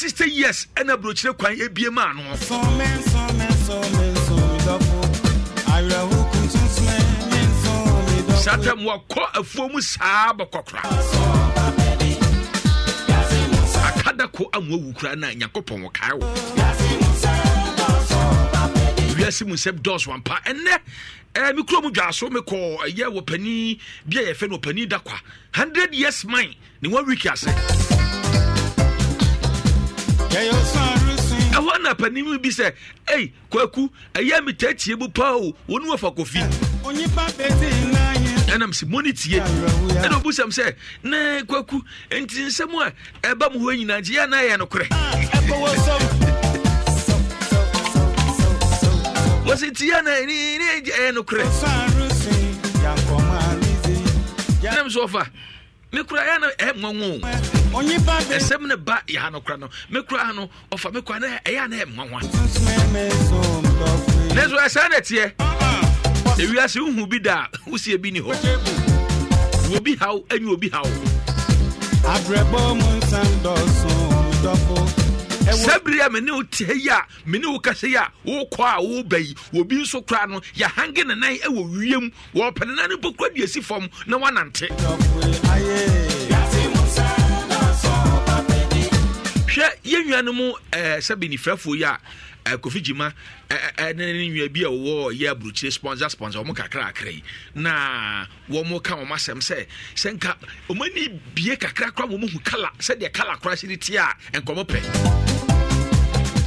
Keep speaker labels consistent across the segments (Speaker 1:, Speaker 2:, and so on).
Speaker 1: sixty years ɛna burokyire kwan ebie maa no. sọmi sọmi sọmi sọmi dọfọ ayọrọ kuntun sọmi sọmi dọfọ. afuo mu saa bɛkɔkora. akadako amu awu kura na nyakopɔn wɔ kaa wɔ. wiase mu nsɛm dɔɔso ampa ɛnɛ. ɛɛ mi kurom dwa so mi kɔ ɛyɛ wɔ panin bi a yɛfɛ no panin da kwa hundred years mine ne one week ase ɛhɔ na panim bi sɛ ei kwaku ɛyɛ me taatie mu paa o wɔne wafa kɔfi ɛnam sɛ mɔne tie ɛna ɔbusam sɛ na kwaku enti nsɛm a ɛba mo hɔ nyinaa nti yɛ na ɛyɛ nokorɛ wɔsi tia na ni ni ɛyɛ nokorɛ ɛnam sɛ ɔfa me kura ya no eh nwanwo onye ba be esem ne ba ya no kura no me kura no ofa me kura na eh ya na eh nwanwa lezo asa e na tie ewi ase uhu bi da usie bi ni ho obi haw enyi obi haw abrebo mun sandoso dofo sɛ bere a mene wo teɛ yi a mene wo kasɛ yi a wokɔ a woba yi wɔbi nso koraa no yɛhange ne nan ɛwɔ wiem wɔpɛne na no bɔkura de fam na woanante hwɛ yɛnwua no mu eh, sɛ yi a eh, kofi gyima ɛne eh, ne nwa bi a wɔwɔ yɛ aburukyire sponsor sponsor wɔn kakra akra yi na wɔn ka wɔn asɛm sɛ sɛ nka wɔn ani bie kakra kora wɔn mu hu kala sɛdeɛ kala kora si ne ti a nkɔmɔ pɛ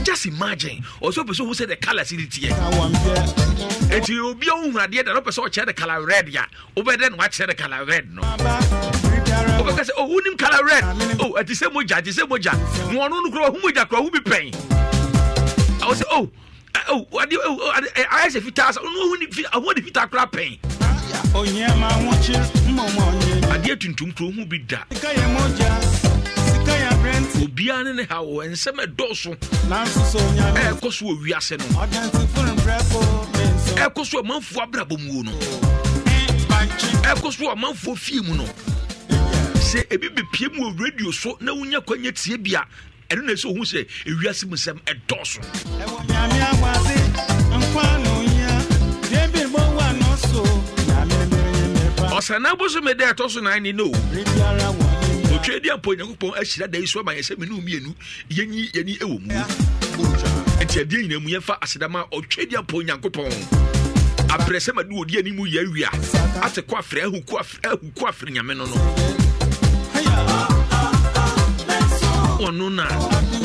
Speaker 1: just imagine ɔsɛ pɛ sɛ wohu sɛ the colors ne teɛ ɛnti obi a wohu adeɛ da na wopɛ sɛ ɔkyerɛ the color red a wobɛdɛ no wakyerɛ the color red no wobɛka sɛ ɔwonim color red o ɛte sɛ mogya ɛte sɛ mogya moɔno no kora wahu mogya kora wobi pɛn ɛwɔ sɛ o ayɛ sɛ fitaa sɛ ɔno de fitaa kora pɛn adeɛ tuntum kuro hu bi da obiara ne ne ha wɔ nsɛm ɛdɔɔso ɛɛkɔ so wɔ wiase no ɛɛkɔ so ɔmanfoɔ abrabɔ mu no mm, ɛɛkɔ so ɔmanfoɔ fie mu no sɛ ebi bepie mu wɔ radio so na wonya kwanya tie bi a ɛno na ɛsɛ ohu sɛ ewiase mu nsɛm ɛdɔɔso ɔsɛnabo so mede ɛtɔ so nan ne no twɛ di apɔ nyankopɔn ahyira da yi so ama yɛsɛ mene mmienu yɛnyi yɛni ɛwɔ mu nti adeɛ nyina mu yɛmfa asedama ɔtwɛ di apɔ nyankopɔn aprɛ sɛ made wɔdi ani mu yɛ awia ate kɔ afrɛ ahuku afrɛ nyame no no ɔno na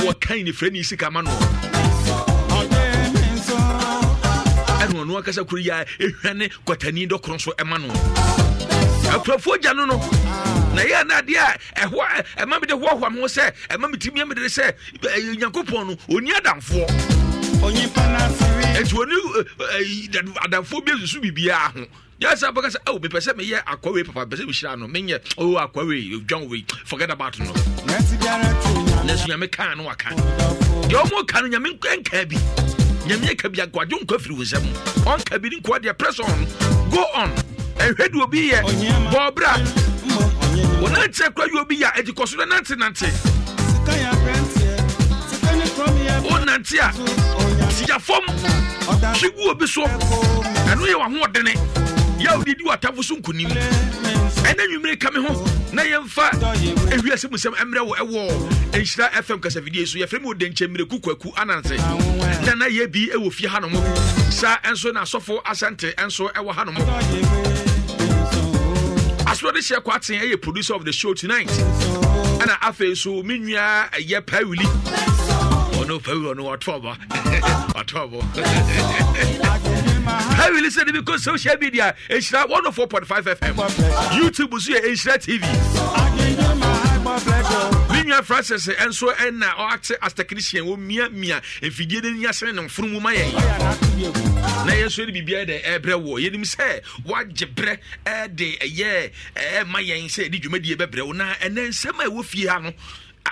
Speaker 1: wɔkan ne frɛ ne sika ma no no ɔno akasa koro yi a ɛhwane kwatani dɔkorɔ so ɛma no akurafoɔ gya no no na yɛ anadeɛ a ɛho ɛma mede hoahoa me ho sɛ ɛma metumi amedere sɛ nyankopɔn no ɔni adamfoɔ ɛnti ɔne adamfoɔ bi asusu biribiaa ho yasa bɛka sɛ oh mepɛ sɛ meyɛ akwawei papa pɛ sɛ mehyira no menyɛ oh akwawei odwan wei forget about no
Speaker 2: nanso
Speaker 1: nyame kaa no waka deɛ ɔmo ka no nyame nka bi nyame aka bi agwadwo nkwa firi wo nsɛm ɔnka bi nkoa deɛ press on go on ɛhwɛ de obi yɛ bɔɔbra wɔnankyɛ kora yɛ obi yɛ agyikɔ so dɛ nantenante wonante a sia hwe gu obi so ɛno yɛ wahoɔdene yɛ wodedi w'atamfo so nkonim ɛna nwumere ka me ho na yɛmfa ɛwiase mu sɛm ɛmmerɛ wɔ ɛwɔ nhyira fm kasafidie so yɛfrɛ mu ɔdenkyɛ mmerɛku kwaku anante nana yɛ bi ɛwɔ fie hanom saa ɛnso na asɔfo asante ɛnso ɛwɔ hanom asorɔde hyɛ kɔ aten ɛyɛ producer of the show tonight ɛna afei nso me nua ɛyɛ pawili ɔno pawili ɔno wɔtɔɔbɔ ɔtɔɔbɔ How you listen because social media is 104.5 FM. YouTube is here, TV. Minya Francis and so and now act as technician will mia mia if you didn't yes and from my na yɛn nso de biribiara e de ɛrebrɛ wɔ yɛnim sɛ wagye brɛ ɛde e ɛyɛ e ɛɛma yɛn sɛ yɛde dwumadie bɛbrɛ wo na ɛnɛ nsɛm a ɛwɔ fie ha no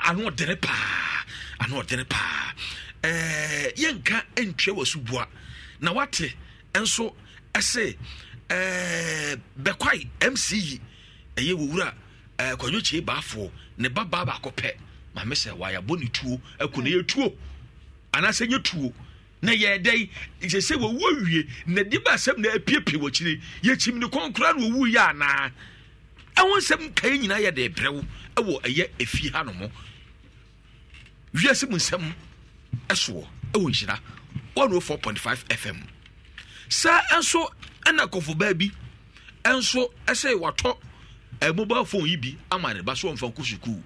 Speaker 1: ano ɔdene paa ano ɔdene paa ɛɛ yɛnka ntwa wɔ so bua na wate nso ɛsɛ ɛɛ eh, bɛkwai mce ɛyɛ wɔwura ɛɛ eh, kɔnyɔkye baafoɔ ne ba baa baako pɛ maame sɛ wayabɔ ne tuo ɛkò ne yɛ tuo anaasɛ nye tuo na yɛ dɛ sɛ sɛ wɔwɔ wie na di ba asɛm na apiepie wɔ akyire yɛkyim ne kɔnkora na wɔwu yɛ anaa ɛwɔ nsɛm kae nyinaa yɛ de brɛw ɛwɔ ɛyɛ efie hanom wiase mu nsɛm ɛsoɔ ɛwɔ nhyira one oh four point five fm. saa nso na kɔfobaa bi nso sɛ watɔ mobile phone yi bi ama ne ba so ɔmfa nkɔ sukuu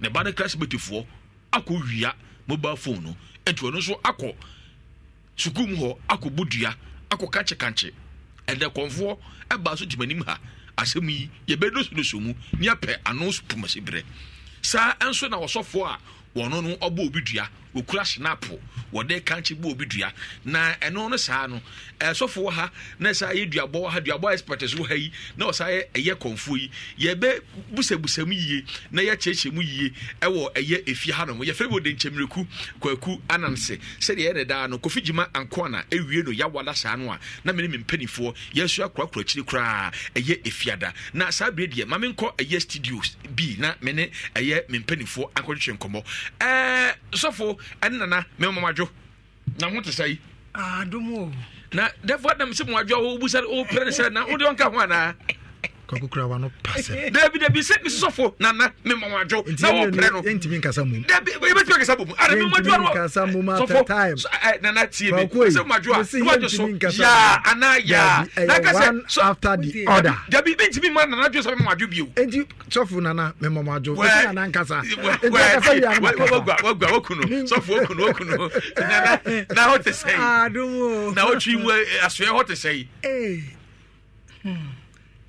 Speaker 1: ne ba ne classmatefoɔ akɔ wia mobile phone no nti ɔno nso akɔ sukuu mu hɔ akɔ bɔ dua akɔ kankye ɛdɛ kɔnfoɔ ɛbaa e so gyima ha asɛm yi yɛbɛdosodoso mu ne apɛ ano pumasi berɛ saa nso na wɔsɔfoɔ a wɔno no ɔbɔ obi dua wɔkura snapo wɔde kankye bu obi dua na ɛno no saa no ɛsɔfo wɔ ha na saa yɛ duabɔ wɔ ha duabɔ expert so wɔ ha yi na ɔsa yɛ ɛyɛ kɔnfoɔ yi yɛbɛ busabusa mu yie na yɛkyerɛkyerɛ mu yie ɛwɔ ɛyɛ efi ha nom yɛfrɛ bi ɔde nkyɛmireku kwaku ananse sɛdeɛ yɛde daa no kofi gyima ankoana ewie no yawala saa no a na mene me mpanimfoɔ yɛso akorakora akyiri koraa ɛyɛ efiada na saa bere deɛ maame nkɔ ɛyɛ studios bi na mene ɛyɛ me mpanimfoɔ akɔtwetwe nkɔmmɔ ɛɛ sɔfo ɛne nana mema madwo na ho te sɛ yi ah, na therefore dam sɛ mwadwo a wɔbusa wopere ne sɛ na wode ɔnka ho anaa kakokura wa no pasɛ dabi dabi sɛ mesosɔfo nana mema wadwo na wɔprɛ no yɛntimi nkasa mu yɛbɛtumi akasa bɔ mu ada
Speaker 3: memadwasɔfo nana
Speaker 1: tie me sɛ
Speaker 3: madwoa wadwo so yaa anaa yaa na ka sɛ after the order dabi mentimi ma nana dwo sɛ mema wadwo bio enti sɔfo nana mema wadwo ɛsɛ nana nkasa
Speaker 2: wagua
Speaker 1: waku no sɔfo waku no waku no na wote
Speaker 3: sɛi
Speaker 4: na wotwi mu
Speaker 1: asoɛ hɔ te sɛi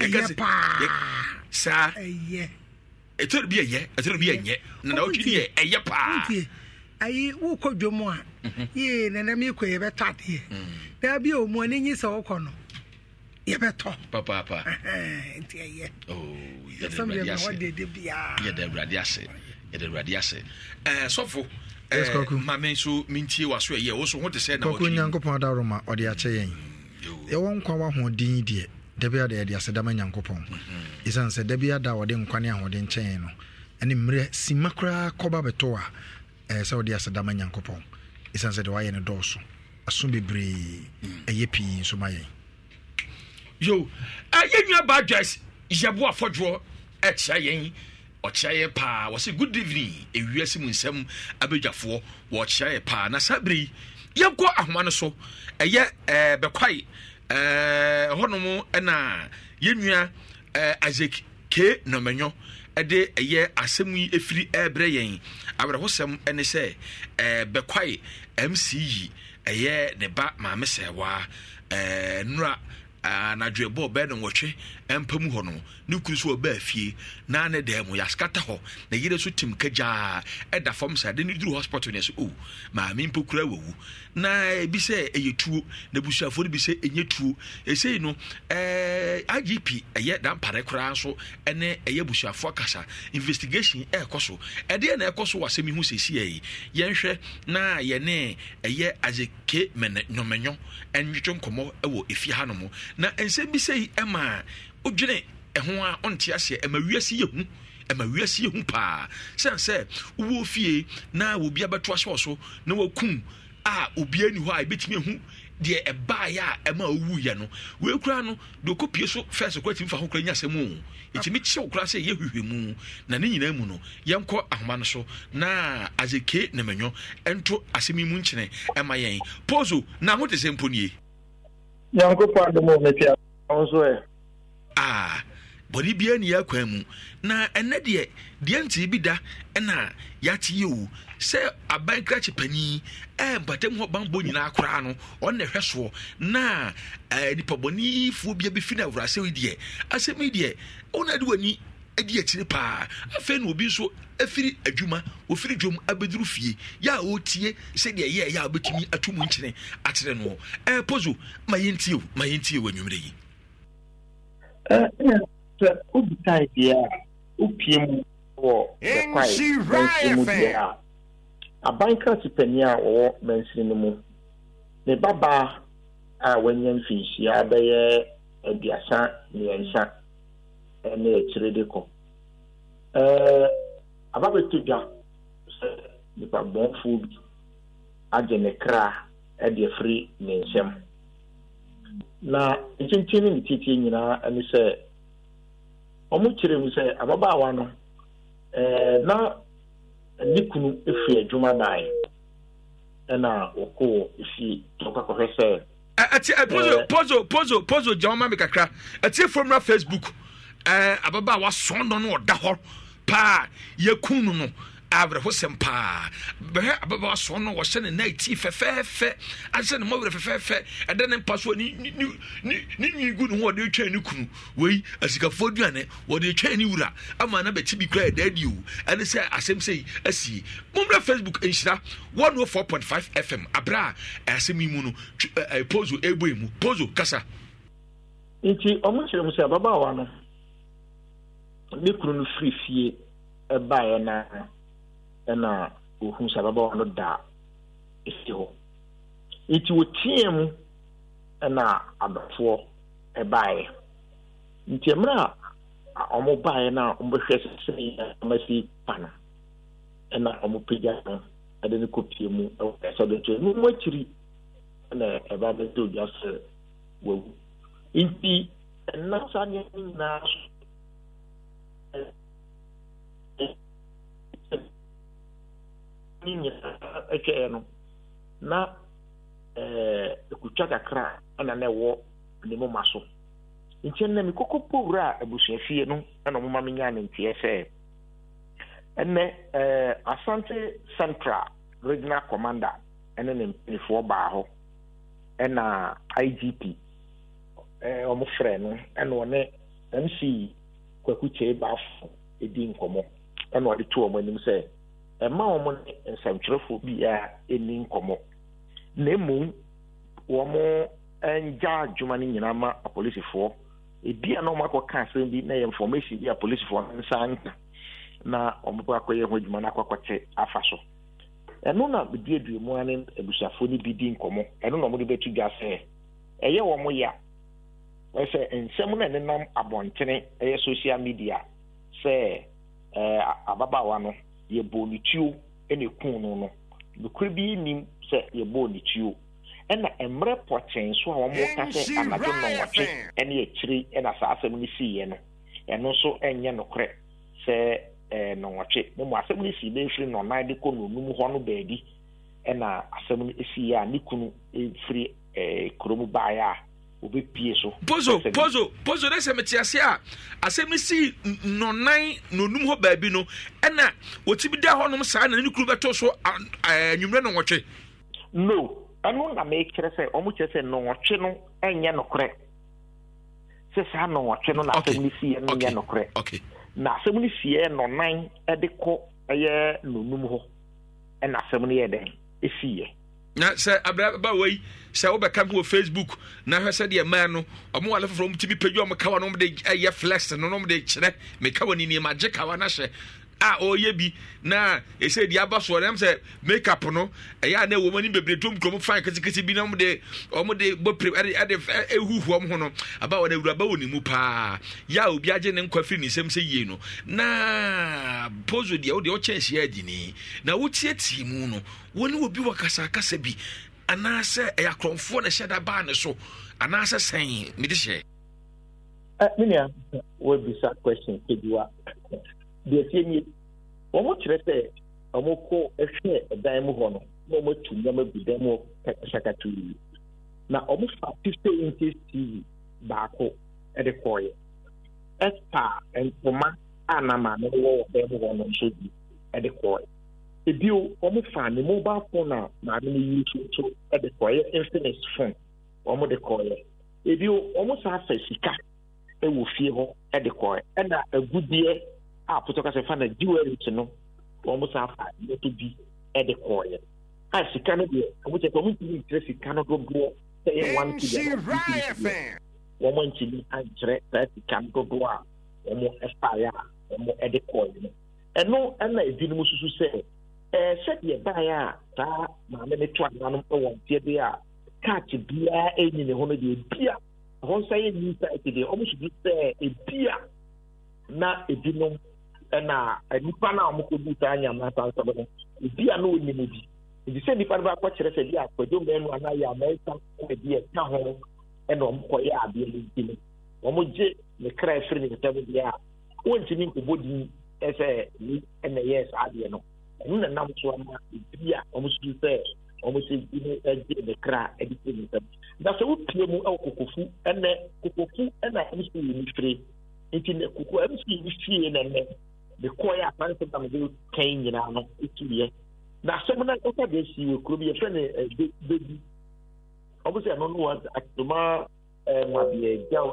Speaker 2: ɛyɛ
Speaker 4: paa saa ɛyɛ
Speaker 1: ɛtɔn bi ɛyɛ ɛtɔn bi ɛnyɛ nana wotwi ni yɛ ɛyɛ paa
Speaker 4: ayi wokɔ dwom a yee nana mi kɔ yɛbɛtɔ adeɛ daabi a omu ani nyi sɛ wokɔ no yɛbɛtɔ papaapa nti ɛyɛ yɛsɛm yɛ ma wɔ dede biara
Speaker 1: yɛda awurade ase yɛda awurade ase ɛɛ sɔfo ɛɛ maame nso mi ntie wa so ɛyɛ woso ho te sɛ na nyankopɔn
Speaker 3: adaroma ɔde akyɛ yɛn mm, yɛwɔ nkwa wɔ deɛ da bia da yɛde aseda ma nyankopɔn ɛsiane mhm. sɛ da bia da wɔde nkwane ahoɔden kyɛn no ɛne mmerɛ sima koraa kɔba bɛtɔ a ɛɛ sɛ wɔde aseda ma nyankopɔn ɛsiane sɛ deɛ wayɛ no dɔɔso aso
Speaker 1: bebree mm. ɛyɛ pii nso ma yɛn yo ɛyɛ nwa badwes yɛboa fɔdworɔ ɛkyerɛ yɛn ɔkyerɛ yɛ paa wɔsɛ good evening ewiase mu nsɛm abɛdwafoɔ wɔkyerɛ yɛ paa na saa bere yi yɛnkɔ ahoma no so ɛyɛ ɛɛ bɛkwae Eh, hɔnom ɛna yɛnnua eh, isaac k nɔmanyɔ de ɛyɛ asɛm yi ɛfiri ɛrebrɛ yɛn awerɛhosɛm ɛne sɛ eh, bɛkwae mc yi ɛyɛ ne ba maame sɛwaa nnura anadwo ah, ɛbɔɔ bɛɛ ne nwɔtwe ɛmpa mu hɔ no ne kuru so ɔbaa fie na ne dan mu yɛaskata hɔ na yere so tim kagyaa ɛda fam saa de ne duru hospital neɛ so o maame mpo kura wawu na ebi sɛ ɛyɛ tuo na busuafoɔ no bi sɛ ɛnyɛ tuo ɛsei no ɛɛ igp ɛyɛ dampare koraa nso ɛne ɛyɛ busuafoɔ kasa investigation ɛɛkɔ so ɛdeɛ na ɛkɔ so wɔ asɛm yi ho sɛsi yɛ yi yɛnhwɛ na yɛne ɛyɛ azeke mɛnɛ nyɔmɛnyɔ ɛnwetwe nkɔmɔ ɛwɔ efie hanom na nsɛm bi sɛ yi ɛmaa wodwene ɛho a ɔnte aseɛ ɛma wiase yɛ hu ɛma wiase yɛ hu paa sɛn sɛ wowɔ fie na obi abɛto ahyɛ wɔ so na wakum a obiara ni hɔ a ebɛtumi ehu deɛ ɛbaayɛ a ɛma owu yɛ no wei kura no deɛ ɔkɔ pie so fɛs kura tìmi fa ho kura nyɛ asɛm o ɛtìmi kyerɛ okura sɛ yɛ hwehwɛ mu na ne nyinaa mu no yɛnkɔ ahoma no so na azeke na mɛnyɔ ɛnto asɛm yi mu nkyɛnɛ ɛma yɛn pozo na ho te sɛ mponie.
Speaker 5: yankun pa adumu mi fi ahun so
Speaker 1: a bɔne biara ne yɛakwan mu na ɛnɛ deɛ deɛ nti bi da ɛna yɛate yɛ o sɛ aban krakye panyin ɛmpatamu hɔ banbɔ nyinaa koraa no ɔno hwɛ soɔ na nipabɔnefoɔ bia bɛfi no awurasɛm yi deɛ asɛm yi deɛ wona de w'ani adi akyire paa afei na obi nso afiri adwuma ofiri dwom abɛduru fie yɛ a ɔretie sɛdeɛ yɛ yɛ a wobɛtumi ato mu nkyene akyerɛ no ɛɛpɔ so ma yɛntie o ma yɛntie wɔ anwumerɛ yi
Speaker 6: ɛɛ
Speaker 5: sɛ obi tae deɛ a opie mu wɔ ɛkwae mansiri mu deɛ a abankra tipani a wɔwɔ mansiri no mu ne babaa a wanya mfinhyia bɛyɛ aduasa mmiɛnsa ɛne akyire de kɔ ɛɛ ababɛto dwa sɛ nipabɔnfoɔ bi agye ne kra ɛde afiri ne nsɛm na ntintin ne titi nyinaa ne sɛ wɔn kyerɛ mu sɛ ababaawa no ɛɛ na ne kunu efiri adwuma dan na wɔkɔ efie wɔkɔ akɔhwɛ
Speaker 7: sɛ.
Speaker 1: ɛti pozo pozo pozo pozo gya ɔma mi kakra ɛti efomra facebook ɛɛ ababaawa sɔndɔn no ɔda hɔ paa yɛ kun awerɛhosɛm paa bɛhwɛ ababaawa soɔ no wɔhyɛ ne nan ti fɛfɛɛfɛ ahyɛ ne mɔwerɛ fɛfɛɛfɛ ɛda ne mpa so ne nwi gu ne ho wɔde twɛn ne kunu wei asikafoɔ duane wɔde twɛn ne wura ama na bɛti bi kora ɛda adi o ɛne sɛ asɛm sɛ yi asie mommrɛ facebook nhyira 104.5 fm aberɛ a asɛm yi mu no poso ɛbɔi mu poso kasa
Speaker 5: nti ɔmo kyerɛ mu sɛ ababaawa no ne kunu no firi fie ɛbaeɛ naa ɛna ohun sɛ ababaawa no da esi hɔ nti wotia mu ɛna abɛfoɔ ɛbaeɛ nti mmerɛ a wɔn baeɛ a wɔbɛhwɛ sɛ yɛ amasi pa ɛna wɔn pagya no ɛde ne kopie mu ɛwɔ ɛsɛdɛtɔ mu mu akyiri ɛna ɛba bɛsɛ odwa sɛ wawu nti nyinaa ne nyinaa atwaeɛ no na ɛkutwa kakra ɛna na ɛwɔ ne moma so nkyɛn na mekɔkɔ powura a abusua fie no ɛna ɔmoma me nyaa ne nteɛ sɛ ɛnɛ ɛɛ asante central regional commander ɛne ne mpanyinfoɔ baa hɔ ɛna igp ɛɛ e, wɔn frɛ no ɛna ɔne mc kwaku kyee baafo edi nkɔmɔ ɛna ɔde to wɔn anim sɛ ɛma wɔn ne nsɛmtwerɛfoɔ bi a ɛni nkɔmɔ na mmom wɔn ngya adwuma no nyinaa ma apolisifoɔ ebi a na wɔn kaa asɛm bi na yɛ information bi a apolisifoɔ nsa nka na wɔn kɔ akɔyɛ ho adwuma na akɔ akɔte afa so ɛno na di aduomua ne abusuafoɔ no bi di nkɔmɔ ɛno na wɔde bɛtu dwa sɛ ɛyɛ wɔn ya ɛsɛ nsɛm na nenam abɔntene ɛyɛ social media sɛ ɛɛ ababaawa no. yɛbɔ ne tuo ne kun no no nokorɛ bi nim sɛ yɛbɔ ne tuo ɛna mmerɛ pɔkyɛn so a wɔmoka sɛ anadwo nnɔwɔtwe ne akyire na saa asɛm no siiɛ no ɛno nso ɛnyɛ nokorɛ sɛ eh, nnɔwɔtwe mmom asɛm no sii na ɛfiri nnɔnan de kɔ nonum hɔ no baabi ɛna asɛm no siiɛ a ne kunu ɛfiri eh, kurom baeɛ a obɛpie so poso poso
Speaker 1: poso dɛ sɛ mete ase a asɛm no nɔnan nonum hɔ baabi no ɛna wɔtumi da hɔnom saa na ne kuru bɛto so anwummerɛ nɔwɔtwe
Speaker 5: no ɛno na mekyerɛ sɛ ɔmo kyerɛ sɛ nɔwɔtwe no ɛnyɛ nokorɛ sɛ saa nɔwɔtwe no na asɛm si siiɛ no nyɛ nokorɛ na asɛm si siiɛ nɔnan ɛde kɔ ɛyɛ nonum hɔ ɛna asɛm no yɛ dɛn ɛsiiɛ
Speaker 1: na sɛ abraba wei sɛ wobɛka me wɔ facebook na hwɛ sɛdeɛ maa no ɔmo wale foforɔ ɔmo tumi pɛdwa ɔmo kawa no ɔmo de ɛyɛ flex no ɔmo kyerɛ mekawa ne nneɛma kawa no a ɔreyɛ bi na ɛsɛ di aba soɔ nam sɛ makeup no ɛyɛ a na ɛwɔ mu anim bebree tom kurom fan ketekete bi na ɔmo de ɔmo de bɔpere ɛde ɛde ɛhuhu ɔmo ho no aba wɔ no wɔ ne mu paa yɛ a obi agye ne nkwa firi ne nsam sɛ yie no na pozo deɛ ɔde ɔkyɛn hyia adi ni na wɔtiatia mu no wɔne obi wɔ kasakasa bi anaasɛ ɛyɛ akorɔmfoɔ na ɛhyɛ da baa ne so anaasɛ sɛn mede hyɛ.
Speaker 5: menua wabisa question kedua. di ɛsiɛ nie wɔn kyerɛ sɛ wɔkɔ hwɛ ɛdan mu hɔ no na wɔatu nneɛma gu dan mu katakyakatoo na fa fifty inches tv baako de kɔɔeɛ ntoma a na maame wɔ dan mu hɔ no nso bi a maame no nso nso phone wɔn sika fie hɔ a potɔka sɛ fa na jewelries no wɔn mo san fa moto e, bi ɛde kɔɔyɛ a sika no deɛ wɔn kyerɛ sɛ wɔn ntumi nkyerɛ sika no dodoɔ sɛ yɛ one kilo wɔn mo ntumi ankyerɛ saa sika no dodoɔ a wɔn mo ɛfaeɛ a wɔn mo ɛde kɔɔyɛ no ɛno ɛna ebinom soso sɛ ɛɛ sɛdeɛ baayɛ a saa maame ne to e ananom ɛwɔ nteɛ bi a kaakye biara ɛnyi e ne ho no deɛ bia ɛhɔ nsa yɛ nyi nsa ɛte deɛ wɔn soso sɛ ebia na nom na nnipa no a wɔkɔbu anya nyamasa no obi a na ɔnim bi nti sɛ nnipa no bɛakɔkyerɛ sɛ deɛ akwadwomanu anaa yɛ na ɛka ho ɛna adeɛ no no ne kra ne a wɔntumi nkɔbɔ din sɛ ni ɛna ɛyɛɛ saa adeɛ no na nam so ama bi a wɔmsuru sɛ no ne kra ne na sɛ mu ɛwɔ kokofu de kɔɛ a kwan sɛ dam de kɛn nyinaa no ɛtumiɛ na asɛm no ɔsa de asi wɔ kuro bi yɛfrɛ no bɛdi ɔmo sɛ ɛno no wɔ atoma mmadeɛ gyaw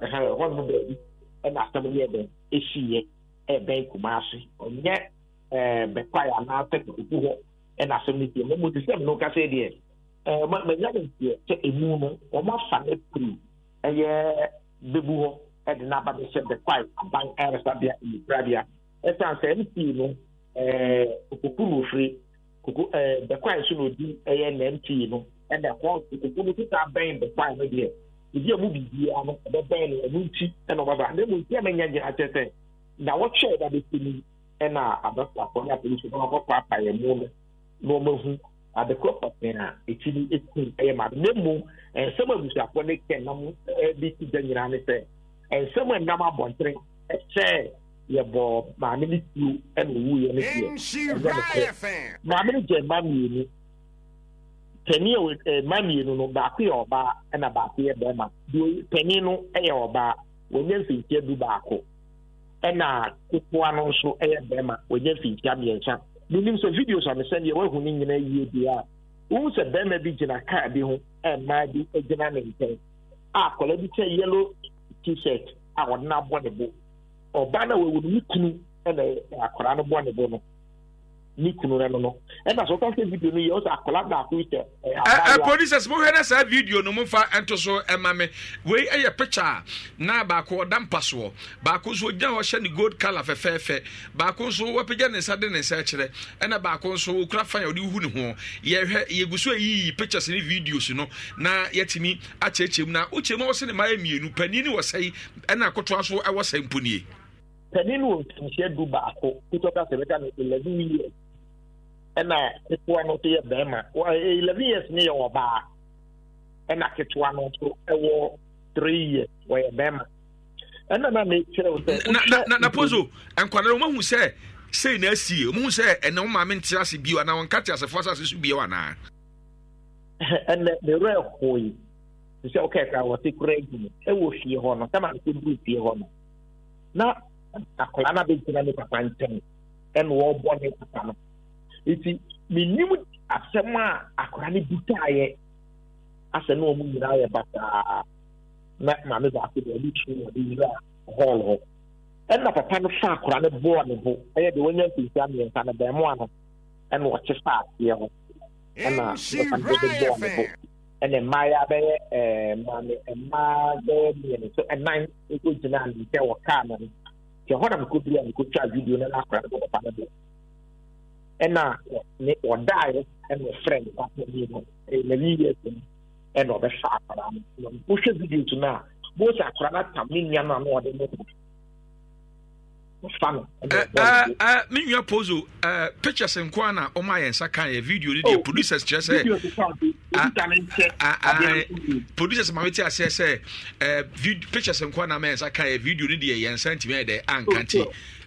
Speaker 5: ɛhɔ no baabi ɛna asɛm no yɛ bɛn ɛsiiɛ ɛbɛn kumase ɔnyɛ bɛkwae anaasɛ kakuku hɔ ɛna asɛm no tiɛ mɔmu te sɛ mno ka sɛ deɛ manya no ntiɛ sɛ ɛmu no ɔmafa no piri ɛyɛ bɛbu hɔ ɛde n'aba bɛhyɛ bɛkwae aban ɛresabea nyibrabea ɛsan sɛ no ɛɛ okoko na koko ɛɛ bɛkwae nso na odi ɛyɛ na mp no ɛna ɛkɔ okoko no kuta abɛn bɛkwae no deɛ ebi a mu bibia no ɛbɛbɛn na emu na wɔtwe ɛda mu ɛna ne apolisi no a ekyiri ekun ɛyɛ na emu abusuafo ne ɛbi ti gya nyinaa ne sɛ nsɛm a nam abɔntene ɛkyɛ yɛbɔ maame no tuo ɛna owuiɛ no deɛ maame no gyɛ mma mmienu panin a eh, mma mmienu no baako yɛ ɔbaa ɛna baako yɛ bɛrima panin no yɛ ɔbaa wɔnyɛ mfintia du baako ɛna ketewa no nso yɛ bɛrima wɔnyɛ mfintia mmiɛnsa menim sɛ videos a mesɛn deɛ woahu no nyinaa yie bi a wohu sɛ bɛrima bi gyina kaa bi ho ɛmmaa bi gyina ne nkyɛn a akwadaa bi kyɛ yellow t-shirt a wɔde no aboa ne bo ɔbaa no wɔwɔ ne kunu na akwadaa no boa ne bo no ne kunu no no ɛna sɛ woka sɛ video no yɛ wo sɛ akɔla baako yi sɛ
Speaker 1: polices mohwɛ na saa video no momfa ɛnto so ɛma me wei ɛyɛ picture a na baako ɔda mpa soɔ baako nso ɔgyina hɔ hyɛ ne gold colour fɛfɛɛfɛ baako nso wapagya ne nsa de ne nsa kyerɛ ɛna baako nso ɔkura fan a ɔde wohu ne ho yɛhwɛ yɛgu so pictures ne videos no na yɛtumi akyerɛkyerɛ mu na wokyerɛ mu a wɔse ne mmaa yɛ mmienu panin ne wɔ sɛe ɛna akotoa so ɛwɔ
Speaker 5: sɛ mponie panin wɔ mfinhyia du baako wotɔka sɛ bɛka no 11 years ɛna ketewa no nso yɛ bɛrima eh, eleven years ne yɛ ɔbaa ɛna ketewa no nso ɛwɔ three years wɔyɛ bɛrima ɛna na na ekyerɛ o sɛ. na
Speaker 1: na na na pozo nkwadaa wɔn ahu sɛ sei na esi wɔn ahu sɛ ɛna wɔn maame nte ase bio anaa wɔn nkate asefo asase so bio anaa.
Speaker 5: ɛnɛ ne werɛ ɛho sisi awo kɛkɛ a wɔte kura egum ɛwɔ fie hɔ no sɛma nso duru fie hɔ no na akwadaa na bɛ gyina ne papa nkyɛn ɛna wɔrebɔ ne papa no nti menim asɛm a akora no butaeɛ asɛ na ɔmo nyinaa yɛ basaa na maame baako deɛ ɔde tiri ɔde yiri a hɔɔl hɔ ɛna papa no fa akora no bɔɔ ne bo ɛyɛ deɛ wɔnya mfinsia mmiɛnsa no bɛɛmoa no ɛna ɔkye fa aseɛ hɔ ɛna papa no de bɔɔ ne bo ɛna mmaayewa bɛyɛ ɛɛ eh, maame mmaa bɛyɛ mmienu so ɛnan ɛkɔ gyina ne nkyɛn wɔ kaa no no kyɛ hɔ na mekɔ bi a mekɔ twa video no na akora no bɔ papa no bo ɛna ne ɔdaeɛ ɛna ɔfrɛ ne papa bi no ɛnani yɛ sɛm ɛna ɔbɛhwɛ akwadaa no na wohwɛ video to no a bose akwadaa no atam ne nua no a na ɔde no eh, eh,
Speaker 1: eh, me nua poso pictures nkoa na ɔma yɛ nsa kaeɛ video no deɛ oh, producers kyerɛ
Speaker 5: sɛ
Speaker 1: ah, ah, ah, producers ma mete aseɛ sɛ pictures nkoa na ma yɛ nsa kaeɛ video no deɛ yɛ nsa ntimi yɛ dɛ anka oh,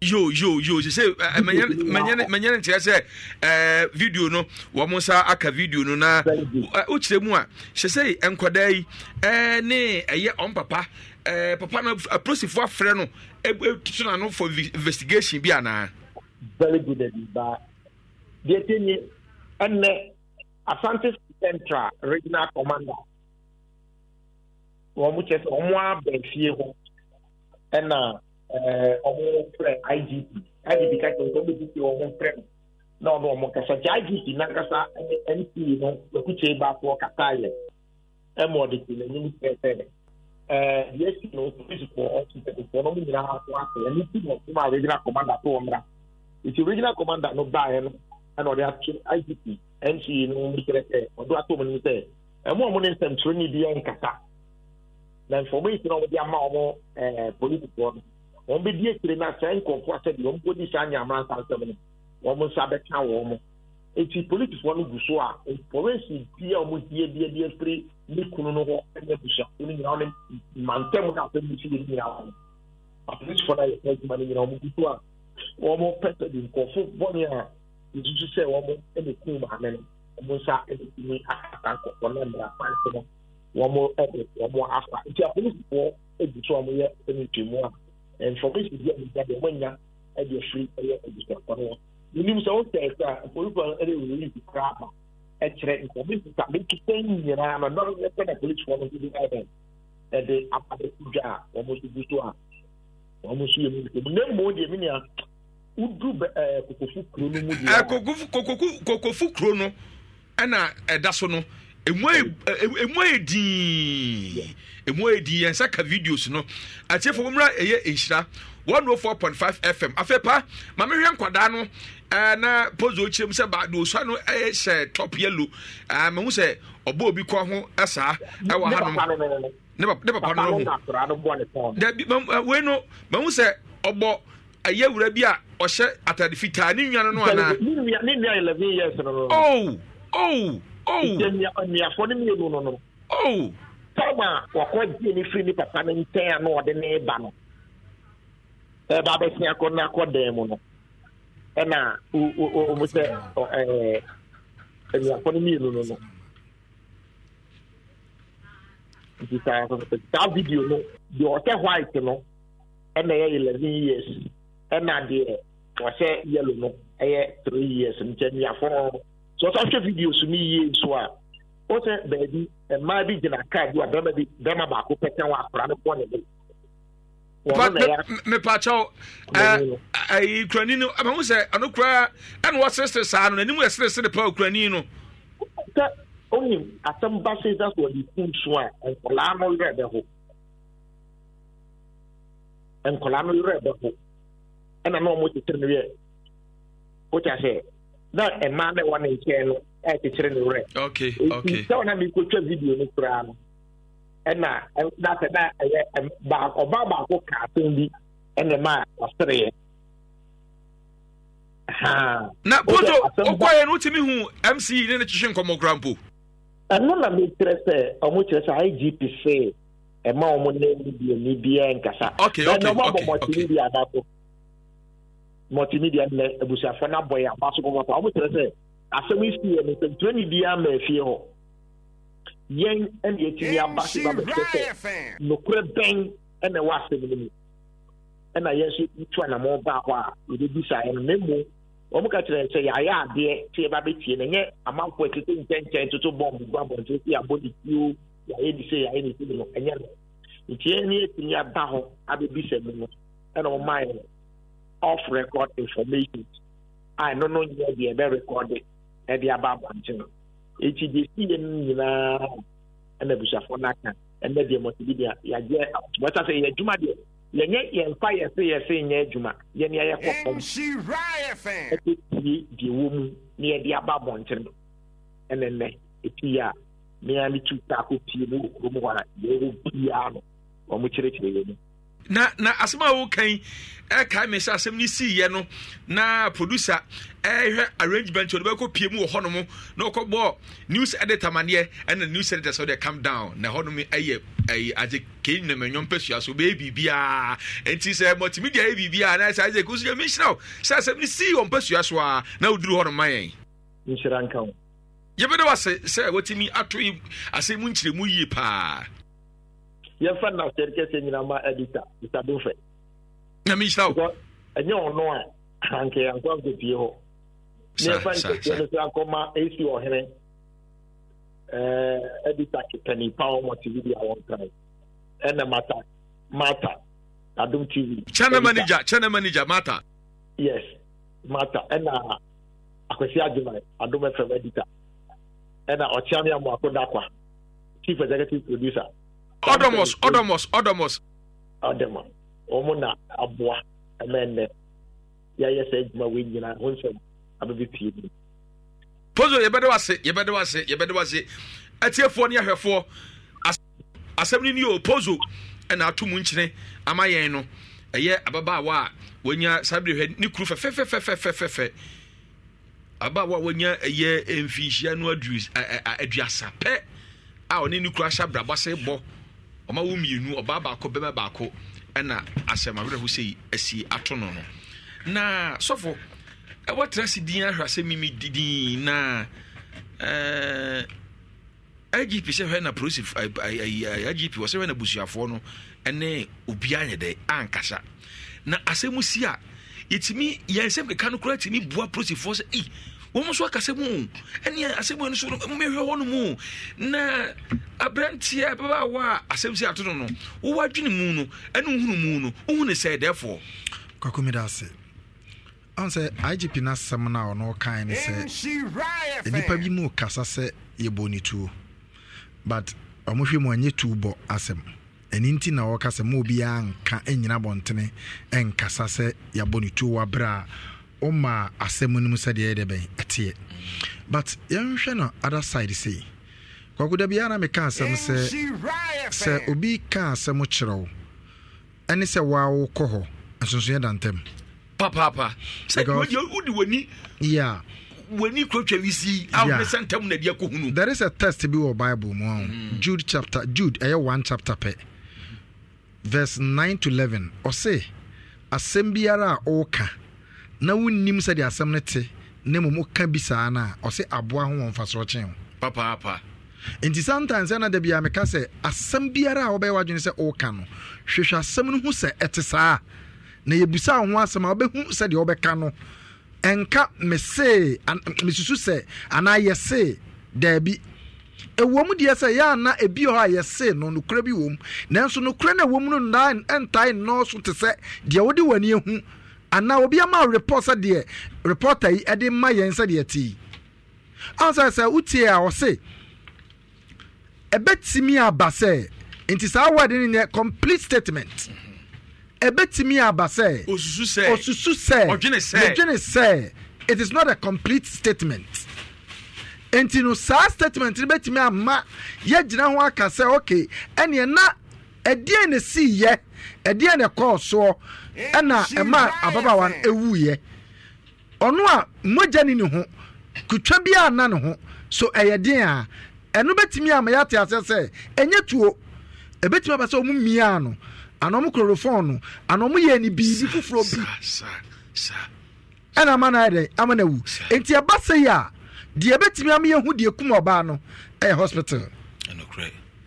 Speaker 1: yo yo yo sɛ manyɛ no nteɛ sɛ eh, video no wɔ mo nsa aka video no na wokyerɛ eh, mu a hyɛ sɛ nkɔdaa yi eh, ne ɛyɛ ɔmpapa eh, papa no aprosifoɔ afrɛ no tutu n'ano for investigation bi anaa
Speaker 5: very good abi ba deɛ tɛni ɛnɛ asante central regional commander wɔn mo kyerɛ sɛ wɔn abɛn fie hɔ ɛna wɔn frɛ igp igp kasa nso wɔn bɛsi wɔn frɛ no na ɔno wɔn kasa nti igp na ɛne nca no ekutye baako kasa yɛ ɛma ɔde ti n'anim sɛ sɛ ɛɛ deɛ si no polisifoɔ ɔsopɛtifoɔ na wɔn nyinaa ato asɛ ɛne ti na ɔsom a regional commander to wɔn ra eti regional commander no baeɛ no ɛna ɔde ato igp nca no wɔn kyerɛ sɛ ɔdo ato wɔn nim sɛ ɛmo a wɔn ne nsɛmtwerɛ ni bi yɛ nkasa na information a wɔde ama wɔn ɛɛ polisifoɔ wɔn bɛ di akyire na sɛ nkɔfoɔ asɛ deɛ wɔn kɔdi saa nyamara nsansɛm no wɔn nsa bɛka wɔn mo eti polisifoɔ no gu so a forensic bi a wɔn die die die firi ne kunu no hɔ ɛna abusuafo no nyinaa wɔn mantam na asɛm bi si yɛ nyinaa wɔn apolisifoɔ no ayɛ fɛ adwuma no nyinaa wɔn gu so a wɔn pɛ sɛ de nkɔfo bɔne a ntutu sɛ wɔn ɛna kun maame no wɔn nsa ɛna kun akata nkɔfo na mmerɛ akwansi no wɔn ɛde wɔn afa nti apolisifoɔ egu so a wɔyɛ ɛna ntwamu a. information bi ɛnta deɛ wɔnya ɛde afiri ɛyɛ adusafo no be sɛ wosɛ ɛsɛ a polisifoɔ no ɛde wɔyi bi ama ɛkyerɛ information sa mekita nyinaa no dɔre ɛpɛ na polisifoɔ no nso bi ɛdɛ ɛde abade dwa a wɔn nso gu so a wɔn nso yɛ mu nsɛm na mmom deɛ mi nea wodu ɛɛ kokofu kuro no mu deɛ kokofu kokofu
Speaker 1: kuro no ɛna ɛda ɛmu ayɛ e, e, e dii ɛmu ayɛ dii yɛn nsa ka videos no atiefo wɔn mmerɛ ɛyɛ nhyira one oh four point five fm afei pa maame hwɛ nkwadaa no ɛɛ eh, na pose okyerɛ mu sɛ ba na osua no ɛyɛ eh, hyɛ top yellow ɛɛ mɛ ho sɛ ɔbɔ obi kɔ ho ɛsaa eh, ɛwɔ hanom ne papa ne papa no
Speaker 5: ho
Speaker 1: dɛbi mɛ wei no mɛ ho sɛ ɔbɔ ɛyɛ wura bi a ɔhyɛ atade fitaa
Speaker 5: ne nua no no anaa. ne nua eleven years no. oh oh. nnuafoɔ no mmienu no no oh. tam a wɔkɔgyee ne firi ne papa no a na ɔde ne ba no ɛba bɛsia kɔ no dan mu no ɛna ɔmu sɛ nnuafoɔ no mmienu no no nti saa saa video no deɛ ɔhyɛ white no ɛna e ɛyɛ eleven years ɛna e deɛ ɔhyɛ yellow no ɛyɛ e three years nkyɛn no sọ ọsàn hwẹ fídíò sùn mí yie nso a ó sẹ bẹẹbi mmaa bi gyina kaa bi a bẹẹma bi bẹẹma baako pẹtẹ wọn akora ne pọ ne mu.
Speaker 1: mepatwɛw kurani no mahu sɛ ɛno koraa ɛne wɔseresere saa no n'anim yɛ seresere
Speaker 5: pa kurani no sɛ onim asɛm ba se sɛ sɛ ku nso a nkɔlaa no werɛ bɛho nkɔlaa no werɛ bɛho ɛna na ɔmo tetere no yɛ wokyɛ sɛ na mmaa na ɛwɔ ne no ɛkyekyere ne werɛ
Speaker 8: okay okay sɛ
Speaker 5: ɔna mi kotwa video no koraa ɛna na sɛ na ɛyɛ baako ɔbaa baako ka asɛm bi ɛna na no wotumi
Speaker 1: hu mc ne kyehye nkɔmmɔ mpo
Speaker 5: ɛno na mekyerɛ sɛ ɔmo kyerɛ sɛ igp se ɛma ɔmo nkasa bi multimedia nnɛ abusuafoɔ no abɔ yɛ aba so kɔkɔtɔ wɔn kyerɛ sɛ asɛm yi si yɛ no nsɛmtwerɛni bi ama efie hɔ yɛn ɛna yɛtumi aba so ba bɛtɛ sɛ nokorɛ bɛn ɛna ɛwɔ asɛm no mu ɛna yɛn nso tu anamɔ baa hɔ a yɛde bi sa yɛn na mu wɔn ka kyerɛ sɛ yɛayɛ adeɛ te yɛ ba bɛtie no nyɛ amanfo a tete nkyɛnkyɛn toto bɔmbu gu abɔnten si abɔ ne tuo yɛayɛ ne se yɛayɛ ne se nti yɛn ne yɛtumi aba hɔ abɛbisa mu no ɛna wɔn ayɛ no off record information a ɛno uh, no nyɛ deɛ ɛbɛ record ɛde aba abɔnten eti deɛ si yɛ nyinaa ɛna abusuafoɔ no ɛna deɛ mɔtibi deɛ yɛagye wɔta sɛ yɛ adwuma deɛ yɛnyɛ yɛmfa yɛse yɛse nyɛ adwuma yɛnea yɛkɔ fam ɛkɛtie deɛ wɔ mu na yɛde aba abɔnten no ɛne nnɛ ɛti yɛ a mea ne tu taako pie mu wɔ kurom hɔ a yɛwɔ biara no wɔn kyerɛkyerɛ yɛ mu
Speaker 1: na na asɛm a wokan ɛkae eh, me sɛ asɛm no siiɛ no na producer ɛhwɛ eh, arrangement no bɛkɔ pie mu wɔ hɔ na wɔkɔbɔ news editor maneɛ ɛna news editor sɛ wode come down na hɔ nom ɛyɛ ɛyɛ adze kei nam ɛnyɔmpa sua so bɛyɛ biribiaa ɛnti sɛ multimedia yɛ biribiaa na sɛ adze kusu yɛ menhyira wo sɛ asɛm no sii wɔmpa sua so a na woduru hɔ nom ma yɛn nhyira nka wo yɛbɛdɛ wase sɛ wɔtumi ato asɛm mu nkyerɛmu yie paa
Speaker 5: yɛmfa nnaser kɛsɛ nyinama adi ta nsado fɛ namenhyira wo ɛnyɛ ɔno a anka ankɔ ankɔpie hɔ na yɛmfa nkɛseɛ no sɛ akɔma ɛsi ɔhene adi ta kepani pa wɔ mɔtv bi a wɔnkae ɛna mata mata adom tv channel manager channel manager mata yes mata ɛna akwasi adwuma adom fm editor ɛna ɔkyeame amoako dakwa chief executive producer
Speaker 1: ọdọmọs ọdọmọs
Speaker 5: ọdọmọs. ọdọmọ ọmụ na-abụọ eme nne ya yɛ sɛ adwuma wei nyinaa ho nsɛm abɛbɛpie mu
Speaker 1: poso yɛbɛde wase yɛbɛde wase yɛbɛde wase atiefoɔ ne ahwɛfoɔ asɛm no ni o poso ɛna ato mu nkyene ama yɛn no ɛyɛ ababaawa a wanya saa bere hwɛ ne kuru fɛfɛfɛfɛfɛfɛ ababaawa a wanya ɛyɛ mfiihyia no aduasa pɛ a ɔne ne kuru ahyɛ abrabɔ se bɔ ɔma wo mmienu ɔbaa baako bɛma baako ɛna asɛm awerɛho sɛ asi ato no no na sɔfo ɛwɔ tena se din ahwɛ asɛ mimi didin na igp sɛ hwɛ na polisi igp wɔ sɛ hwɛ na busuafoɔ no ɛne obiaa nyɛ dɛ ankasa na asɛm si a yɛtumi yɛn nsɛm keka no koraa tumi boa polisifoɔ sɛ ei wɔn nso akasa mu ɛne asɛm ɛno so mmehwɛ hɔ no mu na aberanteɛ ababaawa a asɛm si ato no no wowɔ adwene mu no ɛne wohunu mu no wohu ne sɛ dɛfoɔ
Speaker 3: kwakomi da ase ɔn sɛ igp na asɛm no a ɔno ɔkae ne sɛ nnipa bi mu kasa sɛ yɛbɔ ne tuo but ɔmohwɛ mu ɛnyɛ tuu bɔ asɛm ɛno nti na wɔka mu ma obiaa nka ɛnyina bɔntene ɛnkasa sɛ yɛabɔ ne tuo wɔ aberɛ ɔma asɛm no mu sɛdeɛ ɛyɛ bɛn ɛteɛ but yɛnhwɛ no other side sei kwakoda biara na meka asɛm sɛ sɛ obi ka asɛm kyerɛ wo ɛne sɛ waa wokɔ hɔ nsonsoyɛ da ntam yeah
Speaker 1: w'ani kurotwa wisi
Speaker 3: awone there is a test bi wɔ bible mu a mm. jude chapter jude ɛyɛ one chapter pɛ verse 9 to 11 ɔse asɛm biara a ɔwoka na wonnim sɛdeɛ asɛm no te na mmom woka bi saa no a ɔse aboa ho wɔ mfasorɔ kyɛn wo
Speaker 9: papaapa
Speaker 3: nti sometimes ɛna da biaa meka sɛ asɛm biara a wobɛyɛ w'adwene sɛ woka no hwehwɛ asɛm no hu sɛ ɛte saa na yɛbusa wo ho asɛm a wobɛhu sɛdeɛ wobɛka no ɛnka mesee mesusu sɛ anaa yɛsee daabi ɛwɔ mu deɛ sɛ yɛana ebi hɔ a yɛse no nokorɛ bi wɔ nanso nokorɛ no ɛwɔ mu no ntaa nnɔɔso te sɛ deɛ wode w'ani ahu anaa obi ama report sɛdeɛ reporter yi de ma yɛn sɛdeɛ te yi ansa sɛ wotie a ɔse ɛbɛtumi aba sɛ nti saa word no nyɛ complete statement ɛbɛtumi aba sɛ osusu sɛ osusu sɛ ɔdwene sɛ ɔdwene sɛ it is not a complete statement nti no saa statement no bɛtumi ama yɛgyina ho aka sɛ okay ɛneɛ na ɛdeɛ na siiyɛ ɛdeɛ na ɛkɔɔ soɔ ɛna ɛma ababaawa no ɛwuiɛ ɔno a mogya ni ne ho kutwa bi a na ne ho so ɛyɛ den a ɛno bɛtumi ama yɛate asɛ sɛ ɛnyɛ tuo ɛbɛtumi aba sɛ ɔmo mmia no anaa ɔmo korofon no anaa yɛ ne biribi foforɔ bi ɛna ama na ayɛ dɛn ama no awu nti ɛba sɛ yi a deɛ ɛbɛtumi ama yɛhu deɛ kum ɔbaa no ɛyɛ hospital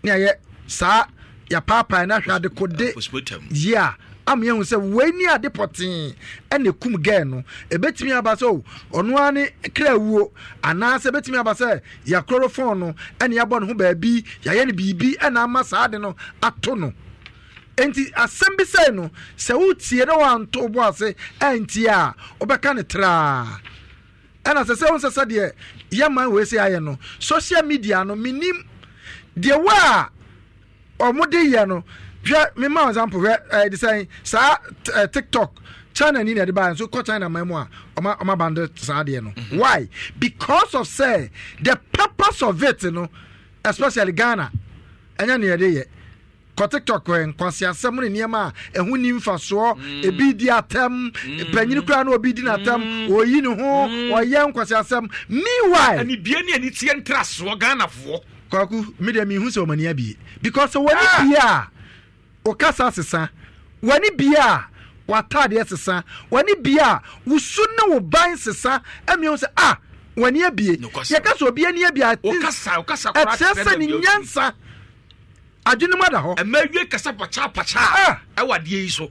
Speaker 3: ne ayɛ saa yɛpaepae no ahwɛ ade kode yi a ama yɛhu sɛ wani ade pɔtee ɛna kum gɛɛ no ɛbɛtumi aba sɛ oh, ɔno a ne kra wuo anaasɛ ɛbɛtumi aba sɛ yɛkorofon no ɛne yɛabɔ ne ho baabi yɛayɛ no biribi ɛna ama saa ade no ato no nti asɛm bi sɛe no sɛ wotie ne wanto bɔ ase ɛntie a wobɛka ne traa ɛna sɛ sɛ wo sɛ sɛdeɛ yɛma wei sɛ ayɛ no social media no minim deɛ wo ɔmo de yɛ no hwɛ mema example hwɛ ɛde eh, sɛn saa eh, tiktok china ni na ɛde baa nso kɔ china man mu a ɔma ɔma bande saa deɛ no mhm. why because of say the purpose of it no especially ghana ɛnyɛ nea yɛde yɛ kɔ tiktok ɛ eh, nkwasiasɛm ne nneɛma a ɛho ni mfasoɔ mm. ebi di atɛm mm. panyin kura na obi di n'atɛm mm. oyi ne ho ɔyɛ nkwasiasɛm meanwhile.
Speaker 1: ɛnibie ni ɛni tiɛ ntrasoɔ ghanafoɔ
Speaker 3: kwaku media mehu sɛ ɔmani abie because wɔne ah. bie a ɔkasa sesa wɔne bie a watadeɛ sesa wɔne bie a wosu ne wo ban sesa ɛmiɛ sɛ ah wɔne abie yɛka
Speaker 10: sɛ obi ani abie ɛkyerɛ sɛ ne nyansa
Speaker 1: adwene mu ada hɔ ɛma wie kasa pakyapakya a ah! ɛwɔ adeɛ yi so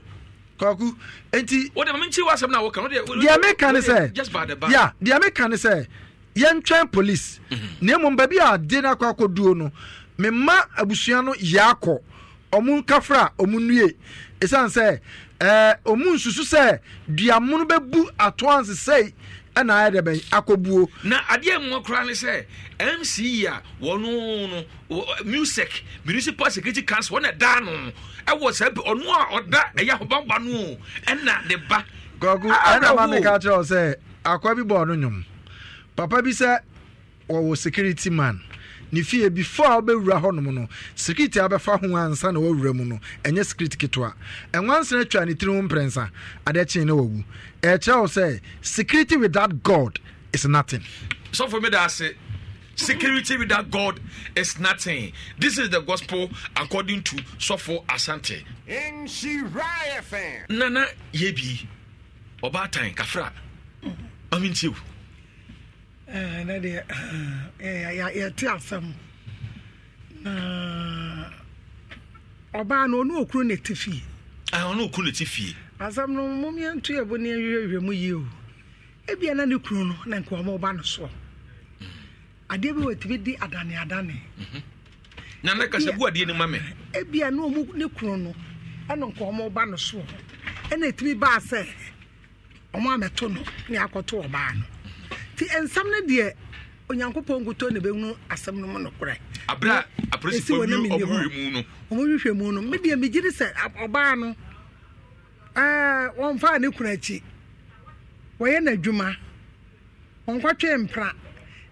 Speaker 1: kwaku enti deɛ meka ne sɛ deɛ
Speaker 3: meka ne sɛ yɛntwɛn police mhm. na mmom baabi a no akɔ akɔduo no mema abusua no ɔmo nkafra ɔmo nnue ɛsiane sɛ ɛɛ ɔmo nsusu sɛ duamono bɛbu ato ansesɛe ɛna ayɛ dɛ bɛn akɔbuo.
Speaker 1: na adeɛ mu akora ne sɛ mce a wɔn no music municipal security council wɔn na ɛda no ɛwɔ sɛ ɔno a ɔda ɛyɛ ɛna ne ba.
Speaker 3: kɔkɔ ah, ɛna maa mi ka kyerɛ bi bɔ ɔno nyom. papa bi sɛ wɔwɔ security man ne fie before a wobɛwura hɔnom no security abɛfa ho ansa na wawura mu no ɛnyɛ security ketewa ɛnwansena atwa ne tiri ho mprɛnsa adekyee na wawu ɛkyerɛ wo sɛ security without god is nothing
Speaker 1: sɔfo meda ase security without god is nothing this is the gospel according to sɔfo asante nana yɛbi ɔbaatan kafra ɔmintiw
Speaker 7: Eh, na deɛ
Speaker 4: eh, yɛte asɛm na ɔbaa no ɔne ɔkuro ne te fie
Speaker 1: ah, ɔne ɔkuro ne te fie
Speaker 4: asɛm no mom yɛnto yɛbo ne yɛhwehwɛhwɛ mu yie o ebia na ne kuro no na nka ɔma ɔba no soɔ mm. adeɛ bi wɔtumi di adane adane
Speaker 1: mhm. na na kasa bu adeɛ no ma me
Speaker 4: ebia na ɔmu ne kuro no ɛna nka ɔma ɔba no soɔ ɛna ɛtumi baa sɛ ɔmo amɛto no ne akɔto ɔbaa no nti nsɛm no deɛ onyankopɔn nkutɔ na bɛhunu asɛm no mu nokorɛ
Speaker 1: abrɛ apolisifoɔ mu no
Speaker 4: ɔmɔhwehwɛ mu no medeɛ megye di sɛ ɔbaa no wɔmfaa ne kuna akyi wɔyɛ n'adwuma wɔnkɔtwee mpra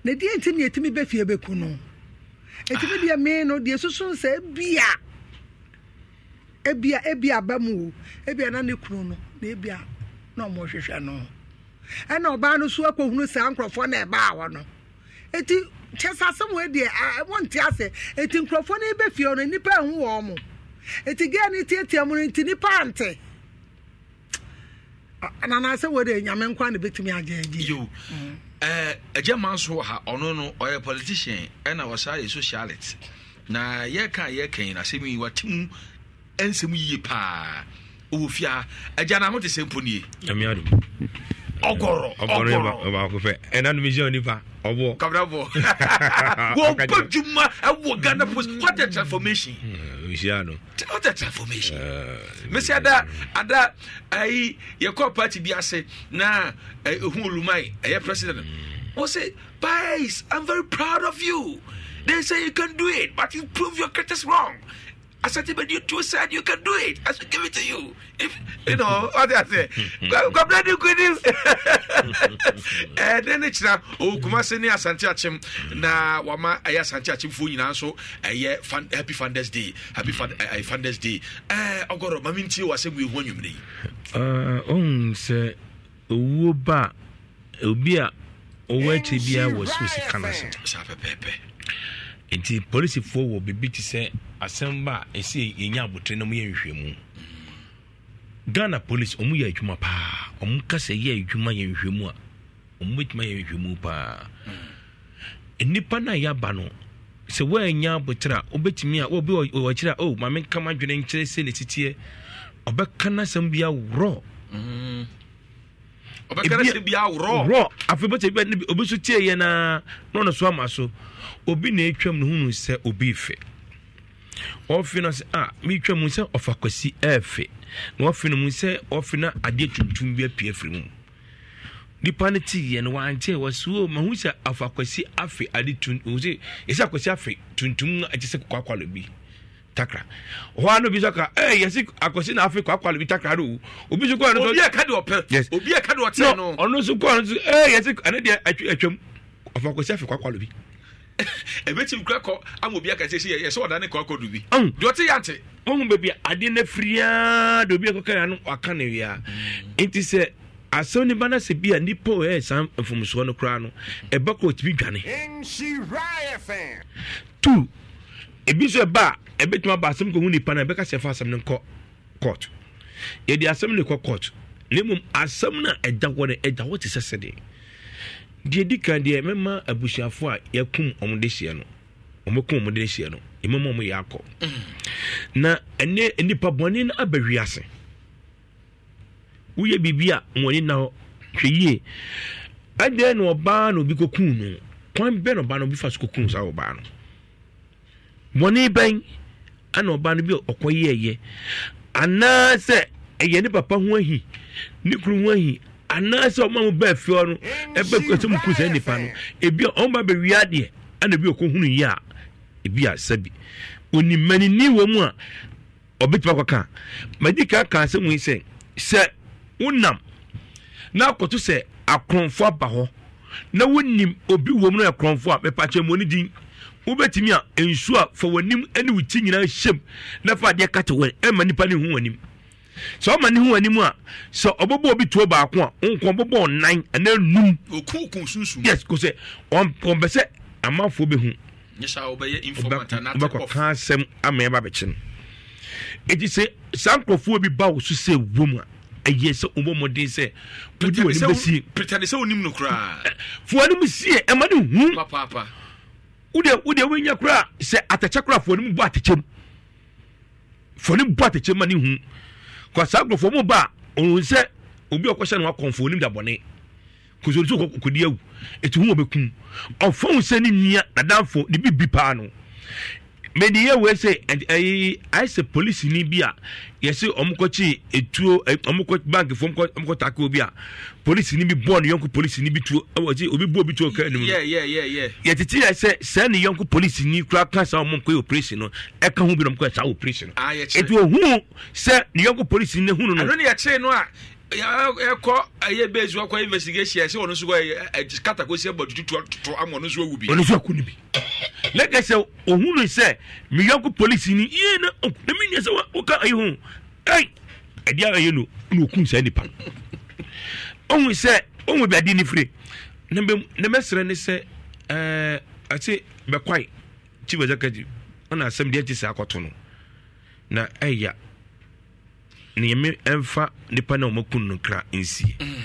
Speaker 4: na deɛ nti ne yɛtumi bɛfie bɛku no ɛtumi deɛ me no deɛ susun sɛ ebia ebia ebia ba mu o ebia na ne kunu no na ebia na ɔmɔhwehwɛ no ɛna ɔbaa no so akɔhunu saa nkurɔfoɔ na ɛbaa wɔ no eti kyɛ sɛ asɛm wɔ deɛ wɔnte ase eti nkurɔfoɔ no ebe fie no nipa ehu wɔn mo eti gɛɛ no tietia mu no nti nipa ante ananasɛ wɔ deɛ nyame nkwa na betumi agye agye. yoo ɛɛ ɛgye maa nso wɔ ha ɔno
Speaker 1: no ɔyɛ politician ɛna ɔsan yɛ socialite na yɛka yɛka yi na asɛm yi wate mu nsɛm yie paa ɔwɔ fia agya na mo te sɛ mponie. ọgọrọ ọgọrọ ẹnna nu mi jẹ onipa ọbọ. kabra bọ wọ bọ juma ẹ wọ ghana post what a transformation. Hmm, what transformation. Eh, mesi ada ada ayi yẹ kọ party na ehun eh, olumai ẹ yẹ president hmm. i'm very proud of you they say you can do it but you prove your critics wrong. I said, but you too sad. you can do it. I should give it to you. If you know what I say, God bless you, good And then it's now, oh, come Kumasini hmm. Asantiachim, hmm. na Wama eh, Aya Santiachim Funin, also a eh, year fun, happy Founders Day, happy hmm. eh, Founders Day. Eh, uh, Ogoro, Maminti was saying we won you.
Speaker 11: Uh, um,
Speaker 1: sir, wuba Ubia, Owechi Bia was Susi Kanasa. nti polisifoɔ wɔ biribi te sɛ asɛm ba a ɛsɛ yɛnya abotire na mu yɛ nhwehwɛ mu ghana police ɔmu yɛ adwuma paa ɔmu kasa yɛ adwuma yɛ nhwehwɛ mu a ɔmu bɛtuma yɛ nhwehwɛ mu paa nnipa no a yɛaba no sɛ woanya abotire a wobɛtumi a wɔbi wɔ akyire a o oh, maame nka madwene nkyerɛ sɛ ne titiɛ ɔbɛka no asɛm bi aworɔ ɔbɛka no asɛm bi aworɔ afei bɛtɛ bi obi so tie yɛ naa na ɔno so ama so obi na atwam no hunu sɛ obi fe ɔfe no sɛ a metwa mu sɛ ɔfa kwasi ɛɛfe na ɔfe no mu sɛ ɔfe no adeɛ tuntum bi apue afiri mu nipa no teeɛ no wante wɔsuo ma hu sɛ afa kwasi afe ade tuntum sɛ ɛsɛ akwasi afe tuntum agye sɛ kɔkɔakwalɔ bi takra hɔ ano bi sɔ ka ɛɛ yɛsi akɔsi na afe kɔ akɔ bi takra do obi so kɔ ano sɔ obi ɛka de ɔpɛ yes obi ɛka de ɔtɛ no ɔno so kɔ ano so ɛɛ yɛsi ɛne deɛ atwam ɔfa akɔsi afe kɔ akɔ bi ɛbɛtumi kura kɔ ama obi akasɛ sɛ yɛsɛ ɔda ne do bi deɛ ɔte yɛante ɔhu baabi a no afiriaa de obi akɔkara no waka ne wie a mm. sɛ asɛm ne ba no sɛ bi a nnipa ɔyɛ saa mfomsoɔ no koraa no ɛba kɔ ɔtumi
Speaker 7: dwane
Speaker 1: two ebi nso ɛba a ɛbɛtumi aba asɛm kɔhu nipa no ɛbɛka sɛ fa asɛm no nkɔ court yɛde asɛm no kɔ court na mmom asɛm no a ɛda hɔ no ɛda hɔ te sɛ deɛ di kan deɛ mɛma abusuafoɔ a yɛkum ɔmo de hyɛ no ɔmo kum ɔmo de hyɛ no mɛma ɔmo yɛ akɔ mm. na ɛnɛ nipa bɔnne no aba wiase woyɛ biribi a wɔn na hɔ hwɛ yie adeɛ na ɔbaa na obi kokum no kwan bɛn na ɔbaa na obi fa so kokum saa ɔbaa no bɔnne bɛn ɛna ɔbaa no bi
Speaker 2: ɔkɔ yɛ yɛ anaasɛ ɛyɛ ne papa ho ahi ne kuru ho ahi anaasɛ ɔma mu baa fie no ɛbɛsɛ mu ku saa no ebi a ɔma bɛwia deɛ ana bi ɔkɔhunu yi a ebi a sɛbi onimanini wɔ mu a
Speaker 1: ɔbɛtumi akɔka madi ka ka sɛ mu sɛ sɛ wonam na akɔto sɛ akorɔmfo aba hɔ na wonim obi wɔ mu no akorɔmfo a mɛpakyɛ mu onidin wobɛtumi a nsuo a fa w'anim ne wo ti nyinaa hyɛm na fa adeɛ kata wɔ ɛma nipa ne hu w'anim sɛ ɔma ne ho anim a sɛ ɔbɛbɔ obi tuo baako a nkɔn bɔbɔ nan ɛnɛ num. okunkun sunsun. yes ko sɛ ɔmpɛ sɛ amanfoɔ bɛ hu. nyesa ɔbɛyɛ informata n'ate kɔf. ɔbɛkɔ kan sɛm ama ɛba bɛ kyɛn. eti sɛ saa nkurɔfoɔ bi ba wɔ so sɛ wɔ mu a ɛyɛ sɛ ɔbɔ mɔden sɛ wodi wɔ ne bɛ sie. pretani sɛ onim no koraa. fuwa ne mu sie ɛma ne hu. papaapa. wode wɔnyɛ koraa sɛ atɛkyɛ koraa fuwa ne bɔ atɛkyɛ mu fuwa ne bɔ atɛkyɛ mu ma ne hu kɔ saa nkurɔfoɔ mu ba ɔhun sɛ obi ɔkɔhyɛ no akɔnfo onim da bɔne kòsòrò sọ kòdi awu etu hu ɔbɛkum ɔfɔwusɛ ne nia nadamfo ne bi paa no mede yɛ wei sɛ ɛyi ayɛ sɛ polisini bi a yɛsɛ ɔmokɔkye etuo ɔmokɔ bank fo ɔmokɔ take obi a polisini bi bɔɔ ne yɔnko polisini bi tuo ɛwɔ ɔkye obi bɔ obi tuo kaa nimu yɛtete yɛ sɛ sɛn ne yɔnko polisini kura kan sa ɔmo nkɔ yɛ operation no ɛka ho bi na ɔmo kɔ yɛ saa operation no ah, etu ohun sɛ ne yɔnko polisini ne hun no. ɛno ni yɛ kye no a ɛkɔ ɛyɛ base wakɔ investigation ɛsɛ ɔno nso kɔ katakosi ɛbɔ tutu tutu ama ɔno nso awu bi. nso bi na kɛ sɛ ohun sɛ miyɔnko polisi ni ihe na oh, na mi nia sɛ wɔka ayi ho ɛyi ɛdi no na okun sɛ nipa ohun sɛ ohun bi adi na na srɛ sɛ ɛɛ ɛti chief executive ɔna asɛm deɛ ti no na nneɛma ɛmfa nipa na ɔmo kun no kra nsie mm.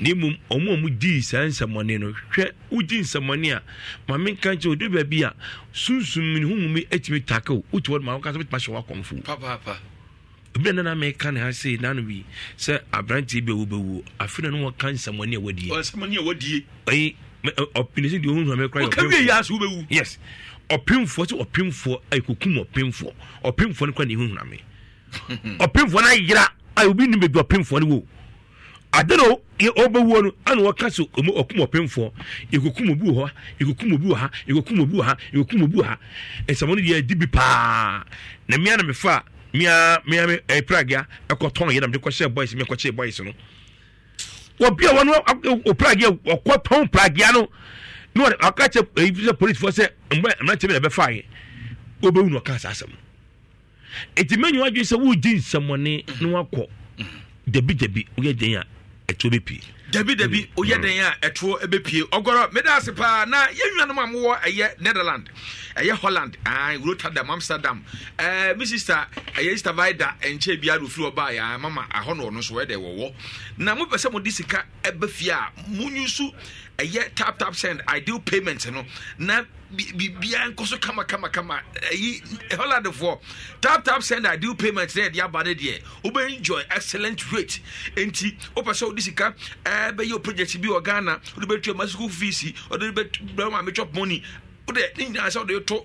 Speaker 1: na emu ɔmo ɔmo di saa nsɛmɔni no hwɛ wogyi nsɛmɔni a maame nka nkyɛn odu baabi a sunsun mi ne huhu mi etimi take o wotu hɔ ma ɔka so bituma hyɛ wakɔnfo. papaapa. ebi na nana mɛka ne ha sei nanu bi sɛ aberanteɛ bi a wɔbɛwu afi na no wɔka nsɛmɔni a wɔdie. nsɛmɔni a wɔdie. ɛyi ɔpinisi deɛ ohun hɔn kura yɛ ɔpinfoɔ sɛ ɔpinfoɔ ɛkokum ɔpinfoɔ ɔpemfoɔ no ayera a obi nim baabi ɔpemfoɔ no wo ade na ɔbɛwuo no ana wɔka so ɔmu ɔkum ɔpemfoɔ obi wɔ ha yɛkɔkum obi wɔ ha yɛkɔkum obi ha ɛsɛmɔ no deɛ adi bi paa na mmea na mefa mmea mmea me ɛyɛ ɛkɔtɔn yɛ na kɔhyɛ mmea kɔhyɛ no wɔbi a no wɔde polisifoɔ sɛ na ɛbɛfa yɛ na ɔka asɛm ɛti mɛnyi wadwi sɛ wogye nsɛmmɔne na wakɔ dabidabi woyɛ den a ɛtoɔ bɛpie dabidabi woyɛ den a ɛtoɔ bɛpie ɔgɔrɔ meda ase paa na yɛnnuanom a mowɔ ɛyɛ netherland ɛyɛ holland rotterdam amsterdam eh, me sister ɛyɛ sister vida ɛnkyɛ biara ofiri ɔbaa yɛ mama ahɔ no ɔno nso ɛdɛ wɔwɔ na mopɛ sɛ mode sika ɛbɛ fie a monyi so ɛyɛ tap tap send ideal payment no na biribiara nkɔ so kamakamakama ɛyi Tap tap send ideal payment na ɛde aba no deɛ enjoy excellent rate enti wopɛ sɛ wode sika bɛyɛ wo project bi wɔ ghana wode bɛtwa ma school fees ɔde bɛbrɛ ma metwɔ money wode ne nyinaa sɛ wode to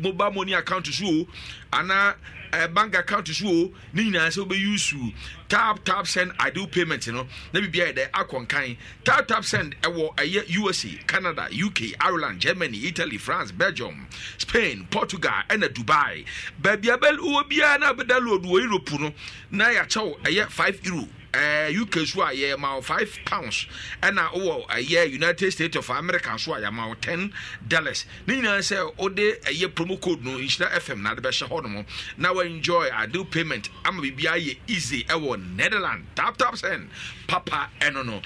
Speaker 1: mobile money account so anaa uh, eh, bank account so o ne nyinaa sɛ wobɛuse tap tap send ideal payment no na biribia yɛ dɛ akɔnkan tap tap send ɛwɔ ɛyɛ usa canada uk ireland germany italy france belgium spain portugal ɛna dubai baabia bɛwɔ biara na bɛda load wɔ europe no na yɛakyɛw ɛyɛ 5 euro ɛɛ eh, uk so a ma wo five pounds ɛna wowɔ ɛyɛ eh, united states of america so a ma wo ten dollars ne nyinaa sɛ wode ɛyɛ eh, promo code no nhyira fm na ade bɛhyɛ hɔ nom na woenjoy adew payment ama biribiaa yɛ easy ɛwɔ netherland taptap send papa ɛno no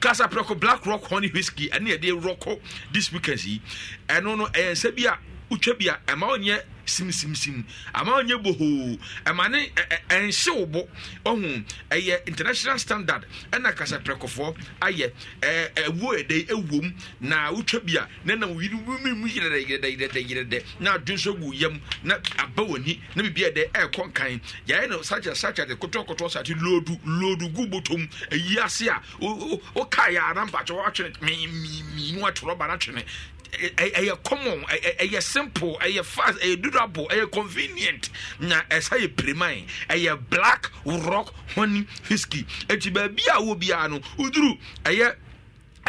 Speaker 1: kasa prɛko black rock honey whisky ɛne yɛde rɔkɔ this weekend yi ɛno no ɛyɛ nsɛ bi a wotwa bi a ɛma onyɛ simsimsim ama onyɛ bohoo ɛma ne ɛnhye bo ɔho ɛyɛ international standard ɛna kasaprɛkɔfoɔ ayɛ ɛwuo ɛdɛ ɛwom na wotwa bi a na nam wiri wimimu yerɛdɛ yerɛdɛ yerɛdɛ yerɛdɛ na adu nso gu yam na aba w'ani na biribi ɛdɛ ɛɛkɔ nkan yɛayɛ no sakya sakya de kotɔkotɔ sate loodu loodu gu botom ɛyi ase a wokaeɛ a na mpakyɛ wɔatwene mii no atwene ɛyɛ common ɛyɛ simple ɛyɛ fast ɛyɛ durable ɛyɛ convenient na ɛsa yɛ pireman ɛyɛ black rock honey whisky eti baabi a wo biara no oduru ɛyɛ.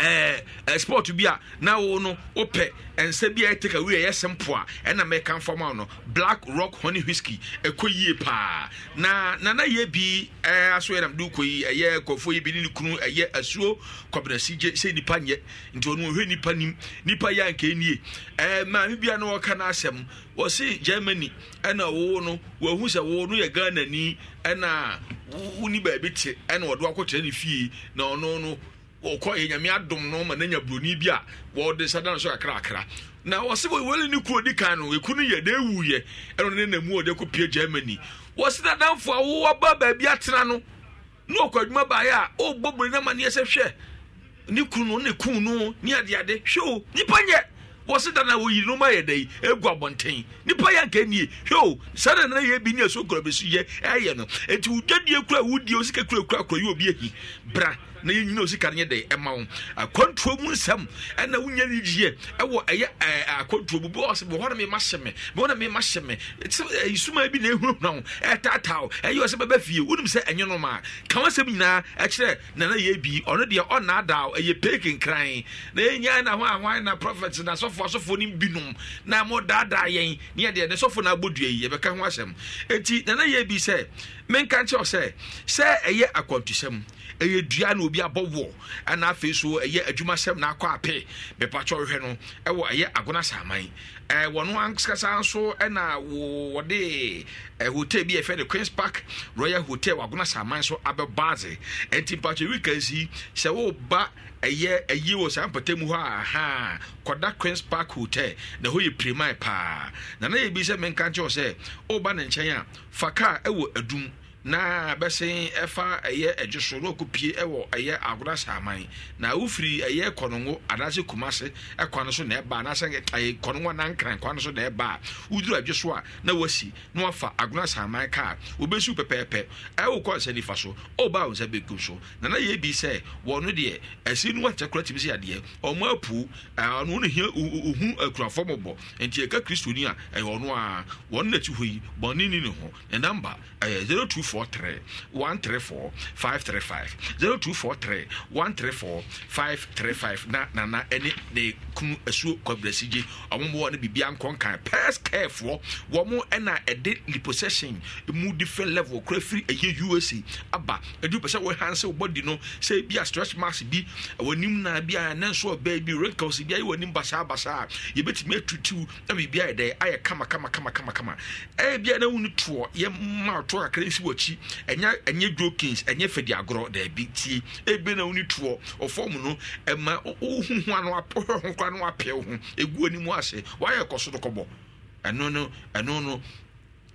Speaker 1: Eh, eh, sport bi a na wo no wopɛ ɛnsɛ bi a ɛtake away a simple a ɛna mɛka mfam aw no black rock honey whisky ɛkɔ yie paa na nana yɛ bi ɛɛ eh, aso yɛ nam yi ɛyɛ kɔfoɔ yi bi ne kunu ɛyɛ asuo si gye sɛ nipa nyɛ nti ɔno ohwɛ nipa nim nipa yɛ anka ɛɛ maame na wɔka n'asɛm wɔsi germany ɛna wo no ghana ni ɛna wo ni baabi te ɛna wɔde wɔkɔ yɛ eh, nyame adom no ma nanya buroni bi a wɔde sada no so kakrakra na wɔse wɔwɔle ne kuo di kan no ɛku no yɛ na ɛwuyɛ ɛno ne namu wɔde kɔpie germany wɔse nadamfo a wowɔba baabi atena no na ɔkɔ adwuma baeɛ a ɔbɔ bori no ma neɛ sɛ hwɛ ne ku no ne ku no ne adeade hwɛ o nnipa nyɛ wɔse da na wɔyiri no ma yɛ dɛ yi ɛgu abɔnten nnipa yɛ anka nie hwɛ o saa da nana yɛ bi ne ɛso nkorɔbɛsu yɛ ɛyɛ no ɛnti wodwadie kura wodie wo sika kura kura kura obi ahi bra na yɛnyina osika no yɛ dɛn ɛma wo akwantuo mu nsɛm ɛna wonya no yie ɛwɔ ɛyɛ akwantuo mu bi ɔsɛ bɛhɔ no mema hyɛ me bɛhɔ no mema hyɛ me suma bi na ɛhunahuna wo ɛtaataa wo ɛyɛ ɔsɛ bɛbɛ fie wonim sɛ ɛnyɛ nom a ka wasɛm nyinaa ɛkyerɛ nana yɛ bi ɔno deɛ ɔnaadaa ɛyɛ pee kenkran na ɛnyaa na ho ahwan na prophet na asɔfoɔ asɔfoɔ no binom na mo mɔdaadaa yɛn ne yɛdeɛ ne sɔfoɔ no abɔ dua yi yɛbɛka ho asɛm enti nana yɛ bi sɛ menka nkyerɛ sɛ sɛ ɛyɛ akwantusɛm ɛyɛ dua na obi abɔ wɔ ɛna afei so ɛyɛ adwumasɛm na akɔ apɛ bɛpakyɛ ɔhwɛ no ɛwɔ ɛyɛ agona saaman ɛɛ wɔn ankasa nso ɛna wɔde ɛɛ hotel bi yɛfɛ no queens park royal hotel agona saaman so abɛ baaze ɛnti mpakyɛ wikansi sɛ wɔreba ɛyɛ ɛyi wɔ saa mpata mu hɔ a ha kɔda queens park hotel na hɔ yɛ piriman paa na na yɛ bi sɛ menka nkyɛw sɛ ɔreba ne nkyɛn a fa kaa ɛwɔ adum na bɛsɛn ɛfa ɛyɛ ɛdwo so na ɔkɔpie ɛwɔ ɛyɛ agorɔ saaman na wofiri ɛyɛ kɔnɔngo anaasɛ kumase ɛkwan no so na ɛba anaasɛ ɛyɛ kɔnɔngo nankran kwan no so na ɛba a woduru so a na wasi na wafa agorɔ saaman kaa wobɛsiw pɛpɛɛpɛ ɛwɔ kɔ nsa nifa so ɔba wɔn nsa bɛgu so na na yɛ bi sɛ wɔn no deɛ ɛsi no wakyɛ kora tìmisi adeɛ ɔmo apu ɔno ne hia ohu akurafo mɔbɔ nti ɛka kristo a ɛyɛ ɔno a wɔn n'akyi hɔ yi bɔnne ni 0243 134 535 0243 134 535 na nana ne ne kunu asuo kwabrasi gye ɔmomoɔ no biribia nkɔ nkan pers carefoɔ wɔn ɛna ɛde liposuction mu different level kora firi ɛyɛ usa aba ɛdu pɛ sɛ wɔhanse wo body no sɛ bi a stretch marks bi wɔnim na bi a ne nso ɔbaa bi wrinkles bi ayɛ wɔnim basaa yɛbɛtumi atutiw na biribia yɛ dɛ ayɛ kama kama kama kama kama ɛyɛ bi a na wo no toɔ ma to kakra akyi ɛnyɛ ɛnyɛ jokins ɛnyɛ fɛdi agorɔ dɛbi tie ebe na oni toɔ ɔfɔm no ɛma ohuhu ano apɔhɔ ho kora no apɛ ho egu anim ase wayɛ kɔsoro kɔbɔ ɛno no ɛno no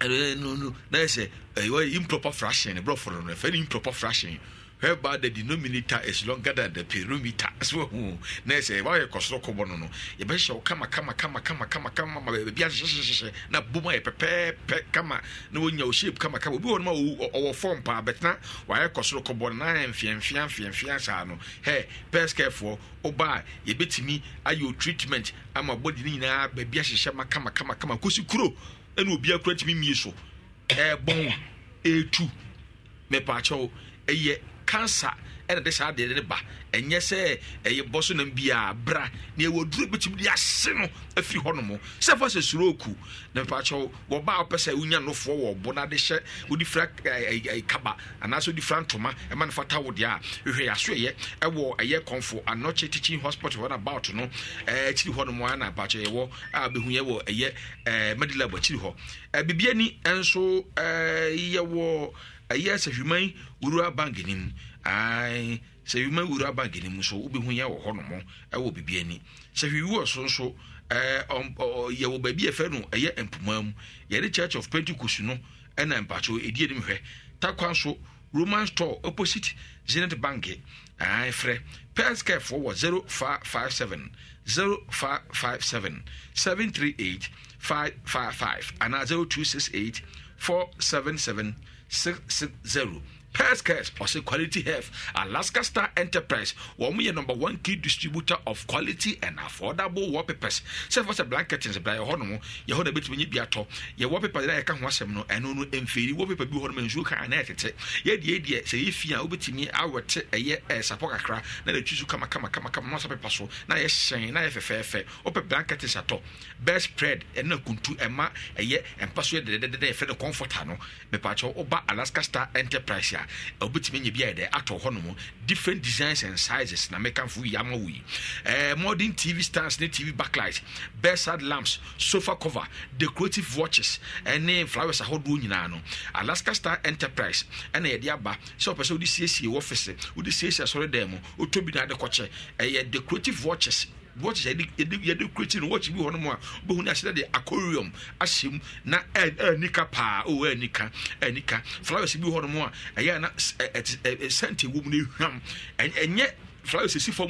Speaker 1: ɛno no na yɛ sɛ ɛyɛ improper fashion ɛbrɔforo no ɛfɛ no improper fashion whereby the denominator is longer than the perimeter so hu na sɛ wayɛ kɔsoro kɔbɔ no no yɛbɛhyɛ wo kama kama kama kama kama kama ma baabi ahyehyehyehyɛ na bom ayɛ pɛpɛɛpɛ kama na wɔnya wo shape kama kama obi wɔ no ma ɔwɔ fam paa bɛtena wayɛ kɔsoro kɔbɔ no na ayɛ mfiamfia mfiamfia saa no hɛ pɛskɛfoɔ woba a yɛbɛtumi ayɛ o treatment ama bɔde no nyinaa baabi ahyehyɛ ma kama kama kama kɔsi kuro ɛna obi akora tumi mie so ɛɛbɔn ɛɛtu mepaakyɛw ɛyɛ cancer ɛna de saa adeɛ de ba ɛnyɛ sɛ ɛyɛ bɔ so nam biara bra na ɛwɔ duro bitumi de ase no afiri hɔnom sɛ fa sɛ suroku na mpakyɛw wɔbaa wopɛ sɛ wonya nofoɔ wɔ ɔbo na de hyɛ wode fira kaba anaasɛ wode fira ntoma ɛma no fata wo deɛ a hwehwɛ asoɛyɛ ɛwɔ ɛyɛ kɔnfo anɔkye teaching hospital hɔ no about no akyiri hɔnom a na mpakyɛ yɛwɔ a bɛhu yɛwɔ ɛyɛ medilab akyiri hɔ biribiani nso yɛwɔ ɛyɛ sɛhwiman wura bank nim ae sɛhwiman wura bank nim nso wobɛhu yɛ wɔ hɔnom ɛwɔ biribi ani sɛhwiwi wɔ so nso yɛwɔ baabi yɛfɛ no ɛyɛ mpoma mu yɛde church of pentecost no ɛna mpatwo ɛdi anim hwɛ takwa nso roman store opposite zenit bank ae frɛ perscarefoɔ wɔ 0557 0557 738 555 anaa 0268 477 zero Pescas ɔsɛ Quality Health Alaska Star Enterprise wɔn yɛ number one key distributor of quality and affordable wallpapers sɛ fɔ sɛ blanketins bra yɛ hɔ nom yɛ hɔ na ebitumi nye bi atɔ yɛ wallpaper deɛ yɛka ho asɛm no ɛno no mfeeri wallpaper bi wɔ hɔ nom nsuo kan anayɛ tete yɛ deɛ deɛ sɛ yɛ fi a wobɛtumi awɔte ɛyɛ ɛsapɔ kakra na yɛ twi so kamakamakama na ɔsɛ pepa so na yɛ hyɛn na yɛ fɛfɛɛfɛ ɔpɛ blanketins atɔ best spread ɛna kuntu ɛma ɛyɛ mpa so yɛ dɛdɛdɛdɛ yɛfɛ no comforter no mepaakyɛw woba Alaska Star Enterprise a a eh, wobɛtumi nya bi ayɛ dɛ atɔ hɔ different designs and sizes na mekamfo yi ama wo yi uh, modern tv stands ne tv backlight bedside lamps sofa cover decorative watches ɛne flowers ahodoɔ nyinaa no alaska star enterprise ɛna yɛde aba sɛ ɔpɛ sɛ wode siesie wɔfise wode siesie asɔre dan mu wotɔ bi no ade kɔkyɛ ɛyɛ decorative watches watch yɛde yɛde kureti no watch bi wɔ nom a wobɛhu ne ahyɛ de aquarium ahyɛ mu na ɛnika e, e, paa o ɛnika e, ɛnika flowers bi wɔ nom a ɛyɛ na sɛnte wɔ mu no ehwam ɛnyɛ flowers esi fam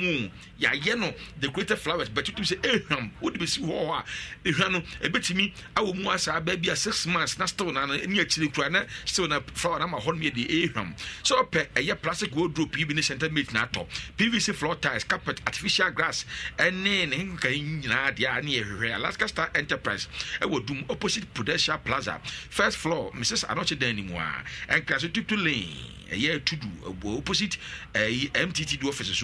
Speaker 1: yɛayɛ no decorated flowers but wotum sɛ ehwam wode bɛsi hɔ hɔ a ehwa no ebetumi awɔ mu asa abaa bi a six months na still na ne akyire kura na still na flower na ma hɔ no yɛ de ehwam so ɔpɛ ɛyɛ plastic wardrobe yi bi ne center mate na atɔ pvc floor tiles carpet artificial grass ɛne ne nka nyinaa deɛ a ne yɛ hwehwɛ alaska star enterprise ɛwɔ dum opposite prudential plaza first floor mrs anɔkye dan nimu a ɛnkira so tutu lane ɛyɛ tudu opposite mtt do office so.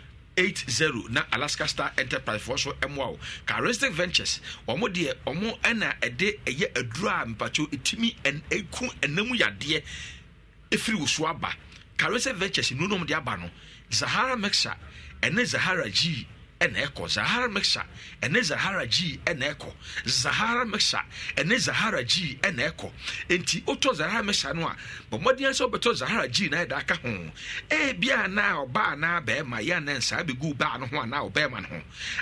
Speaker 1: 80 na alaska star enterprise foɔ so ɛmoa o caristic ventures ɔmo deɛ ɔmo ɛna ɛde ɛyɛ aduro a mpatwo ɛtumi ɛku ɛnamu yadeɛ ɛfiri wo so aba caristic ventures nnuo nom de aba no zahara mexa ɛne zahara gii ɛna ɛkɔ zahara mixa ɛne zahara g ɛna ɛkɔ zahara mixa ɛne zahara g ɛna ɛkɔ nti wotɔ zahara mixa no a bɔmmɔden sɛ wobɛtɔ zahara g na ɛda aka ho ebia na ɔbaa na bɛrima yɛ ana nsaa bɛgu baa no ho anaa ɔbɛrima no ho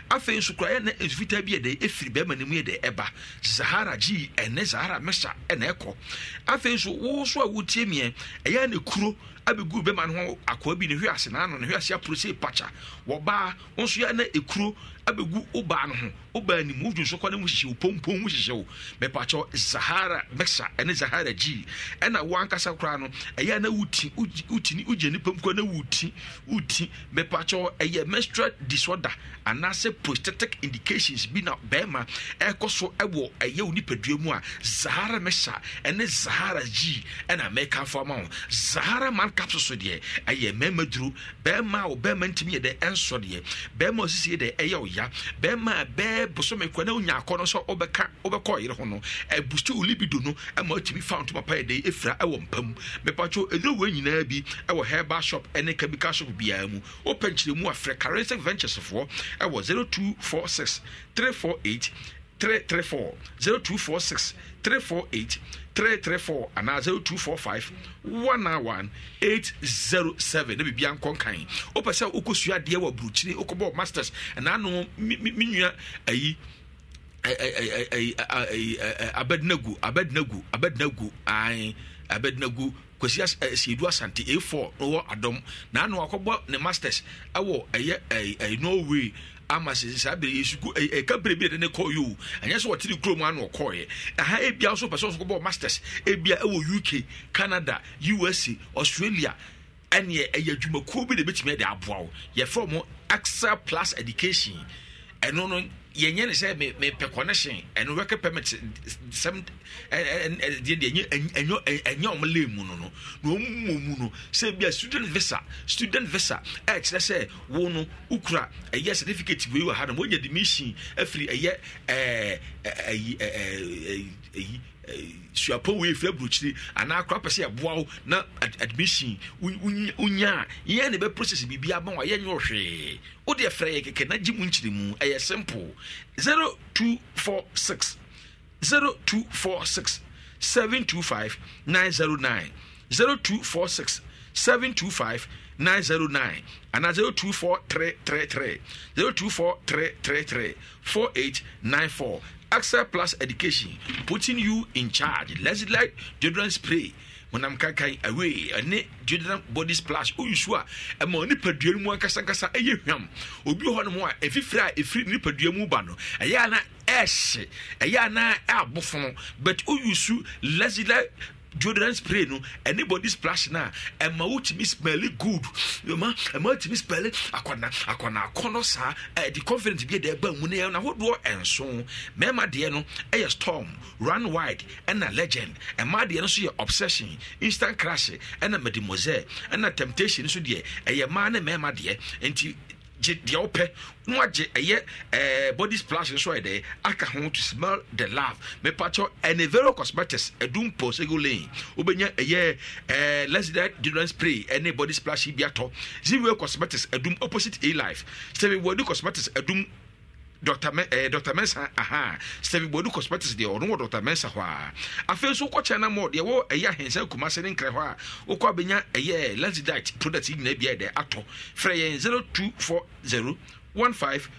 Speaker 1: afei nso kora yɛna mfitaa bi yɛde ɛfiri bɛrima no mu yɛde ɛba zahara g ɛne zahara mixa ɛna ɛkɔ afei nso wo so a wotie miɛ ɛyɛ ne kuro abɛgu bɛma no ho akoa bi ne hwɛ ase naano ne hwɛ ase aporo sɛ pakya wɔbaa wo nso yɛ na ɛkuro abɛgu wo baa no ho wobaa nim wodwu so kɔ ne mu hyehyɛ wo pompom mu hyehyɛ wo mɛpakyɛ zahara mesa ɛne zahara gyi ɛna wo ankasa koraa no ɛyɛ na woti wotini wogye nipa mu kɔ na woti woti mɛpakyɛ ɛyɛ menstrual disorder anaasɛ prosthetic indications bi na bɛrima ɛkɔ so ɛwɔ ɛyɛ wo nipadua mu a zahara mesa ɛne zahara gyi ɛna mɛka afɔ ama wo zahara man capsule so deɛ ɛyɛ mɛrima duro bɛrima a wo bɛrima ntumi yɛ dɛ ɛnsɔ deɛ bɛrima osisi dɛ ɛyɛ ɔya bɛrima a bɛɛ sɛ bosome kɔ na wonya akɔ no sɛ wobɛka wobɛkɔ yere ho no ɛbusto wo libido no ma watumi fa ntoma pa yɛdɛ ɛfira ɛwɔ mpa mu mepatwo ɛduro wei nyinaa bi ɛwɔ herbal shop ɛne chemical shop biara mu wopɛ nkyerɛmu afrɛ carensic venturesfoɔ ɛwɔ 0246 348 334 0246 348 334 anaa 0245 191 807 na biribia nkɔ nkan wopɛ sɛ wokɔsua adeɛ wɔ aburukyire wokɔbɔɔ masters ɛnaa no me nua ayi abɛdinagu abɛdinagu abɛdinagu ae abɛdinagu kwasi asiedu asante a4 wɔ adɔm na ano akɔbɔ ne masters ɛwɔ ɛyɛ norway ama sɛ saa bere yɛ suku ɛka eh, eh, bere bi a ɛde kɔ yi o ɛnyɛ sɛ wɔte ne kurom ano ɔkɔɔyɛ ɛha ebia nso pɛ sɛ ɔso kɔbɔ masters ebia ɛwɔ uk canada usa australia ɛneɛ ɛyɛ adwumakuo bi na ebɛtumi ɛde aboa wo yɛfrɛ mo axa plus education ɛno no yɛnyɛ ne sɛ mepɛ connection ɛno work permit sɛm deɛ ɛnyɛ ɔm lɛ mu no no na ɔmmɔ mu no sɛ bia student visa student visa ɛkyerɛ sɛ wo no wokura ɛyɛ certificate wei wɔ ha no ma wonya de mission afiri ɛyɛ ɛyi suapɔ wei firi aburokyiri anaa kora pɛ sɛ yɛboa wo na admission wonya a yɛn ne bɛ process biribia ma wo a yɛnyɛ hwee wode ɛfrɛ yɛ kɛkɛ na gye mu nkyiri mu ɛyɛ simple 0246 0246 725 909 0246 725 909 anaa 024333 024333 4894 Access Plus Education, putting you in charge. Let's like children spray when I'm monam away. awei ɛne children body splash oyusu a ɛma nipadua no mu ankasankasa ɛyɛ hwam obi hɔ nom a ɛfifiri a ɛfiri nipadua mu ba no ɛyɛ ana ɛɛhye ɛyɛ ana ɛabofo but oyusu lazila deodorant spray no ɛne splash no a ɛma wotumi smelly good ma ɛma wotumi smelly akɔna akɔna akɔnɔ saa ɛde eh, confidence bi ɛde ɛba mu no ɛno ahodoɔ ɛnso mmarima deɛ no ɛyɛ storm run wide ɛna legend ɛma deɛ no nso yɛ obsession instant crash ɛna medimose ɛna temptation nso deɛ ɛyɛ mmaa ne mmarima deɛ nti gye deɛ wopɛ na wagye ɛyɛ eh, body splash nso ayɛ dɛ aka ho to smell the love mepakyɛw ɛnivero cosmetics ɛdum pɔ segu lane wobɛnya ɛyɛ ɛɛ eh, lesida deodorant spray ɛne body splash bi atɔ ziwe cosmetics ɛdum opposite a life sɛbi wɔdi cosmetics ɛdum dr me eh, dr mensa aha steve bodu cosmetics deɛ ɔno wɔ dr mensa hɔ a afei nso wokɔ kyɛn na mɔ deɛ wɔ ɛyɛ ahensa kuma se ne nkrɛ hɔ a wokɔ abɛnya ɛyɛ lensdite product yi nyinaa biaa deɛ atɔ frɛ yɛn 0240 15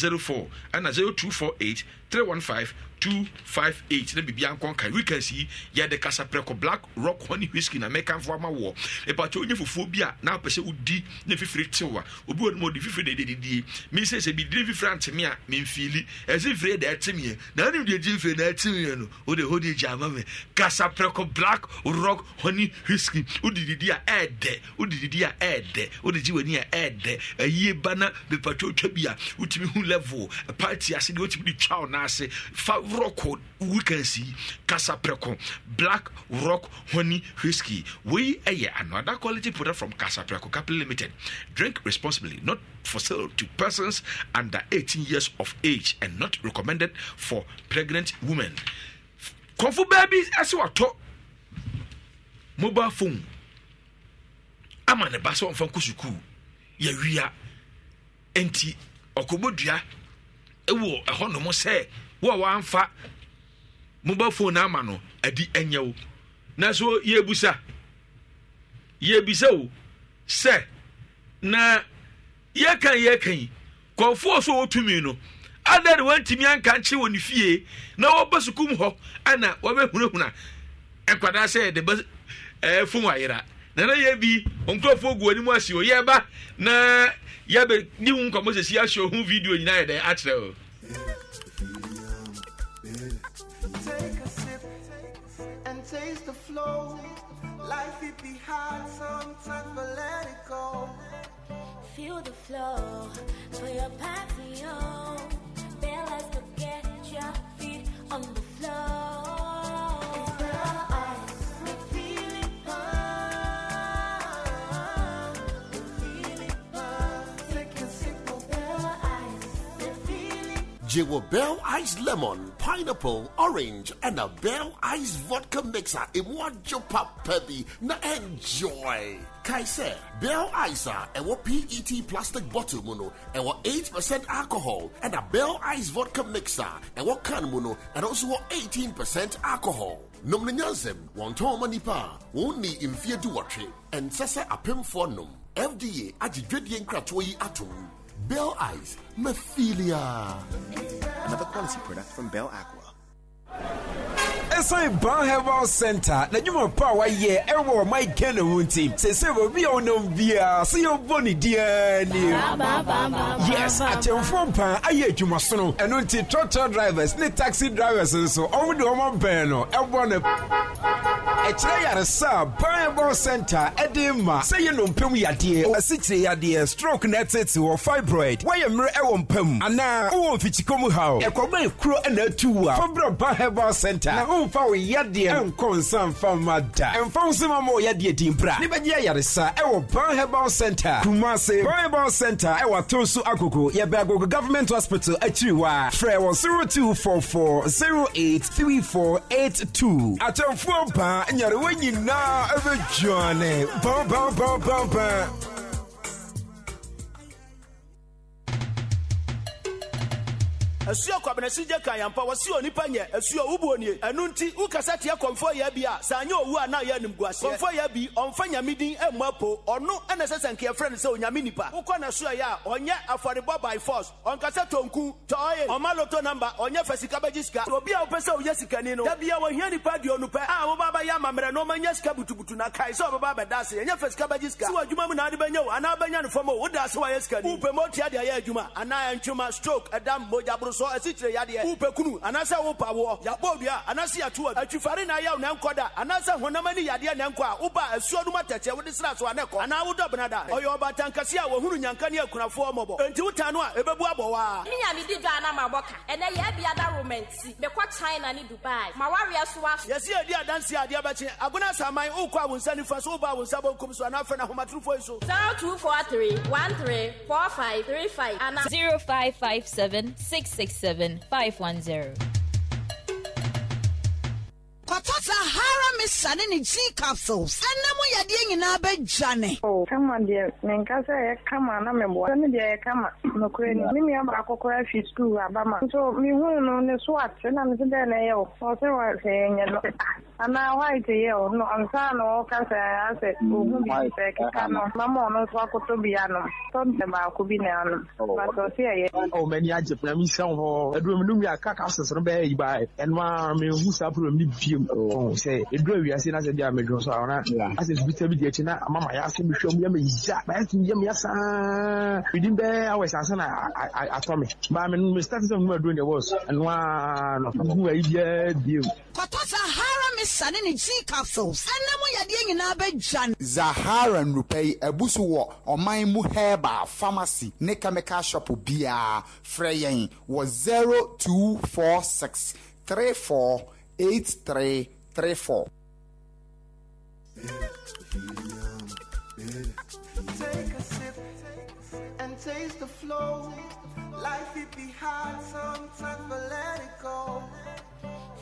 Speaker 1: 2204 ɛna 0248 315 258 na biribi ankɔ nka weekends yi yɛde kasaprɛko black rock honey whisky na mɛkamfo ama wɔ ɛpakyɛ wonye fufuo bi a na apɛ sɛ wodi ne fifiri tew a obi wɔ nomɔde fifiri na ɛdedidie mesɛ sɛ bidire fifiri anteme a memfiili ɛsɛ fifiri da ɛtemeɛ na anem deɛ gye mfiri na ɛtemeɛ no wode hode gya ama me kasaprɛko black rock honey whisky wodedidi a ɛɛdɛ e wodedidi a ɛɛdɛ e wode gye w'ani a ɛɛdɛ e ayie ba na bepatwɛ twa bi a wotumi hu level party ase deɛ wotumi de twa wo no ase fa rock weekends yi kasa preko black rock honey whisky wei ɛyɛ another quality product from kasa preko capital limited drink responsibly not for sale to persons under 18 years of age and not recommended for pregnant women kɔnfo baabi ɛsɛ wɔtɔ mobile phone I'm ama ne ba sɛ ɔmfa nkɔ sukuu yɛwia nti ɔkɔbɔdua ɛwɔ ɛhɔ nom say. wo a wamfa mobile phone ama no adi anya wo na so yɛbusa yɛbisa wo sɛ na yɛkan yɛkan kɔnfoɔ so wɔtumi no ada ne wantumi anka nkye wɔ ne fie na wɔba sukum hɔ ana wɔbɛhunahuna nkwadaa sɛ yɛde bɛ ɛɛ fom ayera nana yɛ bi nkurɔfoɔ gu anim asi o yɛba na yɛbɛ ne ho nkɔmɔ sɛ si ahyɛ ohun video nyinaa yɛ dɛ akyerɛ o.
Speaker 12: Life it be hard sometimes, but let it go. Feel the flow for your patio. get your feet on the floor.
Speaker 13: You will Bell Ice Lemon, Pineapple, Orange, and a Bell Ice Vodka Mixer in one Jopa Pebi. Na enjoy! Kaise, Bell Ice and what PET plastic bottle muno, and 8% alcohol, and a Bell Ice Vodka Mixer, and what can muno, and also 18% alcohol. Nom ne nyansɛm wɔntɔn ɔma nipa a wɔnni mfeɛ duwɔtwe ɛnsɛ sɛ apemfoɔ nom fda agye dwadie nkratoɔ yi Bell Eyes, Mephilia. Another quality product from Bell Aqua. ɛsan ban
Speaker 14: herbal center n'adwuma pa a wayɛ ɛwɔ ɔman ghana ho nti sese obi a ɔnam biara sɛ yɛbɔ ne diaa ni yes atɛmfoɔ mpan ayɛ adwumasono ɛno nti trɔtrɔ drivers ne taxi drivers nso ɔmo de ɔmo bɛn no ɛbɔ no ɛkyerɛ yaresa a ban herbal center ɛde ma sɛ yɛ nnompam yadeɛ asikyire yadeɛ stroke na ɛtete wɔ fibroid wayɛ mmerɛ ɛwɔ mpam anaa wowɔ mfikyikɔ mu haw ɛkɔbɛn kuro ɛna atu wo a fabra ban herbal center na ɛmfa wo yadeɛ ɛnkɔ nsa mfa mma da ɛmfa wo sɛ ma ma ɔyadeɛ din bra ne bɛgye ayaresa ɛwɔ ban center kumase ban herbal center ɛwɔ ato so akoko yɛbɛ agogo government hospital akyiri hɔ a frɛ wɔ 0244 083482 atamfoɔ baa nyarewa nyinaa ɛbɛdwane bambambambamba
Speaker 10: ɛsuo kwabenesi gye kan yampa wɔsi onipa nyɛ ɛsuo wubu onie ɛnu nti wukasa teɛ kɔnfɔ yɛ bi a saa nye owu a na yɛ nim guaseɛ kɔnfɔ yɛ bi ɔmfa nyame din ɛmu apo ɔno ɛna sɛ sɛnkeɛ no sɛ onyame nipa wokɔ na suo a ɔnyɛ afɔrebɔ by force ɔnkasɛ tonku tɔɔye ɔma loto namba ɔnyɛ fɛ sika bɛgye sika obi a wopɛ sɛ woyɛ sikani no dabia wɔhia nipa aduo ah, no pɛ a wobaa bɛyɛ amammerɛ na ɔmanya sika butubutu na kae sɛ ɔbɛba bɛda se ɛnyɛ fɛ sika bɛgye sika sɛ w'adwuma mu na ade bɛnya wo anaa wobɛnya no fam o woda ase woayɛ sikani wopɛ ma otia de ayɛ adwuma anaa ɛntwoma stroke adam mogya boro so asikyire yadeɛ wopɛkunu anaasɛ wopa woɔ yɛbɔ dua anaasɛ yɛto atwifare na ayaw na nkɔ da anaasɛ honam ani na nkɔ a asuo no matɛkyɛ wode sra so a ne kɔ anaa wodɔ bena da ɔyɛ ɔbatankɛse a wɔhunu nyanka ne akunafoɔ mmɔbɔ enti wota no a ɛbɛbu abɔ waa
Speaker 12: menya medi dwa na mabɔ ka ɛnɛ bia da romanti mekɔ china ne dubai mawareɛ so a
Speaker 10: yɛsi yɛdi adanse adeɛ bɛkye agona asaman wokɔ a wo nsa nifa so woba wo nsa bɔnkom so anaa afɛ no ahomatorofoɔ yi so
Speaker 12: 0557 667 510. kɔtɔ sahara misa ne capsules. gin capsules ɛna mo yadeɛ nyinaa bɛdwane kama deɛ
Speaker 6: menka sɛ ɛyɛ kama na meboa ne deɛ ɛyɛ kama nokorɛ ni me nua baako koraa fi skul aba ma nso mehuu no ne so ate na mese dɛ na ɛyɛ wo ɔse wɔ sɛ ɛnyɛ no anaa white yɛ wo no ansa na ɔka sɛ asɛ ɔhu bi sɛ keka no mama ɔno nso akotɔ bi anom tɔ dɛ baako bi na anom
Speaker 2: but ɔse ɛyɛ
Speaker 5: ɔmani agye pna mesɛ
Speaker 2: wo hɔ adurom no wie aka capsules no bɛyɛ yi baa ɛno a mehu saa problem no bio mu ɔn oh. sɛ edura wiase na sɛ deɛ amedwon so a asɛ subita bi deɛ akyi na ama ma yɛasɛ mi mu yɛ yia ma yɛ yɛ saa within bɛɛ awɔ ɛsansa na atɔ mi baa mi mi start sɛ numa duron wɔs ɛnua no nhu ayi biɛ bie mu.
Speaker 8: kɔtɔ sahara mi sani
Speaker 11: ni g capsules ɛnam yadeɛ nyinaa bɛ gya.
Speaker 3: zahara nnupa yi ebusu wɔ ɔman mu herbal pharmacy ne chemical shop biara frɛ yɛn wɔ zero two four six three four. 8334.
Speaker 12: Take a sip and taste the flow. Life it be hard sometimes, but let it go.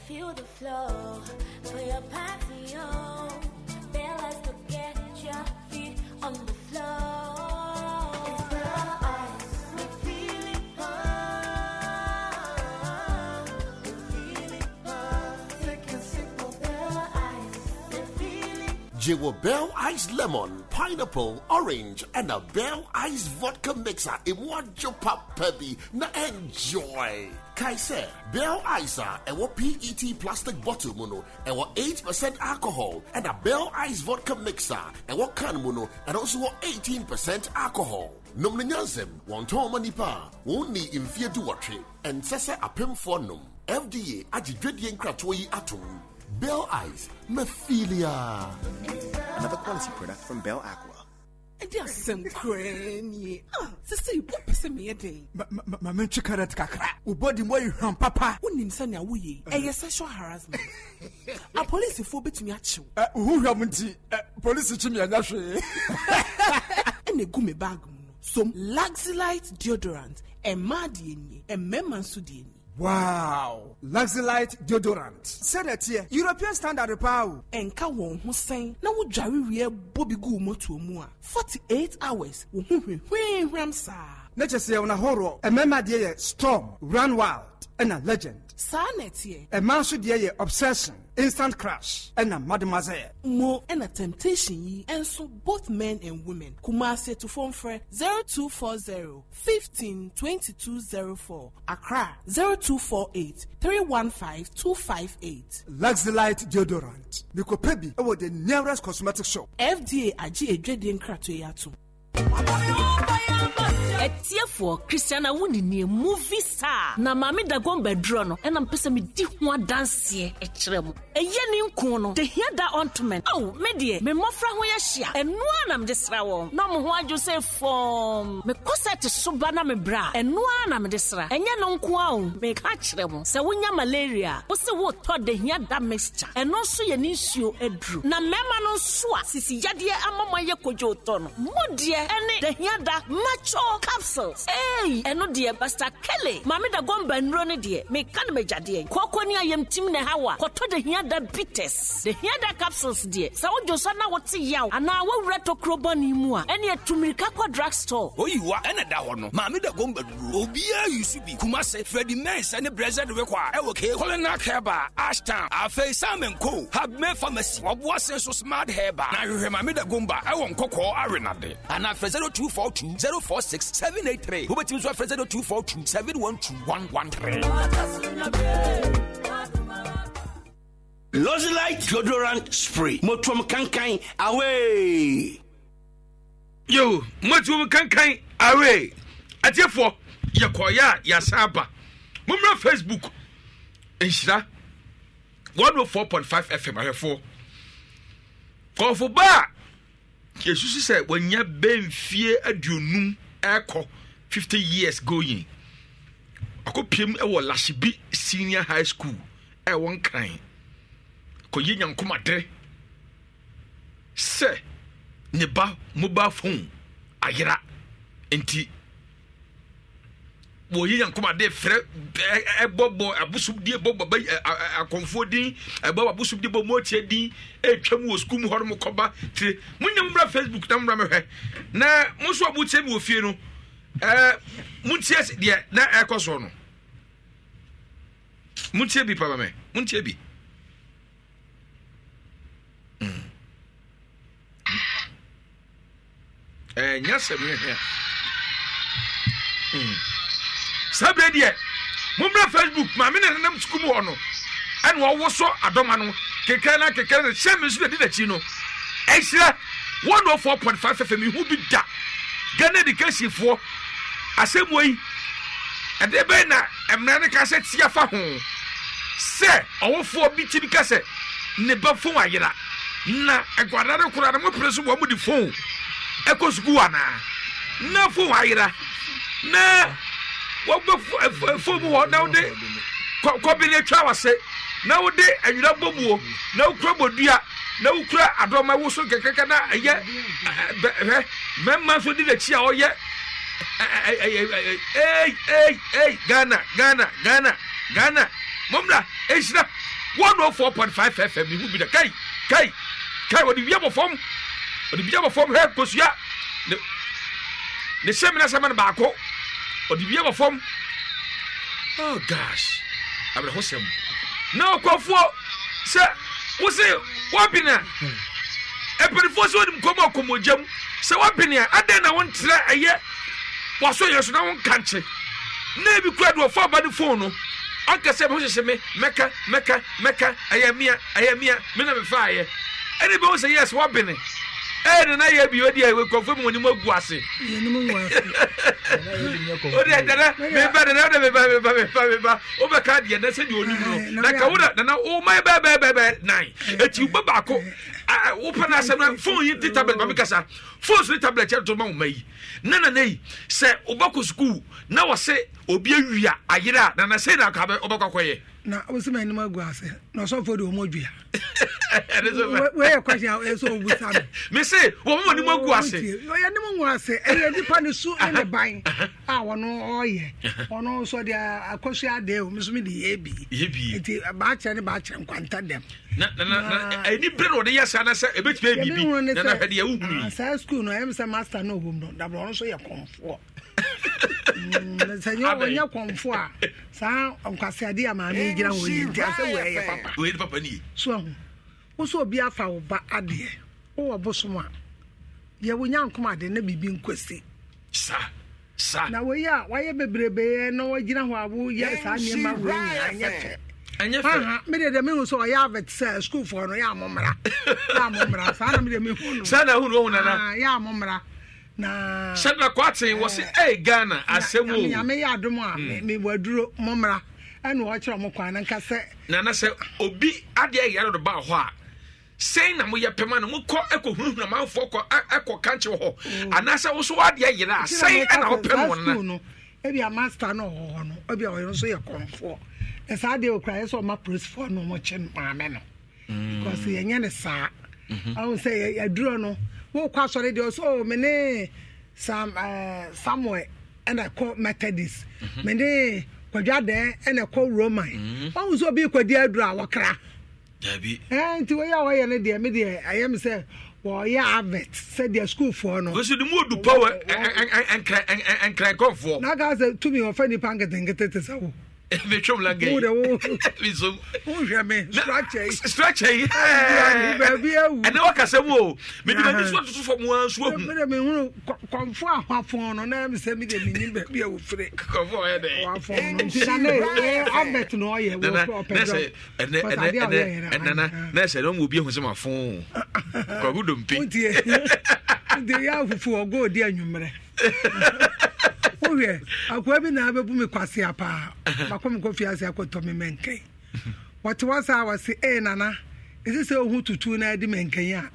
Speaker 12: Feel the flow for your patio. to get your feet on the floor.
Speaker 13: Jewel Bell Ice Lemon, Pineapple, Orange, and a Bell Ice Vodka Mixer in one Jopa Pebi. Na enjoy! Kaise, Bell Ice, what PET plastic bottle muno, what 8% alcohol, and a Bell Ice Vodka Mixer, ewo can muno, and also 18% alcohol. Nom ne nyansem, wɔntɔn ma nipa a wɔnni mfeɛ duwɔtwe, ɛnsɛ sɛ apemfoɔ FDA agye dwadie atum. Bell Eyes, Mephilia. Another quality product from Bell Aqua. There's
Speaker 14: some cranny. Oh, sister, you put pissing me a day. Mamma chicarat kakra.
Speaker 2: U body way from papa. Unim sanya wuye. A yes, sexual harassment. A police for bit eh, eh, me at you. Who haven't police chimney and that's And a gummy bag. Some Luxilite deodorant. A mad yen. A memman sudian. wow luxelite deodorant sɛdeɛ teɛ european standard paa o ɛnka wɔn ho sɛn na wodware wie bɔ bi guu motoɔ mu a 48 hours wo ho hwehwee hwam saa na kyɛ sɛ yɛwo nahoroɔ ɛmɛma deɛ yɛ storm ranwal ɛna legend. saa na ɛteɛ. ɛmaa nso deɛ yɛ obsession instant crash ɛna mademoiselle. mo ɛna temptation yi ɛnso both men and women kumase to phone frɛ zero two four zero fifteen twenty two zero four accra zero two four eight three one five two five eight. luxelite deodorant bikopebi ɛwɔ the nearest cosmetic shop. fda agye edwadie nkratoe ato.
Speaker 12: atiefoɔ christiana wo ne nie movie star na maame dagon bɛdurɔ no ɛna mpɛ sɛ medi ho adanseɛ ɛkyerɛ mu ɛyɛ ne nko no de hia da ontment ao me deɛ me mmɔfra ho yɛhyia ɛno a na mede sra wɔn na mo ho adwo sɛ fɔm mekɔ sɛ te so ba na mebrɛ a ɛno a na sra ɛnyɛ no nko a o meka kyerɛ mo sɛ wonya malaria wo se woretɔ de hia da mixture ɛno nso yɛ ne nsuo aduru na mema no nso a sisi yadeɛ ama mo ayɛ kodwootɔ no mo deɛ ɛne dahiada macho capsules ei ɛno deɛ basta kele maame da gɔmba nnuro no deɛ meka ne magyadeɛ kɔkɔ ne ayamtim ne hawa kɔtɔ dahiada bites dahiada capsules deɛ sɛ wodwo sɔ na wote yaw anaa wowura tokuro bɔne mu a ɛne atumirika kɔ drug store
Speaker 1: oyiwa ɛna da hɔ no maame da gɔmba duro obiaa yi so bi kuma se fredi mens ne brɛsɛd wekɔ a ɛwɔ kee colonal herba ashtown afei simon co habme pharmacy wɔboa se nso smart herba na hwehwɛ maame da gomba ɛwɔ nkɔkɔɔ arenade anaa afrɛ 0242 046 783 wobɛtumi nso afrɛ 0242
Speaker 10: 712 Lozilite deodorant spray. Motum Kankai away. Yo,
Speaker 1: motum Kankai away. Atiefo, yɛkɔyɛ a yɛasa aba. Mumra Facebook. Nhyira. 104.5 FM I have ahwɛfoɔ. Kɔfo ba yɛsusu sɛ wɔnya bɛmfie aduonum ɛkɔ 50 years going akɔpiem ɛwɔ lahyebi senior high school ɛwɔ nkran kɔyɛ nyankomadere sɛ ne ba mobile phone ayera nti wɔyi yankomadeɛ frɛ ɛbɔbɔ abosomdie bɔbɔ bɛyi akɔnfoɔ din ɛbɔbɔ abosomdie bɔ mɔɔkyeɛ din ɛretwa mu wɔ sukuu mu hɔ nom kɔba tire munyɛ mu mura facebook na mura mɛhwɛ na mo nso a mo tie mi wɔ fie no ɛɛ mo tie deɛ na ɛkɔ soɔ no mo tie bi papa mɛ mo tie bi. ɛɛ nyasɛm yɛ hɛ sábẹ deɛ mumra facebook maame na nenam sukuu mu hɔ no ɛna ɔwoso adɔma no kekere na kekere na hyɛn mi nso na di n'akyi no ɛhyira one oh four point five fm ihu bi da ghana education foɔ asɛmua yi ɛde bɛyɛ na mmerɛ ne kasa tia fa ho sɛ ɔwofoɔ bi ti bi kasa ne ba wa ayera na ɛgwadare kura na mo pere so wɔn mo di fon ɛkɔ sukuu anaa na fon ayera na wɔbɛ fom hɔ na wode kɔbi ne twa wase na wode anwuna bɔ mu o na wokura bɔdua na wokura adɔma wo so kɛkɛkɛ na ɛyɛ eh, hɛ mɛma nso di n'akyi a ɔyɛ ɛɛɛɛɛɛ eh, eh, ghana ghana ghana ghana mɔmla ehyira one oh four point five fm ihu bi da kai kai kai wɔde wia bɔ fam wɔde wia bɔ fam hɛ kosua ne ne hyɛn mi na sɛ mɛ no baako. ɔde bia fam gas oh, gosh awerɛho sɛm na ɔkɔfoɔ sɛ wo se woabene a hmm. ɛpanifoɔ sɛ wonim kɔm akɔmmɔgyam sɛ woabene a adɛn na wontrɛ ɛyɛ waso yɛ so na wonka nkye na ebi kora de ɔfa aba ne fon no ɔnkɛ sɛ mo hyehye me mɛka mɛka mɛka ɛyɛ mia ɛyɛ mia me na mefaayɛ ɛne bɛhu sɛ yɛ sɛ woabene ɛyɛ na yɛ bi odi ɛwɛ kɔfɔ mu onimu egu ase.
Speaker 8: o de ɛdɛnɛ meba
Speaker 1: dɛnɛ o de meba meba meba meba o bɛ ka deɛ nɛsɛ de onimu no na kawo da nana o ma bɛ bɛ bɛ bɛ nan eti ba baako wo pɛ na asɛm na fone yi ti tablet ma mi kasa fone so ni tablet yɛ to ma wo ma yi na na yi sɛ o ba ko sukuu na wɔ se obi awia ayira, a nana se na ɔbɛkɔ akɔyɛ
Speaker 4: na wosi ma anim agu ase na ɔsɔfo de wɔn adua wɔyɛ kwasi a ɛsɛ ɔbu sa no. mese wɔn mu anim agu ase. wɔyɛ anim agu ase ɛyɛ nipa ne su ɛne ban a ɔno ɔyɛ ɔno nso de akɔsu ade o nso mi de yɛ bi. yɛ bi nti baakyɛ ne baakyɛ nkwanta dɛm.
Speaker 8: na na na
Speaker 1: ɛni bere na ɔde yɛ sa na sɛ ebetumi ebi bi na na hɛ de yɛ wuhuru yi.
Speaker 4: saa sukuu no ɛyɛ mi sɛ master na owó mu no dabɔ ɔno nso yɛ kɔnfoɔ. Mm, sɛ nyɛ wɔnyɛ kɔnfo a saa nkwaseade a maame gyina hɔ yi ase asɛ wɔɛyɛ papa
Speaker 1: wɔyɛ
Speaker 4: so wo sɛ obi afa wo ba adeɛ wowɔ bosom a yɛ wo nyankom ade na biribi nkɔsi na a wayɛ na hɔ a woyɛ saa nneɛma nyinaa nyɛ fɛ mehu sɛ ɔyɛ avet sɛ no yɛ amomra yɛ amomra saa na no yɛ amomra shadrack
Speaker 1: wɔ sɛ ghana asɛm
Speaker 4: adom a mm. mewaduro mommra ɛne wɔkyerɛ mo kwan nanka sɛ
Speaker 1: nana sɛ obi adeɛ yɛre do baa hɔ a sɛn na moyɛ pɛma no mokɔ ɛkɔhunahuna manfoɔ ɛkɔ hɔ mm. anaasɛ wo so woadeɛ a sɛn ɛna wopɛ mo
Speaker 4: no ebia master no ɔwɔ hɔ no ɔyɛ nso yɛ kɔnfoɔ na deɛ okura yɛ sɛ ɔma polisifoɔ no ɔmo kye maame no mm. because yɛnyɛ mhm. wokɔ asɔre deɛ ɔsɛ me ne sam samuel ɛna ɛkɔ methodist me ne kwadwadɛ ɛna ɛkɔ roman wahu sɛ obi kwadi aduru a wɔkra nti wɔyɛ a wɔyɛ no deɛ me deɛ ɛyɛ me sɛ wɔyɛ avet sɛdeɛ sukuufoɔ no ɔsɛde
Speaker 1: mu ɔdu pa wɔ nkrankrɔfoɔ
Speaker 4: na ka sɛ tumi wɔfa nnipa nketenkete te sɛ wo
Speaker 1: metwam laga yi misom wohwɛ me structure yi structure yi baabi
Speaker 4: awu ɛnɛ wakasɛm o mede m'ani so atoto fam a so ahu mede mehunu kɔmfo ahwafo no na ɛm sɛ mede menyim baabi a wɔfirɛ kɔmfo ɔyɛ dɛ albert na ɔyɛ wɔpɛ dɛ
Speaker 1: ɛnana na ɛsɛ dɛ ɔma obi ahu sɛ mafo kɔgo dompe nti
Speaker 4: yɛ afufu ɔgɔ ɔdi anwummerɛ wohwɛ akoa bi naa bɛbu me kwasea paa makɔ me ase mɛnkɛn wɔte wɔ ee nana sɛ tutu mɛnkɛn a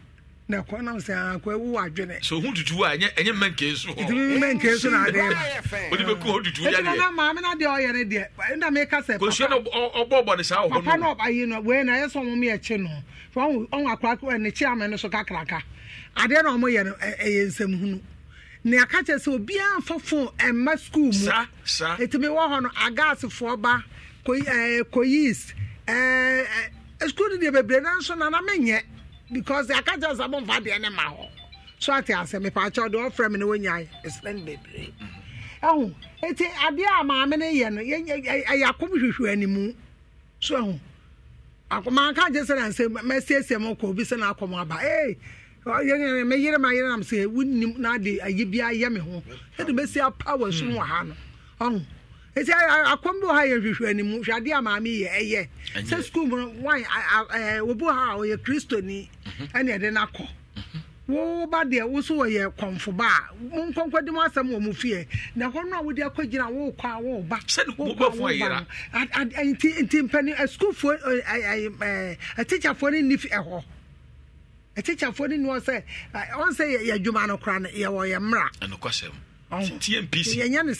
Speaker 4: na ɛkɔ sɛ akoa adwene
Speaker 1: tutu a ɛnyɛ ɛnyɛ mɛnkɛn so mɛnkɛn so na adeɛ ma ɔde bɛku ɔhu tutu yadeɛ na
Speaker 4: maame na deɛ ɔyɛ ne deɛ sɛ papa ne saa ɔhɔ no papa no na ɛyɛ sɛ ɔmo mi akyi na aka kyerɛ sɛ obiara mfa fon mma skuul mu saa saa ɛtumi wɔ hɔ no agaasefoɔ ba koyi ɛɛ eh, koyis ɛɛ skuul no deɛ bebree na nso nana menyɛ because aka kyerɛ sɛ ɔmfa deɛ ne ma hɔ so ate asɛ mipaakyɛw deɛ ɔfrɛ mi na wonya ɛsrɛ no bebree mm-hmm. ɛho eti adeɛ a maame no yɛ no yɛ ɛyɛ akom hwehwɛ animu so ɛho akoma aka kyerɛ sɛ na mɛsiesie mu kɔ obi sɛ na aba ee. Hey! mɛyere mayere nam sɛ na ade ayɛ bia yɛ me ho ɛde bɛsi apa wɔ so wɔ ha no ɔno ɛti akɔm bi wɔ ha yɛ anim hwɛadeɛ a maame yɛ ɛyɛ sɛ skul mu wan wɔbi ha a ɔyɛ kristoni mhm. ɛne ɛde no woba deɛ wo wɔyɛ a mu asɛm wɔ mu fie na hɔ no a wode wokɔ a woba nti asukuufoɔ atikyafoɔ n'ifi ɛhɔ ɛkyekyɛfoɔ ne noɔ sɛ ɔn sɛ yɛ adwuma no kora no yɛwɔ yɛ mmara
Speaker 1: ɛnokwasɛm tmpcyɛnyɛ no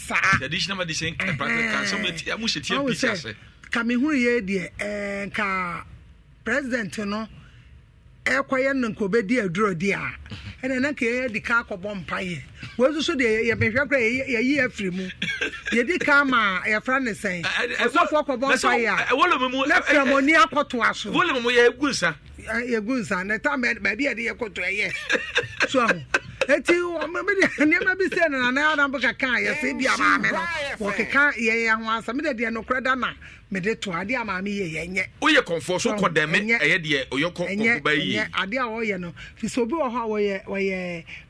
Speaker 4: saasɛ ka mehunu yɛ deɛ nka president no ɛkɔyɛ no nkɔbɛdi adurɔdi a ɛna na ka yɛdi ka akɔbɔ mpayɛ wei nso so deɛ yɛmehwɛ kora yɛyi afiri mu yɛdi ka ma yɛfra ne sɛn ɔsɔfoɔ kɔbɔ mpayɛ a na framɔni akɔtoa so yɛgu nsa na ta baabi yɛde yɛkoto ɛyɛ so aho eti mede nneɛma bi sɛ a yɛsɛ bi no wɔkeka yɛyɛ ho asa mede deɛ da na mede to a maame yɛ yɛnyɛ
Speaker 1: woyɛ kɔmfoɔ so kɔ dɛme ɛyɛ deɛ ɔyɛ kɔkɔba yie a
Speaker 4: wɔyɛ no firi eh, e, e, ah, sɛ obi wɔ hɔ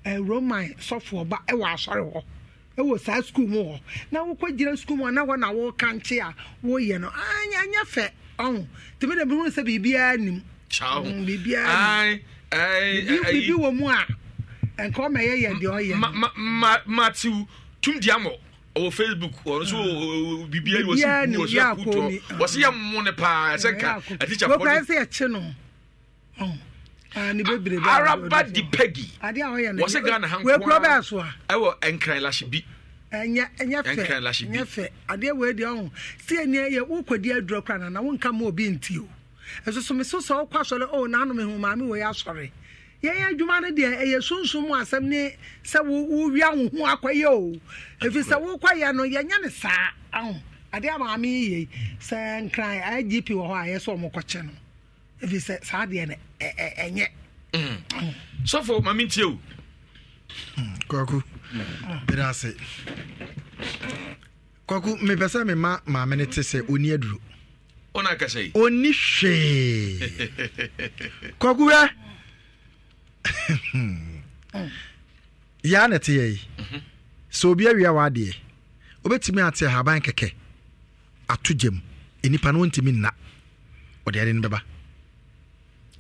Speaker 4: a wɔyɛ roman sɔfoɔ ɛwɔ asɔre hɔ ɛwɔ saa mu na kyɛw mm, biribi wɔ mu a nka ɔma ɛyɛ yɛ ma,
Speaker 1: ma, matew tum di amɔ ɔwɔ facebook ɔno so ah. biribi ayi wɔsi ku wɔsi akutu wɔsi yɛ mmo ne paa ɛsɛ nka atikya pɔli wɔkura sɛ
Speaker 4: yɛkyi no araba di pegi wɔsi ghana ha nko a
Speaker 1: ɛwɔ nkran lahyɛ bi
Speaker 4: ɛnyɛ ɛnyɛ fɛ ɛnyɛ fɛ adeɛ wɔ edi ɔho si ɛnyɛ yɛ wokɔ di aduro kora na na wonka mu obi nti o. ɛsoso me na asɔre o oh, naano ya homaame wei asɔre yɛyɛ adwuma no deɛ ɛyɛ sunsum mu asɛm ne sɛ wowia wo ho akɔyɛ o ɛfiri sɛ no yɛnyɛ ne saa yie sɛ nkran wɔ hɔ a yɛ sɛ ɔmokɔkyɛ no sɛ saa deɛ no ɛnyɛ
Speaker 1: mm. sɔfo o
Speaker 3: mm, ase mepɛ sɛ mema maame sɛ ɔna akasa yi. oni hwee kɔkuba yaa na ɛte yɛ yi sɛ obi awia w'adeɛ obetumi ate ahaban kɛkɛ ato gyam nipa no ntumi nna ɔde ɛde no bɛba.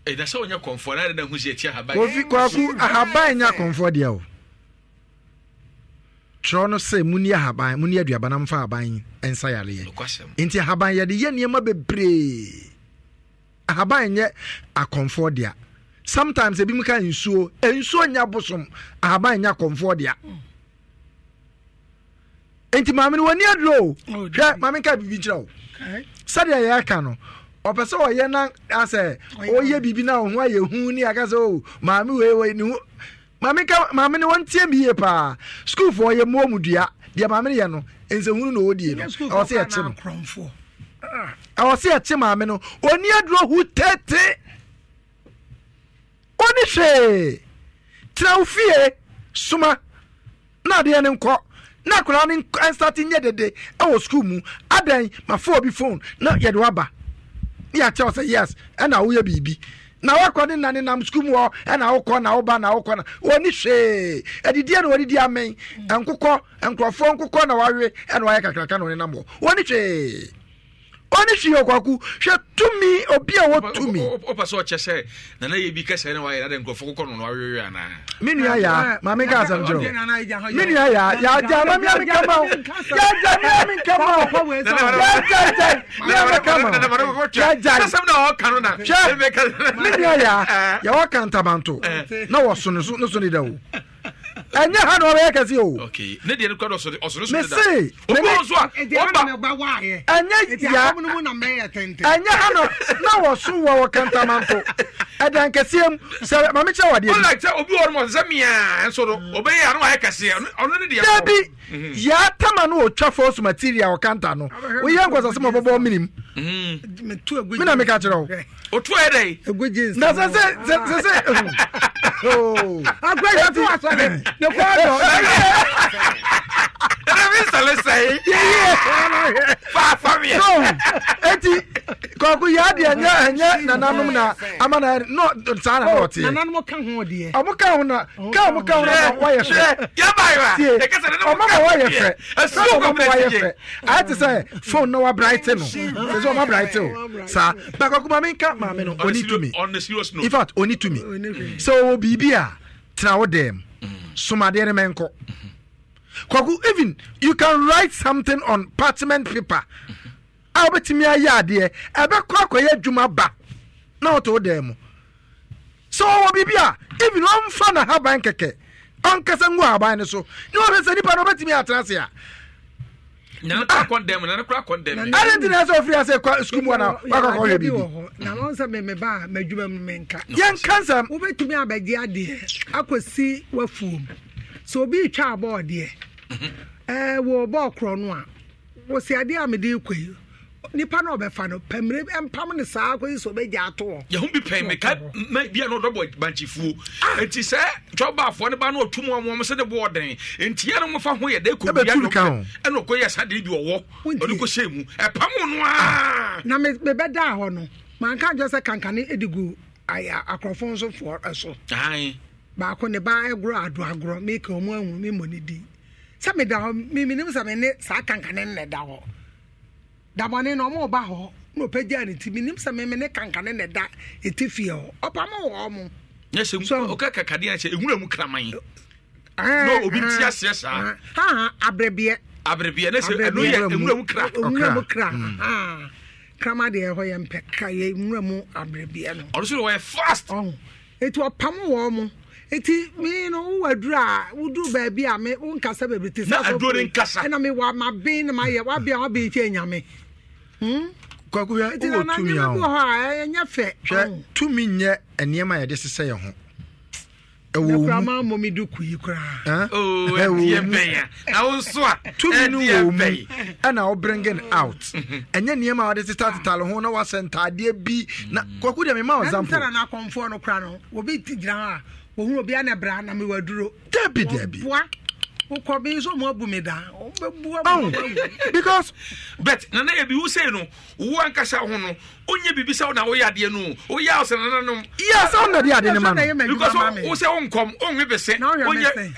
Speaker 1: ɛdasa onye kɔnfɔ n'ale na ho si eti ahaban. ofi kɔku ahaban nya kɔnfɔ
Speaker 3: deɛ o twerɛ no sɛ muni ahaban muni aduaba na mfa ahaban nsa yareɛ nti ahaban yɛde yɛ nneɛma bebree ahaban nyɛ akɔmfoɔ dea sometimes ebi mu ka nsuo nsuo nya bosom ahaban nya akɔmfoɔ dea nti maame no wani aduro o oh, hwɛ maame ka bibi kyerɛ o sɛdeɛ yɛ aka no ɔpɛ sɛ ɔyɛ na asɛ ɔyɛ bibi na ɔho ayɛ hu ni aka o oh, maame wei wei ne ho maame ka maame ne wɔn tie mi yie paa sukuufoɔ yɛ mu omudua deɛ maame yɛ no nsɛnhunu na ɔwɔ die no ɛwɔ sɛ yɛkye no ɛwɔ sɛ yɛkye maame no oni aduro hu tete oni hwee tena ofie soma na adeɛ ne nkɔ na akwadaa ne nsate nyɛ dede ɛwɔ sukuu mu adan ma fɔ obi phone na yɛde waba ne yɛakyɛ wɔ sɛ yes ɛna awoyɛ biribi na wakɔ ne nane nam sukuu mu hɔ ɛna wokɔ na woba na wokɔ na wɔni hwee adidiɛ na wɔdidi amɛn nkokɔ nkurɔfoɔ nkokɔ na wawe ɛna wayɛ kakraka na wɔne nam hɔ wɔni hwee ɔne hwee ɔkwaku hwɛ tumi obi a wɔ tumi
Speaker 1: wopɛ sɛ ɔkyɛ sɛ nana yɛ bi kɛsɛ ne wayɛ nade nkurɔfo kokɔ no no awewe anaa me nua yaa maame ka asɛm kyerɛ me
Speaker 3: nua yaa yaagya ma mea meka ma wo yaagya mea meka ma wo yaagyagyɛ mea meka ma wo yaagyae
Speaker 1: hwɛ me nua
Speaker 3: yaa yɛwɔ ka ntamanto na wɔso ne so ne so ne da wo ɛnyɛ ha na ɔbɛyɛ kɛse o.
Speaker 1: ne
Speaker 4: deɛ ne kura ɔsɔre ɔsɔre sɔre da mese obi nso a ɔba ɛnyɛ ya ɛnyɛ ha na
Speaker 1: na wɔso wɔ wɔ kɛntɛmanto ɛdan kɛseɛ mu sɛ maame kyerɛ wadeɛ. ɔn like sɛ obi wɔ ɔmɔ sɛ miaa nso do mm. ɔbɛyɛ ano ayɛ kɛseɛ ɔno ne deɛ. dabi
Speaker 3: mhm. yaa tama no wɔ twa fɔɔsu material ɔkanta no oyɛ nkɔsasɛm ɔbɛbɔ minim mi mm-hmm. na mi ka kyerɛ o.
Speaker 14: ɛna mi nsɛlɛ sɛɛ faafa mi yɛ.
Speaker 3: no eti kɔkɔ yi adiɛ nyɛ e ɛnyɛ e nananum na ama na yɛrɛ n'o saa oh, na n'o ti yɛ. nananum ka ho deɛ. ɔmu oh, ka ho na ka ɔmu e ka ho na eh, wa yɛ fɛ. yaba yi wa yɛkɛsɛ ne ɔmu ka wa yɛ fɛ ɛsɛ ɔmu ka wa yɛ fɛ ayɛ ti sɛ phone na wa brighten no ɛsɛ ɔmu brighten No, saa bakɔkɔ maame nka maame no oni
Speaker 1: tumi in
Speaker 3: fact oni tumi sɛ ɔwɔ biribi a tena wo dɛm mm-hmm. somadeɛ ne mɛ nkɔ. Mm-hmm. kwaku even you can write something on parchment paper a wobɛtumi ayɛ adeɛ ɛbɛkɔ akɔyɛ adwuma ba na wɔto wo dan mu sɛ wɔwɔ biribi a even ɔmfa na haban kɛkɛ ɔnkasa ngu haban no so ne
Speaker 1: wɔhwɛ sɛ nipa no wɔbɛtumi atena ase a adenti
Speaker 4: na ɛsɛ ɔfiri ase sukuu mu ana wakɔkɔhwɛ biribi yɛnka nsɛm wobɛtumi abɛgye adeɛ akɔsi wafuom so obi retwa bɔɔl deɛ mhm. ɛɛ wɔ bɔɔl korɔ no a wɔsi adeɛ a mede kɔ yi nipa na ɔbɛfa no pɛmire mpam ne saa akɔyi sɛ ɔbɛgya ato hɔ
Speaker 1: yɛho bi pɛn meka ma bia na ɔdɔbɔ bankyifuo ah! enti sɛ twɔbaafoɔ ne ba no ɔtum a wɔm sɛ ne boɔ ɔden enti yɛ no mofa ho yɛ dɛ kɔbia ɛna ɔkɔyɛ saa deɛ bi ɔwɔ ɔde kɔhyɛ mu ɛpam no
Speaker 4: ah! a na mebɛdaa hɔ no manka nkyɛ no kankane ɛde gu akorɔfo nso foɔ ɛso baako ne ba agorɔ ado agorɔ meka ɔmo ahu me mmɔ ne din sɛ meda hɔ memenim sɛ mene saa kankane nnɛ da hɔ dabɔne no ɔmo ɔba hɔ na ɔpɛgyaa ne ti menim sɛ memene kankane nnɛ da ɛti fie hɔ ɔpama wɔ hɔ mo
Speaker 1: nyɛsɛwoka kakadeɛ kyɛ ɛhura mu kraman eh,
Speaker 4: na eh, obi nti eh, aseɛ
Speaker 1: saa abrɛbeɛ abrɛbeɛ ne sɛ ɛno yɛ ɛwura mu kra ɛwura mu kra
Speaker 4: mm. krama deɛ ɛhɔ yɛ mpɛ ka yɛ nwura mu abrɛbeɛ no
Speaker 1: ɔno so na wɔyɛ fast
Speaker 4: ɛti ɔpam wɔ mo nti ah, hmm? eh, eh, hmm. mi no wowɔ aduru a wodu baabi a me nkasa baabi te sɛɛna mewɔ maben na mayɛ wabea wabea kyɛ nyame ɛnyɛ fɛ
Speaker 3: hwɛ tumi nyɛ nneɛma a yɛde sesɛ yɛ ho ɛwɔmamɔ me do kui koraatumi no wɔ mu ɛna wobrengin out ɛnyɛ eh, nneɛma a wode tetateta ho na woasɛ ntaadeɛ bi na hmm. kwaku deɛ mema example
Speaker 4: wohuru obi na bra na mewɔ aduro dabi dabi boa wokɔ bi nso mu abu me daa wobɛbua because but
Speaker 1: nana yɛ bi wo no wo ankasa ho no wonyɛ biribi sɛ wo na woyɛ adeɛ no woyɛ wo sɛ nananom yɛ sɛ wonade ade no ma no because wo sɛ wonkɔm wonwe bese wonyɛ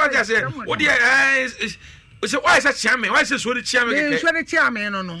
Speaker 1: wagya sɛ wodeɛ sɛ woayɛ sɛ kyea me woayɛ sɛ suo de kyea me kɛkɛ nsuo
Speaker 4: de kyea no no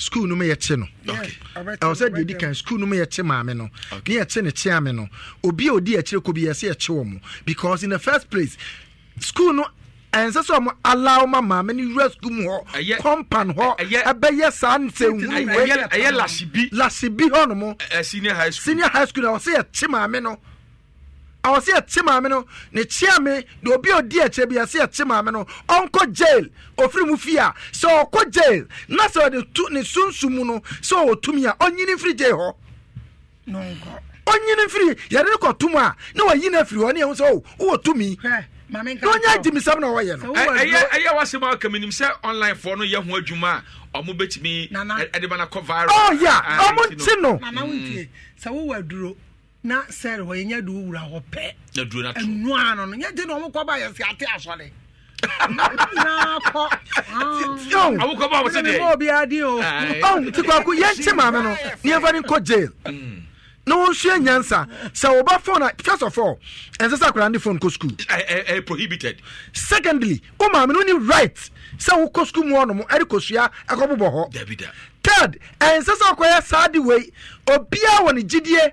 Speaker 3: school no mu yɛte no
Speaker 4: ɛwɔ sɛ deɛ di kan
Speaker 3: school no mu yɛte maame no ne yɛte ne kyeame no obi a odi akyire kɔ bi yɛsɛ yɛkye wɔ mu because in the first place school no ɛnsɛ sɛ ɔmo allow ma maame no wura school mu hɔ compound hɔ ɛbɛyɛ saa nsɛnwuru wɛ ɛyɛ lasibi lasibi hɔ nom senior high school na ɔsɛ yɛte maame no awɔ sɛ yɛte maame no ne kyea me deɛ obi odi akyɛ bi yɛsɛ yɛte maame no ɔnkɔ jail ofiri mu fie a sɛ ɔkɔ jail na sɛ ɔde tu ne sunsum mu no sɛ ɔwɔ tumi a ɔnyini firi jail hɔ ɔnyini firi yɛde kɔ tum a na wɔyi no afiri hɔ ne yɛhu sɛ o oh, wowɔ tumi na ɔnyɛ agyimisɛm na wɔyɛ no ɛyɛ
Speaker 1: wasɛm a ɔka menim sɛ online foɔ no yɛ ho adwuma a ɔmo bɛtumi ɛde ma no kɔ viral ɔyɛ oh, ah, ɔmo
Speaker 4: nti no mm. sɛ wowɔ aduro na sɛre hɔ yɛnyɛ de wowura hɔ pɛ
Speaker 1: ɛnoa
Speaker 4: no no yɛgye ne ɔmokɔ ba yɛse ate asɔre
Speaker 3: nti kwako yɛnkye maame no ne yɛmfa ne nkɔ jail mm. na wɔnsua nyansa sɛ woba phone a first of all ɛnsɛ sɛ akwara ne phone kɔ school prohibited secondly wo maame no ne right sɛ wokɔ school mu ɔnom ɛde kɔsua ɛkɔbobɔ hɔ third ɛnsɛ sɛ wokɔyɛ saa de wei obiaa wɔ ne gyidie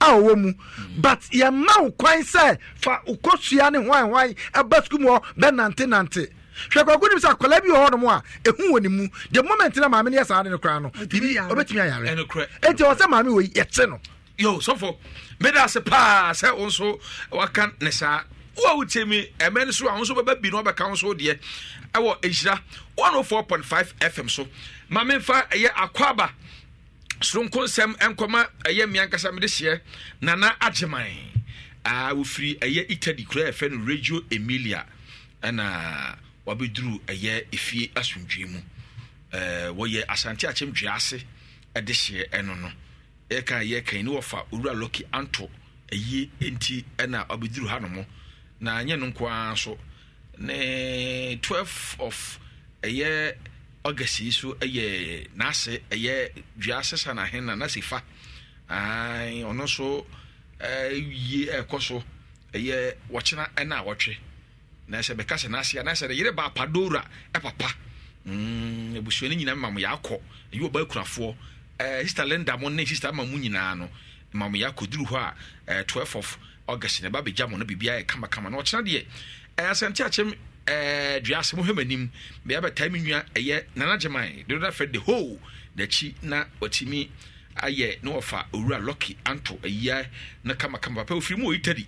Speaker 3: a ɔwɔ mu but yɛma wo kwan sɛ fa wokɔsua ne hwanhwan ɛba sukuu mu hɔ bɛnante nante hwɛ kwaku nim sɛ akwadaa bi wɔ hɔ nom a ehu wɔ ne mu the moment na maame ne yɛ saa ne no koraa no bibi ɔbɛtumi
Speaker 1: ayare
Speaker 3: eti ɔwɔ sɛ maame wɔ
Speaker 1: yɛkye no. yo sɔfo mmeda ase paa sɛ wo nso waka ne saa wo a wotie mi ɛmɛ no so a wo nso bɛba bi na ɔbɛka wo nso deɛ ɛwɔ nhyira 104.5 fm so ma memfa ɛyɛ akwaba. soronko nsɛm nkɔma ɛyɛ mmea nkasa mede hyɛ nana agyeman a wɔfiri ɛyɛ Itali kura yɛfɛ no radio emilia ɛna wabɛduru ɛyɛ efie asomdwe mu ɛɛ wɔyɛ asante akyɛmdwe ase ɛde hyɛ ɛno no yɛka yɛkan ne wɔfa owura lɔki anto ɛyie nti ɛna wabɛduru hanom na nyɛ no nko ara nso ne twelve of ɛyɛ. august yi so yɛ n'ase yɛ dua sesa n'ahen na n'ase fa ɔno nso yie ɛkɔ so yɛ wɔkyena ɛna wɔtwe na sɛ bɛka sɛ n'ase na sɛ yɛrɛ ba apadora ɛpapa ebusuani mm, nyinaa mamu yakɔ eyi ɔba ekurafoɔ ɛɛ sista linda mo ne sista ama mu nyinaa no mamu yakɔ duru hɔ a ɛɛ twelve of august na ɛba abɛgya mo no biribiara yɛ kamakama na ɔkyena deɛ ɛɛ asante akyɛm. Eh, duase mo hwɛm anim bɛyɛ bɛtae me nwa ɛyɛ nana gyeman dododa fɛ de hoo n'akyi na watumi ayɛ na wɔfa owura lɔki anto ayia na kamakama papa ofiri mu oyi tadi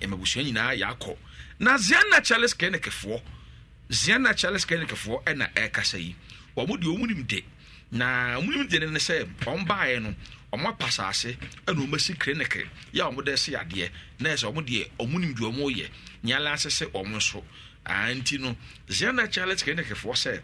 Speaker 1: mmabusua nyinaa yɛakɔ na ziana charles kennekefoɔ ziana charles kennekefoɔ ɛna ɛkasa yi wɔn deɛ wɔn nim de na wɔn nim de ne sɛ wɔn baeɛ no wɔn apa asase ɛna wɔn asi kreneke yɛ a wɔn de ɛsi adeɛ na ɛsɛ wɔn deɛ wɔn nim deɛ wɔn yɛ nyala asese wɔn so. nti no ziana charles kenekefoɔ sɛ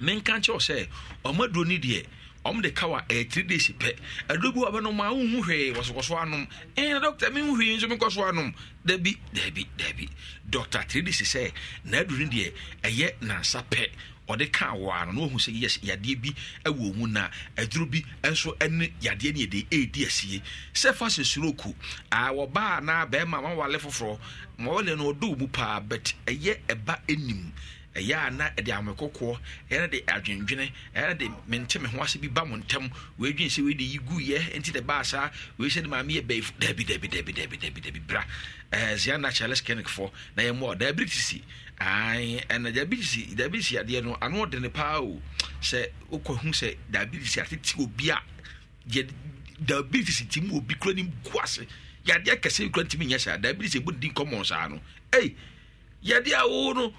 Speaker 1: menka nkyɛw sɛ ɔma duro deɛ ɔmo de kawa ɛyɛ three days pɛ aduro bi wa bɛ nom a nhu hwee wɔsokɔso anom ɛn dɔkta mi nhu hwee nso mi kɔso anom dabi dabi dabi dɔkta three days sɛ n'aduro no deɛ ɛyɛ nansa pɛ ɔde kaa wɔ ara na wɔhu sɛ yes yadeɛ bi wɔ mu na aduro bi nso ɛne yadeɛ ne yɛde ɛredi asie sɛ fa sɛ suroku a wɔbaa na bɛrima ma wale foforɔ ma wɔle no ɔdɔ mu paa but ɛyɛ ɛba anim ɛyɛ a na ɛde amekɔkɔɔ ɛyɛ de adwendwene ɛyɛ de mente me ho ase bi ba mo ntɛm wɔadwene sɛ wɔde yi guyɛ nti de baa saa wɔi sɛ de maame yɛ bɛyifo dabi dabi dabi dabi dabi dabi bra zia na charles kenicfoɔ na yɛmmɔ diabetes ae ɛna diabetes diabetes adeɛ no ano ɔde ne paa o sɛ wokɔhu sɛ diabetes atete obi a deɛ diabetes ti mu obi kura ne mu gu ase yadeɛ kɛse kura ntumi nyɛ saa diabetes ebu didi nkɔmɔ saa no ei yadeɛ awo no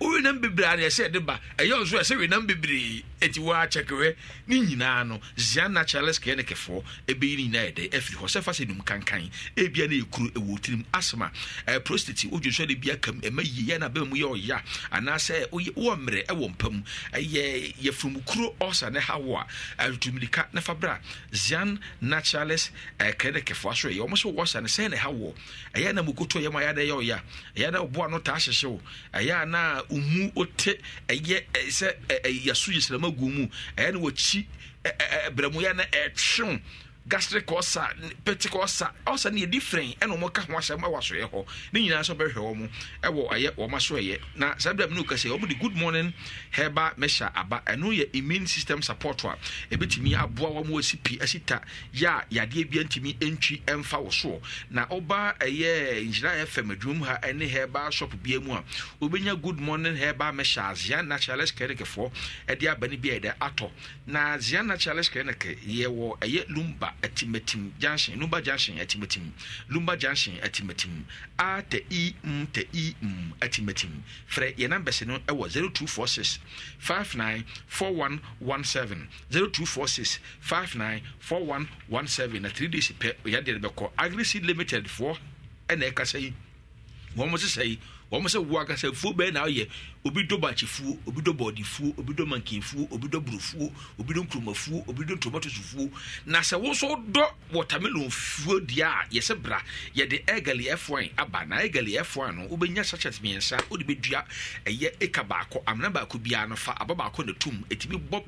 Speaker 1: wowɛ nam bebree a ɛsɛ de ba ɛyɛ nso ɛsɛ wɛ nam bebree ɛti wɔakyɛkewɛ ne nyinaa no zia naturalist kɛɛ ne e, kɛfoɔ ɛbɛyi ne nyinaa yɛdɛ ɛfiri hɔ sɛ fa sɛ num kankan ebia ne yɛkuro ɛwɔ tirim asma ɛɛ prostate wodwe nso de bi aka mu ɛma yie yɛn abɛn mu yɛ ɔya anaasɛ woyɛ mmerɛ ɛwɔ mpa mu ɛyɛ yɛfurum ɔsa ne hawo e, a ɛtumirika ne fa bra e, zian naturalist ɛɛ ne kɛfoɔ aso ɛyɛ wɔn so wɔsa ne sɛn ne hawo ɛyɛ anam koto yɛ mu ayɛ adɛ yɛ ɔya ɛyɛ adɛ ɔboa no taa hyehyɛ ɛyɛ ana Na umu ɔte ɛyɛ sɛ yaso yɛsrama gu mu ɛyɛ ne wɔkyi brɛmu yɛ na ɛtwew gastric ulcer pectic ulcer ulcer ne yɛ different ɛna wɔn ka ho asɛm ɛwɔ asoɛ hɔ ne nyinaa nso bɛhwɛ wɔn ɛwɔ ɛyɛ wɔn aso na saa bi a mi kasa yɛ wɔn de good morning herbal measure aba ɛno yɛ immune system support a ebitumi aboa wɔn esi pi esi ta yɛ a yadeɛ bi ntumi ntwi ɛnfa wɔ soɔ na ɔba ɛyɛ nhyira fm adwuma mu ha ɛne herbal shop bia mu a obɛnya good morning herbal measure asean naturalist clinic foɔ ɛde aba ne bi a yɛde atɔ na asean naturalist clinic yɛ wɔ ɛyɛ lumba atimatim junction lumba junction atimatim lumba junction atimatim a ta i m ta i m atimatim frɛ yɛn nambɛsɛ no ɛwɔ zero two four six five nine four one one seven zero two four six five nine four one one seven na three days pɛ yɛn deɛ bɛkɔ agri seed limited foɔ ɛna ɛkasa yi wɔn mo sisa yi. wɔn sɛ wo akasafuo bɛyɛ na ayɛ obi do bakyefuo obi do bɔɔdefuo obi do mankinfuo obi do burufuo obi do nkurumafuo obi do ntomatosofuo na sɛ wo nso dɔ wɔtamelon fuo deɛ a yɛsɛ bra yɛde ɛgɛli ɛfuan aba na ɛgɛli ɛfuan no wobɛnya sachet mmiɛnsa wode bɛdua ɛyɛ eka baako amena baako biara no fa aba baako na tum ɛtumi bɔ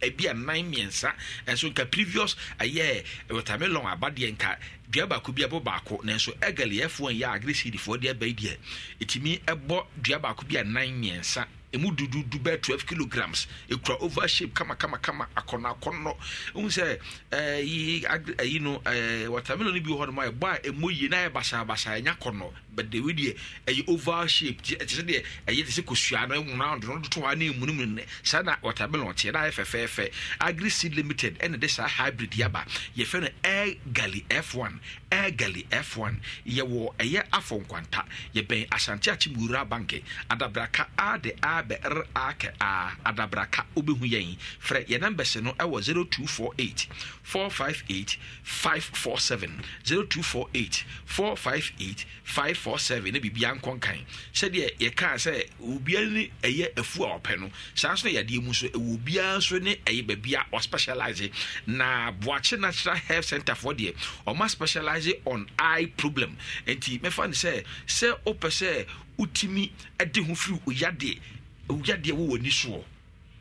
Speaker 1: ebi a nan mmiɛnsa nso nka previous ɛyɛ watermelon abadeɛ nka dua baako bi ɛbɔ baako nanso ɛgɛl yɛfoɔ yɛ agresidifoɔ deɛ bɛyi deɛ ɛtumi ɛbɔ dua baako bi a nan mmiɛnsa emu dududu bɛɛ twelve kilograms ekura over shape kamakamakama akɔnɔ akɔnɔ ohun sɛ ɛɛ yi agri ɛyi no ɛɛ watermelon bi wɔ hɔ nom a ɛbɔ a emu yie na ayɛ ɛnya kɔnɔ but the way deɛ ɛyɛ eh, oval shape ti ɛkyɛ sɛ deɛ ɛyɛ te sɛ kosua no ɛwɔ round no to hɔ ne mu no mu ne saa na watermelon ɔteɛ na ayɛ fɛfɛɛfɛ agri seed limited ɛna de a hybrid yaba yɛfrɛ no air gali f1 air gali f1 yɛwɔ ɛyɛ afɔ nkwanta yɛbɛn asante akyimwura banki adabraka a de a bɛ r a kɛ a adabraka obɛhu yɛn frɛ yɛn nambɛsi no ɛwɔ 0248 458 four seven ne biribi ankɔ nkan sɛdeɛ yɛkaa sɛ obiara ne ɛyɛ afu a ɔpɛ no saa nso na yɛadeɛ mu nso ɛwɔ obiara nso ne ɛyɛ baabi a ɔspecialise na boakye natural health center foɔ deɛ ɔma specialise on eye problem nti mɛfa ne sɛ sɛ wopɛ sɛ wotumi de ho firi oyadeɛ oyadeɛ wowɔ ani soɔ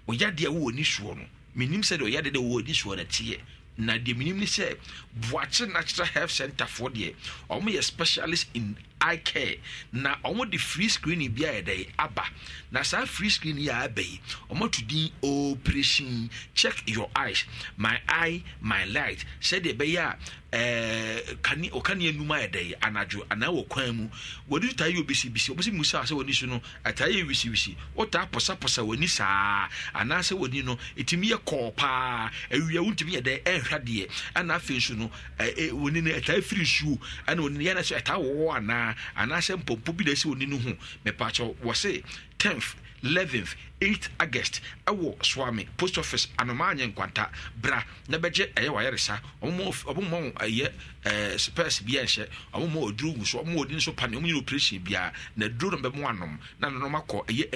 Speaker 1: oyadeɛ wowɔ ani soɔ no menim sɛ deɛ oyadeɛ deɛ wowɔ ani soɔ no teɛ na deɛ menim ne sɛ boakye natural health center foɔ deɛ ɔmo yɛ specialist in icare na ɔmo de free screen bi a yɛde aba na saa free screen yi a aba yi ɔmo to din operation check your eyes my eye my light sɛdeɛ ɛbɛyɛ a Eh, kani, ɔkaneɛ num ayɛ dɛ anadwo anaa wɔ kwan mu wɔde taa yɛ obisibisi ɔbɛsi mu saa sɛ w'ani so no ataa yɛ obisibisi wotaa pɔsapɔsa w'ani saa anaasɛ w'ani no ɛtumi yɛ kɔɔ paa eh, awia wontumi yɛ dɛ ɛnhwɛ eh, deɛ ana afei nso no w'ani no ɛtaa firi nsuo ɛna w'ani no yɛna sɛ ɛtaa wɔwɔ anaa anaasɛ mpɔmpɔ bi da ɛsɛ w'ani no ho mepaakyɛw wɔ se tenth eleventh 8 august ɛwɔ swami. post office anomaa nyɛ nkwanta bra na bɛgye ɛyɛ wayaresa ɔmoma ɛyɛ spɛs bia nhyɛ ɔmoma ɔduru wu so ɔmoma ɔdi nso pane ɔmonyina operation biaa na duro no bɛmo anom na nanom akɔ ɛyɛ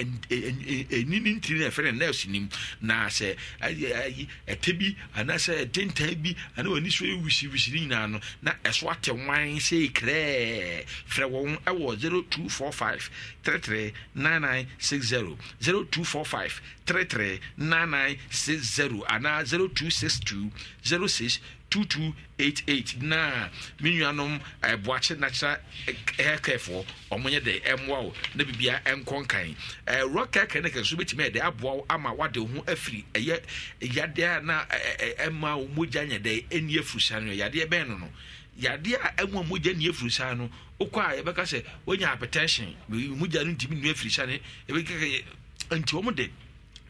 Speaker 1: ɛnini ntiri no ɛfɛ ne nurse nim na sɛ ɛtɛ bi anaasɛ ɛtentan bi ana wani so ɛwusiwusi ne nyinaa no na ɛso atɛ wan sei krɛɛ frɛ wɔn ɛwɔ 0245 33 9960 02 four five three three nine nine six zero anaa zero two six two zero six two two eight eight na me nuanom ɛboakye eh, natural haircarefoɔ ɔmo nyɛ de ɛmoa wo na bibia ɛnkɔ nkan ɛɛ eh, rock haircare ne kɛse so betumi ɛdɛ aboa wo ama wade ho afiri ɛyɛ yadeɛ a na ɛɛ eh, ɛma wo mogya nyɛ dɛ ɛni efuru saa no yadeɛ bɛn no no yadeɛ a ɛmo mogya ni efuru saa no okɔ a yɛbɛka sɛ wonya hypertension mogya no ntumi nu efiri saa no yɛbɛka nti wɔn de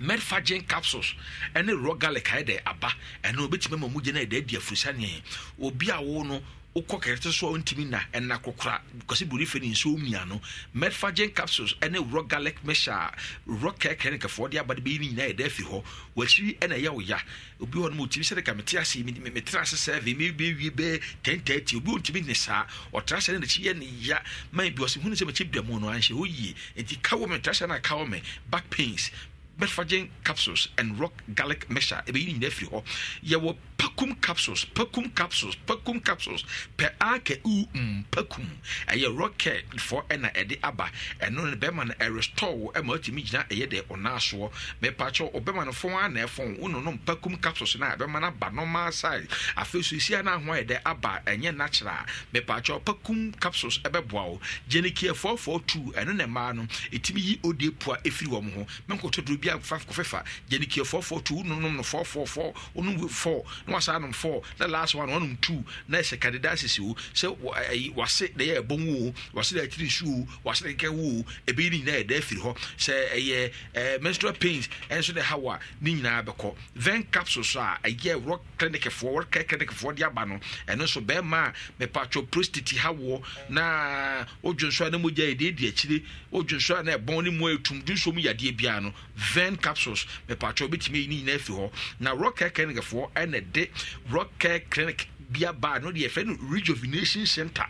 Speaker 1: medfagin capsules ɛne raw garlic ayɛ de aba ɛna obetumi ama mogya no ayɛ dɛ adi afurusa nea obi a wo no wokɔ kɛkɛtɛ so a wontumi na ɛna kokora kɔsi borife ne nsuo mia no medfagen capsules ɛne raw garlic mesha a raw kɛkɛ ne kɛfoɔ de aba de bɛyi ne nyinaa yɛda afi hɔ wakyiri ɛna ɛyɛ wo ya obi hɔ no ma ɔtumi sɛ deka mete ase metere ase sɛve mebɛwie bɛɛ 1030 obi ɔntumi ne saa ɔtra sɛ ne nakyi yɛ ne ya man bi ɔse hunu sɛ makyɛ bdamu no anhyɛ hɔ yie enti ka wɔ me tra sɛ no aka wɔ me back pains betfagen capsules and rock garlic mixture ɛbɛyi ne nyina firi hɔ yɛwɔ pakum capsules pakum capsules pakum capsules pɛ aka u mm, pakum ɛyɛ rock care fɔ ɛna ɛde aba ɛno no bɛrima no ɛrestore wo ɛma watumi gyina ɛyɛ deɛ ɔnaasoɔ mepakyɛw ɔbɛrima no fɔn a na ɛfɔn wononom pakum capsules no a no aba normal size afei so esi a ho ayɛ dɛ aba ɛnyɛ natural mepakyɛw pakum capsules ɛbɛboa wo gyenikia 442 ɛno na mmaa no ɛtumi yi odie pua ɛfiri wɔn ho menkɔtɔ duro bi a fa kɔfɛfa gyeni kia four four two nom no four four four onum wi four na wasa anum four na last one ɔnum two na ɛsɛ kadeda asisi o sɛ ɛyi wase na yɛ ɛbɔn wo wase na akyiri su o wase na kɛ wo ebi ni nyinaa ɛda efiri hɔ sɛ ɛyɛ ɛɛ menstrual pains ɛnso na ɛha a ne nyinaa bɛkɔ vein capsules a ɛyɛ wɔ clinic foɔ wɔ clinic foɔ de aba no ɛno nso bɛrima a mɛpatwɔ prostate hawoɔ na odwo nso a ne mogya yɛ de edi akyire odwo nso a na ɛbɔn ne mu etum dun so mu yadeɛ biara no v ven capsules mepatwɛ wobɛtumi yi ne nyinaa fi hɔ na rock care clinicfoɔ ɛna de rock care clinic bia baa no deɛ yɛfrɛ no rejuvenation center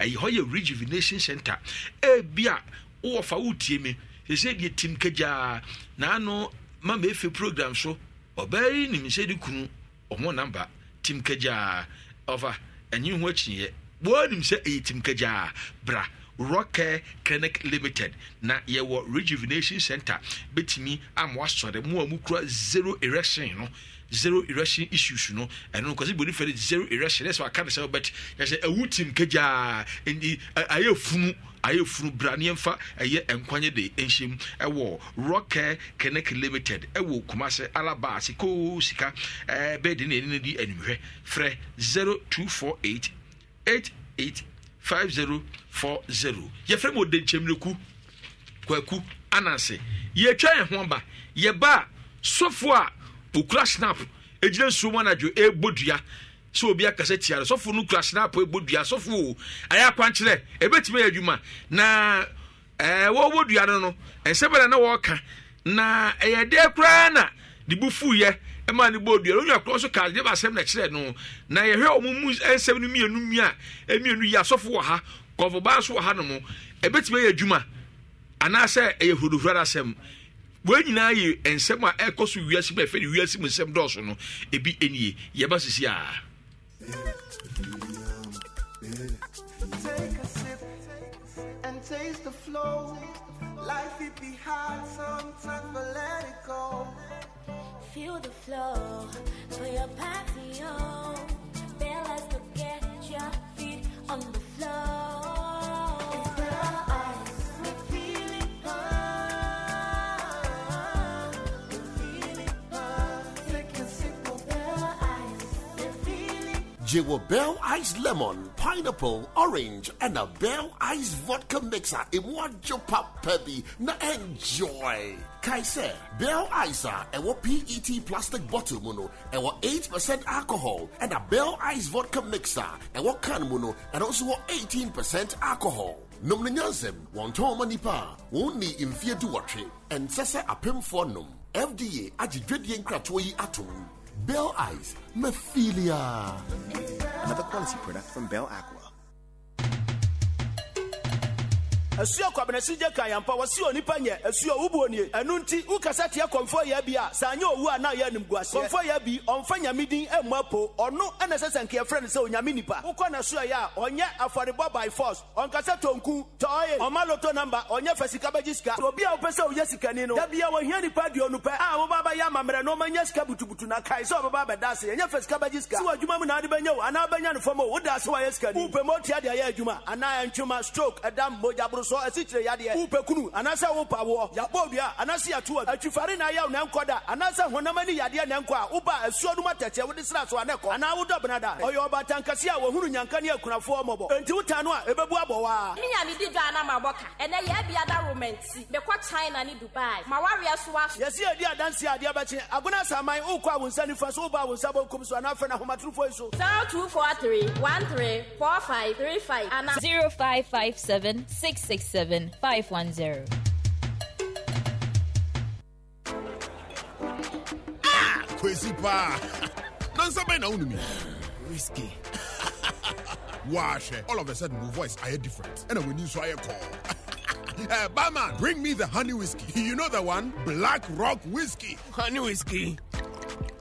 Speaker 1: ɛyi hɔ yɛ rejuvenation center ebi a wowɔ fa wotie mi sɛsɛ deɛ tim kagyaa naano ma mefe program so ɔbaa yi nim sɛ de kunu ɔmo namba tim kagyaa ɔfa ɛnye ho akyiɛ wɔnim sɛ ɛyɛ tim kagyaa bra rocker clinic limited na yɛwɔ rejuvenation center bɛtumi ama wasɔre mu a mu kura zero erection no zero erection issues no ɛno nkɔsi bodi fɛ de zero erection ɛsɛ waka ne sɛ ɔbɛt yɛsɛ ɛwu tim kagyaa ndi ayɛ funu ayɛ funu bra ne yɛmfa ɛyɛ nkwanye de nhyɛm ɛwɔ rocker clinic limited ɛwɔ kumase alaba ase koo sika ɛɛ eh, bɛɛ de ne yɛn ni di animhwɛ frɛ zero two four eight eight eight five zero four zero yɛfrɛ mu odenkyɛmniku kwaku anansi yɛtwa yɛn ho aba yɛba a sɔfo a okura snap egyina nsuo mu anadwo ebo dua sɛ obi akasa tia no sɔfo no kura snap ebo dua sɔfo o ayɛ akwankyerɛ ebetumi yɛ adwuma na ɛɛ wɔwɔ dua no no nsɛm na na wɔɔka na ɛyɛ deɛ koraa na de bu fu yɛ ɛma ne bɔ dua onua korɔ nso kaa gyeba asɛm na kyerɛ no na yɛhwɛ wɔn mu eh, nsɛm eh, no mmienu mmienu mmienu yi asɔfo wɔ ha kɔfo baa nso wɔ ha nom ɛbɛtumi yɛ adwuma anaasɛ ɛyɛ huruhura asɛm wɔn nyinaa yɛ nsɛm a ɛkɔ so wiase mu ɛfɛ ne wiase mu nsɛm dɔɔso no ebi eh, nie yɛba sisi a.
Speaker 8: Taste
Speaker 12: the flow. Life it be hard sometimes, but let it go. Feel the flow for your patio. Balance
Speaker 8: to get your feet on the floor.
Speaker 13: Jewel Bell Ice Lemon, Pineapple, Orange, and a Bell Ice Vodka Mixer in one pop, Now enjoy kae bell ice a what pet plastic bottle mono and what 8% alcohol and a bell ice vodka mixer a what can mono and also nso 18% alcohol nom no nyansɛm wɔntɔn ma nnipa a wɔnni mfeɛ and ɛnsɛ sɛ for nom fda agye dwadie nkratoɔ yi ato bell ice mephilia another quality product from bell aqua
Speaker 10: ɛsuo kwabenasi gye ka yampa wɔsi onipa nyɛ ɛsuo wubu onie ɛnu nti wukasa tiɛ kɔnfɔ yɛ bi a saa nye owu a na yɛ nim guaseɛ kɔnfɔ yɛ bi ɔnfa nyame din ɛmu e apo ɔno ɛna ɛsɛ sɛ nkeɛ frɛ no sɛ onyame nipa wokɔ na suo yɛ a ɔnyɛ afɔrebɔ by force ɔnkasa tonku tɔɔye ɔma loto namba ɔnyɛ fɛ sika bɛgye sika obi a wopɛ sɛ woyɛ sikani no dabia wɔhia nipa di no pɛ a wobaa bɛyɛ amammerɛ na ɔmanya sika butubutu na kae sɛ ɔbɛba bɛda ase ɛnyɛ fɛ sika bɛgye sika sɛ wadwuma mu na wode bɛnya wo anaa wobɛnya no fam o woda ase woayɛ sikani wopɛ ma otia de ayɛ adwuma anaa ɛntwoma stroke ɛdam mogya boro so asikyire yadeɛ wopɛ kunu anaasɛ wopa woɔ yɛabɔ dua anaasɛ yɛto atwifare na ayaw na nkɔ da anaasɛ honam yadeɛ na nkɔ a woba asuo no mu atɛkyɛ so a na ɛkɔ anaa bena da ɔyɛ ɔbatankɛse a wɔhunu nyanka ne akunafoɔ mmɔbɔ enti wota no a ɛbɛbu abɔ waa
Speaker 12: menya medi dwa na mabɔ ka ɛnɛ yɛ bia da romanti mekɔ china ne dubai mawareɛ so wa
Speaker 10: yɛsi adi adanse adeɛ bɛkye agona asaman wokɔ a wo nifa so woba wo nsa bɔnkum so anaa afɛ no ahomatorofo yi
Speaker 12: 967 510.
Speaker 15: Ah! Kwesi pa! Nansabay na unumi. Whiskey. Wash. All of a sudden, my voice I hear different. And when you saw a call. Uh, bring me the honey whiskey. You know the one? Black Rock Whiskey. Honey whiskey.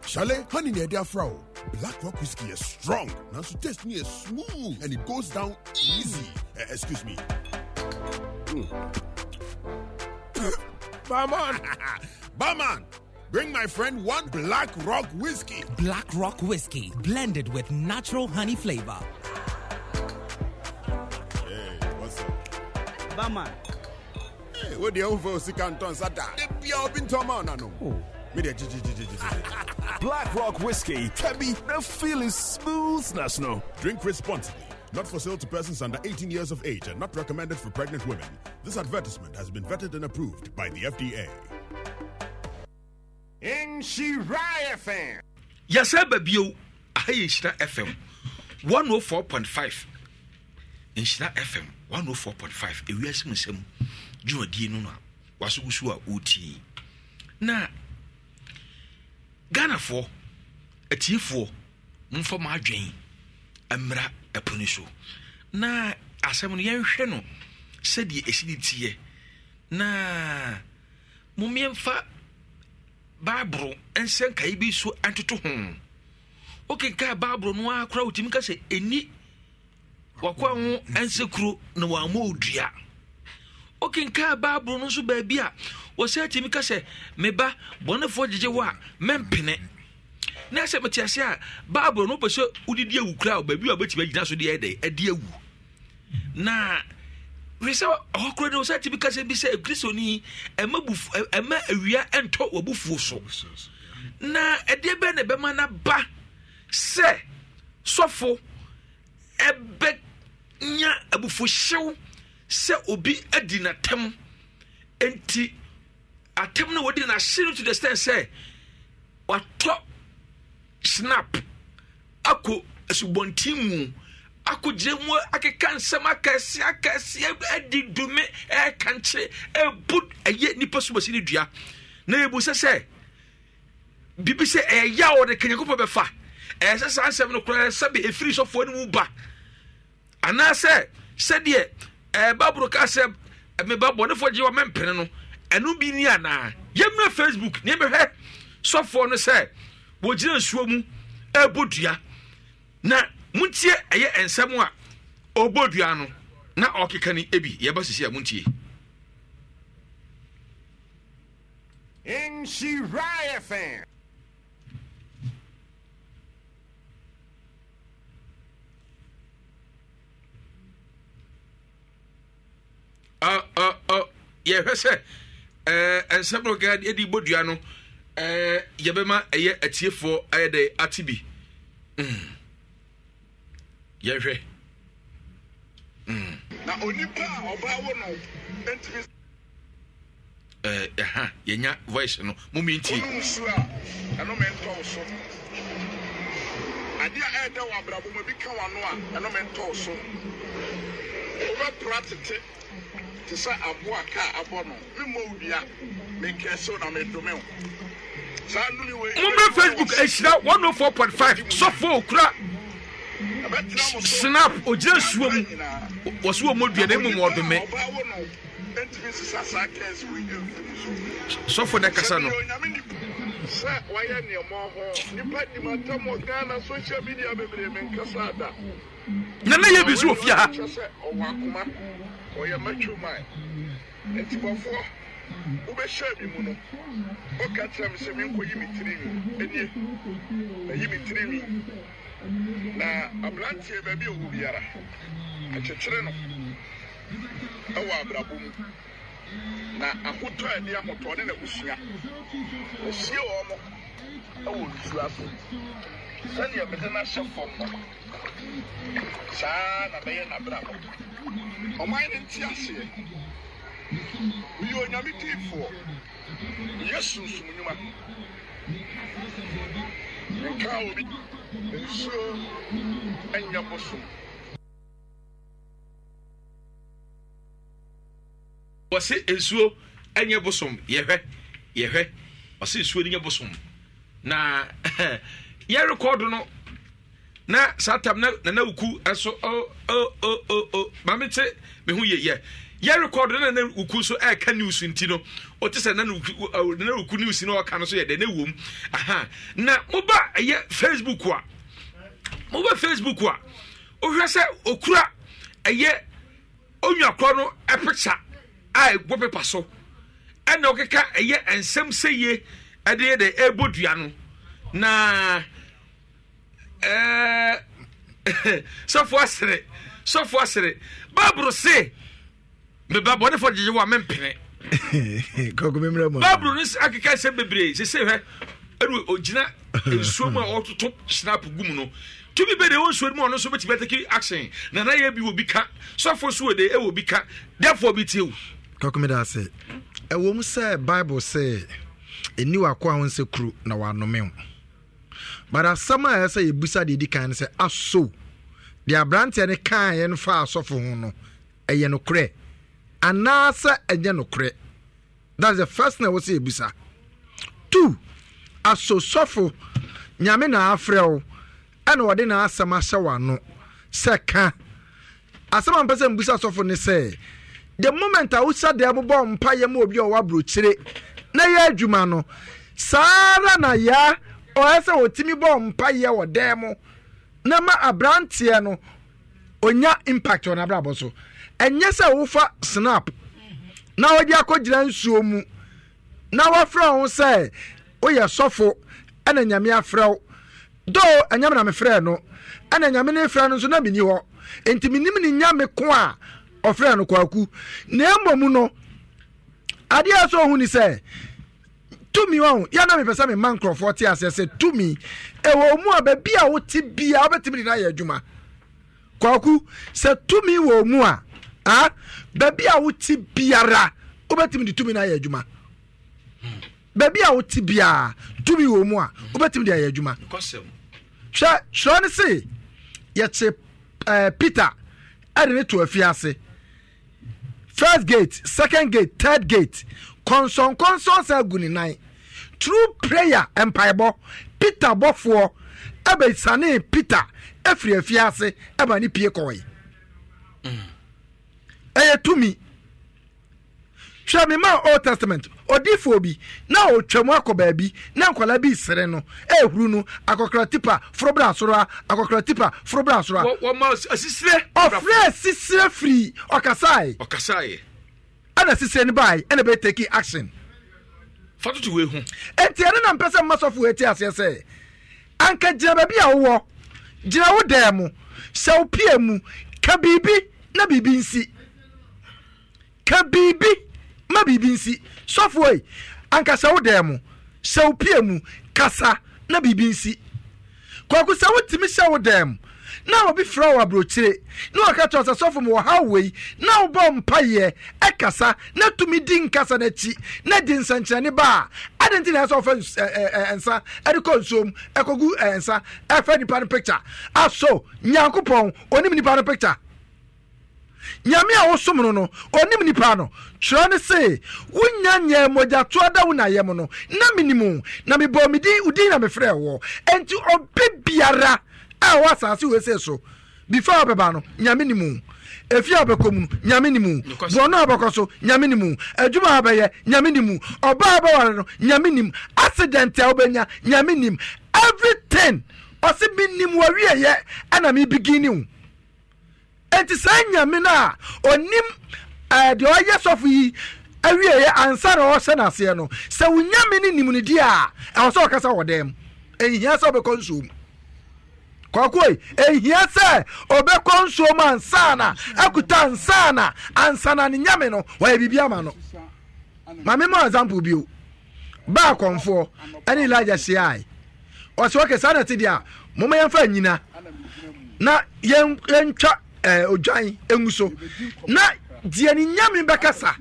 Speaker 15: Shale, honey near their frow. Black Rock whiskey is strong. Now so taste me is smooth and it goes down easy. Uh, excuse me.
Speaker 14: Mm. Barman! Barman! Bring my friend one Black Rock whiskey. Black Rock whiskey, blended with natural honey flavor.
Speaker 15: Hey, eh, what's up? Barman. Hey, eh, what the over Sikanton Sata? The Pia Bintoman, I know. Oh. Black Rock Whiskey can be the feeling smooth national. Drink responsibly. Not for sale to persons under 18 years of age and not recommended for pregnant women.
Speaker 7: This advertisement has been vetted and approved by the FDA. In Shiraya FM. Yes, sir, baby. FM
Speaker 1: 104.5. Nhyira FM 104.5. Ewiase mu nsɛm dwumadie nuna no a uti Na ghanafoɔ atiefoɔ momfa mo adwen mmra ɛpo no so na asɛm no yɛnhwɛ no sɛdeɛ esi de tiɛ na momeɛmfa baaboro nsɛ nkae bi so antoto ho wokenkaa baaburo no akora koraa wotumi ka sɛ ɛni wakoa ho ɛnsɛ kuro na wammɔ odua wokenkaa baaburo no nso baabi a wɔsɛ atumi ka sɛ meba bɔnefoɔ gyegye wo a mɛmpene na sɛ mete ase a bible no wopɛ sɛ wodedi awu kora a baabi a wobɛtumi agyina so deɛ ɛdɛ ɛde awu na hwɛ sɛ ɔhɔ kora no wɔsɛ atumi ka sɛ bi sɛ kristoni ɛma awia ɛntɔ w'abufuo so na ɛdeɛ bɛɛ na ɛbɛma no ba sɛ sɔfo ɛbɛnya abufuhyew sɛ obi adi n'atam enti atɛm no wɔdi n'ahyɛn to the stand sɛ watɔ snap akɔ asubɔnten mu akɔ gyina mu akeka nsɛm akɛse akɛse adi dume ɛka nkyerɛ ɛbu ɛyɛ nipa subasi ne dua na ebu sɛ sɛ bibi sɛ ɛyɛ a wɔde kanyankopɔ bɛfa ɛyɛ sɛ saa nsɛm no koraa sɛbi efiri sɔfoɔ no mu ba anaasɛ sɛdeɛ ɛɛ baburo kaa sɛ ɛmɛ babɔ ne fɔ gye wa mɛmpene no ɛno bi ni anaa yɛmuna facebook na yɛmɛhwɛ sɔfoɔ no sɛ wɔgyina nsuo mu ɛbɔ dua na muntie ɛyɛ nsɛm a ɔbɔ dua no na ɔkeka no ebi yɛbɛ sisi a muntie.
Speaker 7: Nhyiraya fan. Uh,
Speaker 1: uh, uh, yɛhwɛ sɛ nsɛm no ɔka yɛde bɔ dua no eh, yɛbɛma ɛyɛ atiefoɔ ayɛ dɛ ate bi hmm. yɛhwɛ
Speaker 15: hmm. na onipa a ɔbaa wo no ntumi
Speaker 1: eh, ɛha yɛnya voice no
Speaker 15: momentie nsuo a ɛno mentɔɔ so adeɛ a ɛɛdɛ wɔ abrabɔ mu bi ka wano a ɛno mentɔɔ so wobɛpora tete te sɛ aboa kaa abɔ no memmɔ wo dua menkɛsew na medome wo saa nnome wei facebook ahyira 104.5 sɔfo okura
Speaker 1: snap ogyina suo mu wɔ so wɔ mɔdua na mmom wɔdome
Speaker 8: sɔfo ne kasa no
Speaker 15: sɛ wayɛ nneɛma ho nipa nim wɔ ghana social media bebree menkasa da na na yɛ bi so wɔ ha ɔyɛ matthew man nti bɔfoɔ wobɛhyɛ mi mu no woka kyerɛ me sɛ menkɔyi me tirinwi ɛnie mayi me tirinwi na aberanteɛ baabi a ɔwɔ biara akyekyere no ɛwɔ abrabɔ mu na ahotɔ a ɛde ahotɔ ne n'abusua asie wɔn mo ɛwɔ nsuo ase sɛdeɛ mede no ahyɛ fam no saa na bɛyɛ n'abrabɔ ɔman no nte aseɛ meyɛ onyame tiifoɔ yɛ sunsum nnwuma nka obi nsuo ɛnyɛ bosom
Speaker 1: wɔse nsuo ɛnyɛ bosom yɛhwɛ yɛhwɛ ɔse nsuo no bosom na yɛrekɔdo no na saa tam na nana wuku ɛso eh, o o o o o maame te me ho yɛ yɛ yɛ na nana wuku so ɛɛka eh, news nti no o te sɛ nana wuku ɔ eh, nana wuku news na ɔka no so yɛ dɛ ne wɔm aha na mo ba ɛyɛ facebook a mo ba facebook a ohwɛ sɛ okura ɛyɛ onua korɔ no ɛpikya a ɛgbɔ pepa so ɛna ɔkeka ɛyɛ nsɛm sɛ yie ɛde yɛ dɛ ɛɛbɔ dua no naa. sɔfoɔ sere sɔfoɔ sere baaburo se meba bɔnefoɔ gyegye wɔ a mempene baaburo no akeka sɛ bebree sesei hwɛ ɛne ɔgyina nsuo mu a ɔtoto snap gu mu no tumi bɛ de wɔn nsuo mu a ɔno nso bɛtumi ataki action nana yɛ bi wɔ bi ka sɔfoɔ so wɔ de ɛwɔ bi ka dɛfoɔ bi tie
Speaker 3: kɔkɔmi da ɛwɔ mu sɛ but asɛm a ɛsɛ sɛ yɛbusa deɛ ɛdi kan no sɛ aso deɛ aberanteɛ no kaeɛ no fa asɔfo ho no ɛyɛ nokorɛ anaasɛ ɛnyɛ nokorɛ that's the first na ɛwɔ sɛ yɛbusa two aso sɔfo nyame na afrɛ wo ɛna ɔde n'asɛm ahyɛ w'ano sɛ ka asɛm a mpɛ sɛ mbusa sɔfo ne sɛ the moment a wosa deɛ bobɔ mpa yɛ ma obi a ɔwɔ aburokyire na yɛ adwuma no saa ara na yaa wɔyɛ sɛ wɔtumi bɔ mpayɛ wɔ dan mu na ma aberanteɛ no onya impact wɔ n'abrabɔ so ɛnyɛ sɛ wofa snap na ɔde akɔgyina nsuo mu na wɔfrɛ ho sɛ ɔyɛ sɔfo ɛna nyame afrɛ wo doo ɛnyame na mefrɛ no ɛna nyame ne frɛ no nso na menni hɔ enti menim ne nyame ko a ɔfrɛ no kwaku na mmom no adeɛ a sɛ ɔhu ni sɛ tumi ɔn yɛn mepɛ sɛ mema nkurɔfoɔ te ase. sɛ tumi ɛwɔ mu a baabi a wote bia wobɛtumi de no ayɛ adwuma kwaku sɛ tumi wɔ mu a a baabi a wote biara wobɛtumi de tumi no ayɛ adwuma baabi a wote biara tumi wɔ mu a wobɛtumi de ayɛ adwuma hwɛ kyerɛ no se yɛkye uh, peter ɛde ne to afiase first gate second gate third gate kɔnsɔnkɔnsɔn sɛ agu ne nan true prayer mpaebɔ peter bɔfoɔ ɛbɛsane peter ɛfiri afiase ɛba ne pie kɔɔe mm. ɛyɛ tumi hwɛ me ma old testament odiifoɔ bi na ɔtwam akɔ baabi na nkwala bi sere no ɛhuru no akɔkora tipa foro bra soro a akɔkora tipa foro bra soro a ɔfrɛ asisire firi ɔkasae ɛna asisire no bae ɛna bɛtaki action sɔtoto wei ho ɛti ɛne na mpɛ sɛ mma sɔfo ɛti anka gyina baabi a wowɔ gyina wo dɛɛ mu hyɛ pie mu ka biribi na biribi nsi ka biribi ma biribi nsi sɔfo yi anka hyɛ wo dɛɛ mu hyɛ pie mu kasa na biribi nsi kɔɔko sɛ wotumi hyɛ wo mu na obi fira wɔ aburokyire na waka kyerɛ sɛ sɔfo mu wɔ ha wei na wobɔ mpayɛ ɛkasa na tumi di nkasa n'akyi na di nsɛnkyerɛnne ba a ade nti na ɛsɛ ɔfɛ nsa ɛde kɔ nsuom ɛkɔgu nsa ɛfɛ nipa no picture aso nyankopɔn onim nipa no picture nyame a wosom no no ɔnim nipa no kyerɛ no se wonya nyɛ mogyatoa da wo nayɛ mu no na menim na mebɔɔ medin wodin na mefrɛ wɔ ɛnti ɔbɛ biara a ɛwɔ asase wei sɛ so before ɔbɛba no nyame ni mu efi a ɔbɛkɔ mu nyame ni mu buɔno a ɔbɛkɔ so nyame ni mu adwuma a ɔbɛyɛ nyame ni mu ɔbaa no nyame ni mu accident a ɔbɛnya nyame ni mu everything ɔsi bi ni mu ɔwie yɛ ɛna mi begin ni mu eti saa nyame a onim ɛɛ deɛ ɔyɛ sɔfo yi awie yɛ ansa na ɔhyɛ n'aseɛ no sɛ nyame ni nim ni di a ɛwɔ sɛ ɔkasa wɔ dɛm ehihia sɛ ɔbɛkɔ nsuo mu. kwakoi ehia sɛ ɔbɛkɔ mu ansana akuta ansana ansana ne nyame no wɔyɛ biribi ama no mame ma example bio baa kɔnfoɔ ɛne elija hyiae ɔsɛ wɔkɛ saa nɛte deɛ a moma yɛmfa nyina na yɛntwa eh, odwan ɛngu so na deɛ ne nyame bɛkasa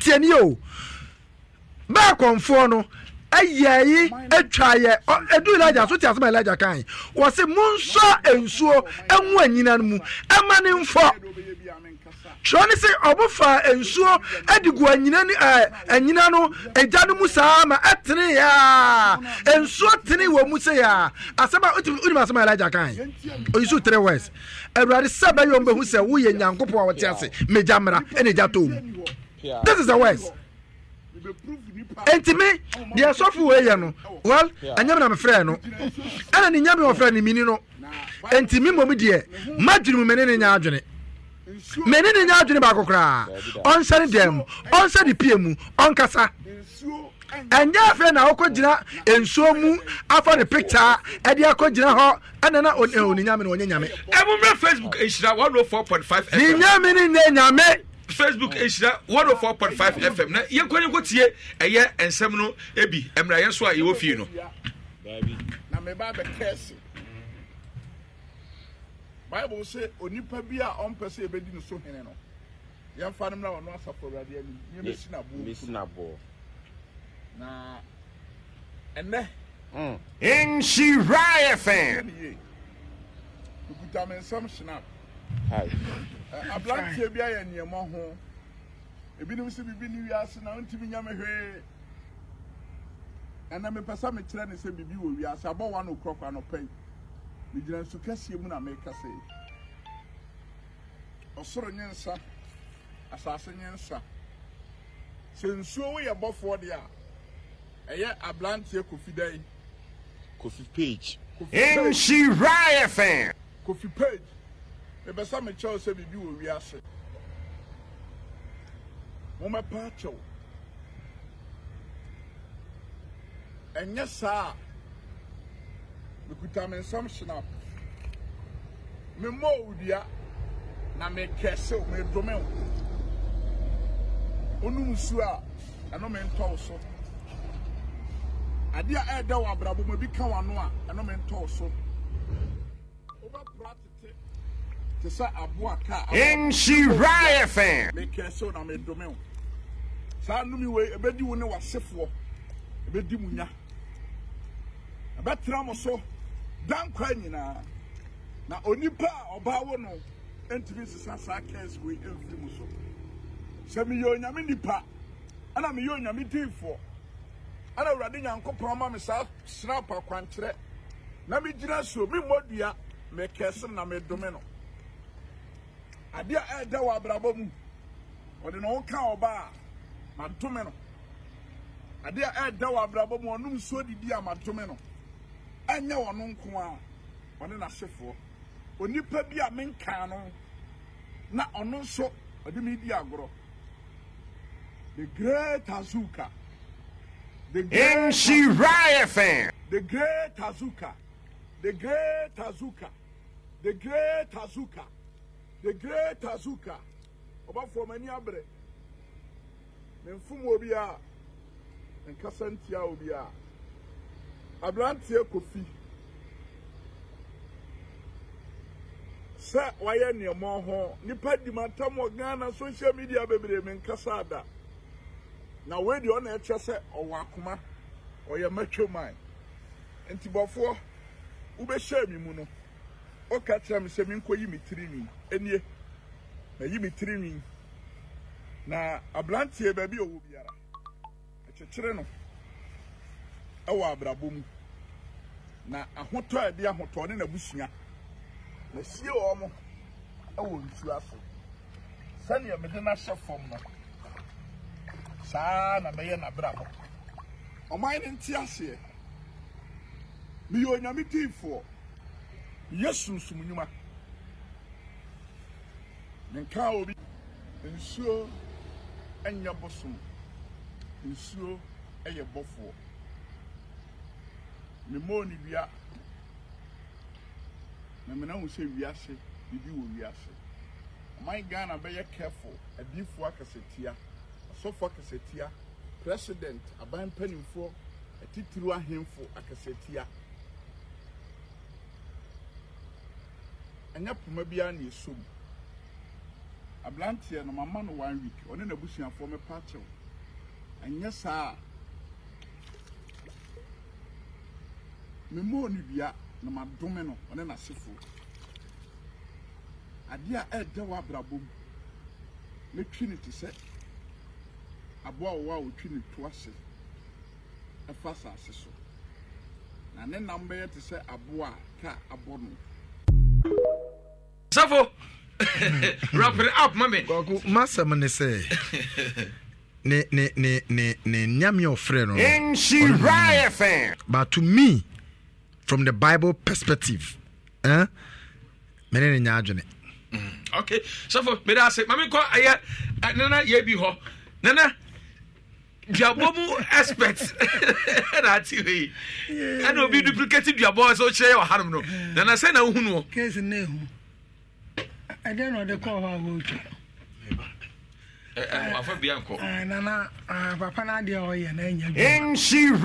Speaker 3: tiɛni o baa kɔnfoɔ no ɛyɛ atwa yɛ ɛdu elija so te asɛm elija kan wɔsi mu nsɔ nsuo ɛnwo anyina mu ɛma ne nfɔ twerɛ ne sɛ ɔmo fa nsuo ɛde gu anyina ne eh, ɛɛ anyina no egya no mu saa ma ɛtene yaa nsuo tene wɔ mu se yaa asɛm a otum onim asɛm elija kan oyisu three words awurade sɛ bɛyɛ ɔmo bɛhu sɛ woyɛ nyankopɔn a wɔte ase megya mmara ɛna egya tɔ mu this is the words ntumi deɛ sɔfo wei yɛ no well ɛnyɛ mi na mi no ɛna ne nyɛ mi wɔ frɛ ne mini no ntumi mbom deɛ ma mu mene ne nya adwene mene ne nya adwene baako koraa ɔnsɛn deɛ mu ɔnsɛn de pie mu ɔnkasa ɛnyɛ afei na ɔkɔ gyina nsuo mu afa ne picture ɛde akɔ gyina hɔ ɛna na oninyame na ɔnyɛ nyame.
Speaker 2: ɛmu
Speaker 1: mɛ facebook ehyira one oh four point five. ninyame ne nyame facebook ehyira one oh four point five fm na yɛn kɔn yɛn kɔ tie ɛyɛ nsɛm no ebi mmerɛ yɛn so a yɛwɔ fie no.
Speaker 15: na mɛba bɛ kɛɛse bible sɛ onipa bi a ɔmpɛ sɛ yɛbɛdi ne so hene no yɛmfa no mra ɔno asafo awurade anim
Speaker 9: yɛmɛsi naboɔ
Speaker 15: na ɛnɛ
Speaker 7: mm. nhyira yɛ fɛn
Speaker 15: mekuta me nsɛm hyena aberanteɛ bi ayɛ nneɛma ho ebinom si bibi ni wiase na ntumi nyame hwee ɛna mepɛ sɛ mekyerɛ ne sɛ bibi wɔ wiase abɔ wa no korɔkora no pɛ megyina nsu kɛseɛ mu na merekasa yi ɔsoro nye nsa asase nye nsa sɛ nsuo woyɛ bɔfoɔ deɛ a ɛyɛ aberanteɛ kofi dɛ yi
Speaker 7: kofi page nhyira yɛ fɛn
Speaker 15: kofi page mebɛsa mekyɛw sɛ biribi wɔ wiase momɛpa akyɛw ɛnyɛ saa a mekuta me nsɛm hyenap memmɔ owudua na mekɛse wo medome wo wonom su a ɛno mentɔ wo so adeɛ a ɛɛdɛ wɔ abrabɔ mu bi ka w'ano a ɛno mentɔ wo so wobɛprat nhyira fm. mekɛ sɛ na medome wo saa nnome wei ɛbɛdi wo ne w'asefoɔ ɛbɛdi mu nya ɛbɛtena mo so da nyinaa na onipa a ɔbaa wo no ntumi nsesa saa kɛs wei mfiri mu so sɛ meyɛ onyame nipa ana meyɛ onyame diifoɔ ɛna awurade nyankopɔn ma me saa snap akwankyerɛ na megyina suo memmɔ dua mekɛse na medome no adeɛ a wɔ abrabɔ mu ɔde ne ho ka ɔbaa matome no adeɛ a wɔ abrabɔ mu ɔnom nsuo didi a matome no ɛnyɛ wɔn nko a ɔne n'ahyefoɔ onipa bi a menkaa no na ɔno nso ɔde mi di agorɔ the great azuka the great nshiraya fan the great azuka the great azuka the great azuka. the great azuka ɔbɛfoɔ m'ani abrɛ memfom obi a nkasa ntia obi a aberanteɛ kofi sɛ wayɛ nneɛma ho nipa di matam wɔ ghana social media bebree nkasa ada na wei deɛ ɔna ɛkyɛ sɛ ɔwɔ akoma ɔyɛ mɛtwe man ntibɔfoɔ wobɛhyɛ mi mu no ɔka kyerɛ me sɛ menkɔyi me tirinwi ɛnie mayi me tirinwi na aberanteɛ baabi ɔwɔ biara ɛkyekyere no ɛwɔ abrabɔ mu na ahotɔ a ɛde ahotɔ ne n'abusua na sie wɔn mo ɛwɔ nsuo ase sɛnea mede no ahyɛ fam no saa na mɛyɛ n'abrabɔ ɔman no nte aseɛ meyɛ onyame diifoɔ yesu sumnyuma menka obi nsuo ɛnyɛ bosom nsuo ɛyɛ bɔfoɔ memmoo ne wia na mena hu sɛ wiase biribi wɔ wiase ɔman ghana bɛyɛ careful adiifoɔ akasatia asɔfoɔ akasatia president aban mpanimfoɔ atitiriw ahemfo akasatia ɛnyɛ poma biara na ɛsɔ mu aberanteɛ no mama no one week ɔne n'abusuafoɔ mepa kyɛw ɛnyɛ saa memoo no wia na madome no ɔne n'asefoɔ adeɛ a ɛɛdɛ wɔ abrabɔ mu metwi ne te sɛ aboa wɔwɔ a wɔtwi ne to ase ɛfa asase so na ne nam bɛyɛ te sɛ aboa a ka abɔ no
Speaker 3: safo rapere up ma masɛm ne sɛ ne nyame ɔfrɛ
Speaker 7: no
Speaker 3: but to me from the bible perspective eh mene ne nya adwene
Speaker 1: mm. okay safo mede ase ma me kɔ ɛyɛ nana yɛ bi hɔ nana duabɔ mu expert ɛna ati wei ɛna obi duplicate duabɔ sɛ ɔkyerɛ yɛ ɔhanom no nana sɛ na wohu
Speaker 4: noɔ ɛdɛn na ɔde kɔɔ hɔ a wɔretwa
Speaker 1: eh, eh, afa bia nkɔ
Speaker 4: nana eh, papa no adeɛ a ɔyɛ na ɛnya nhyira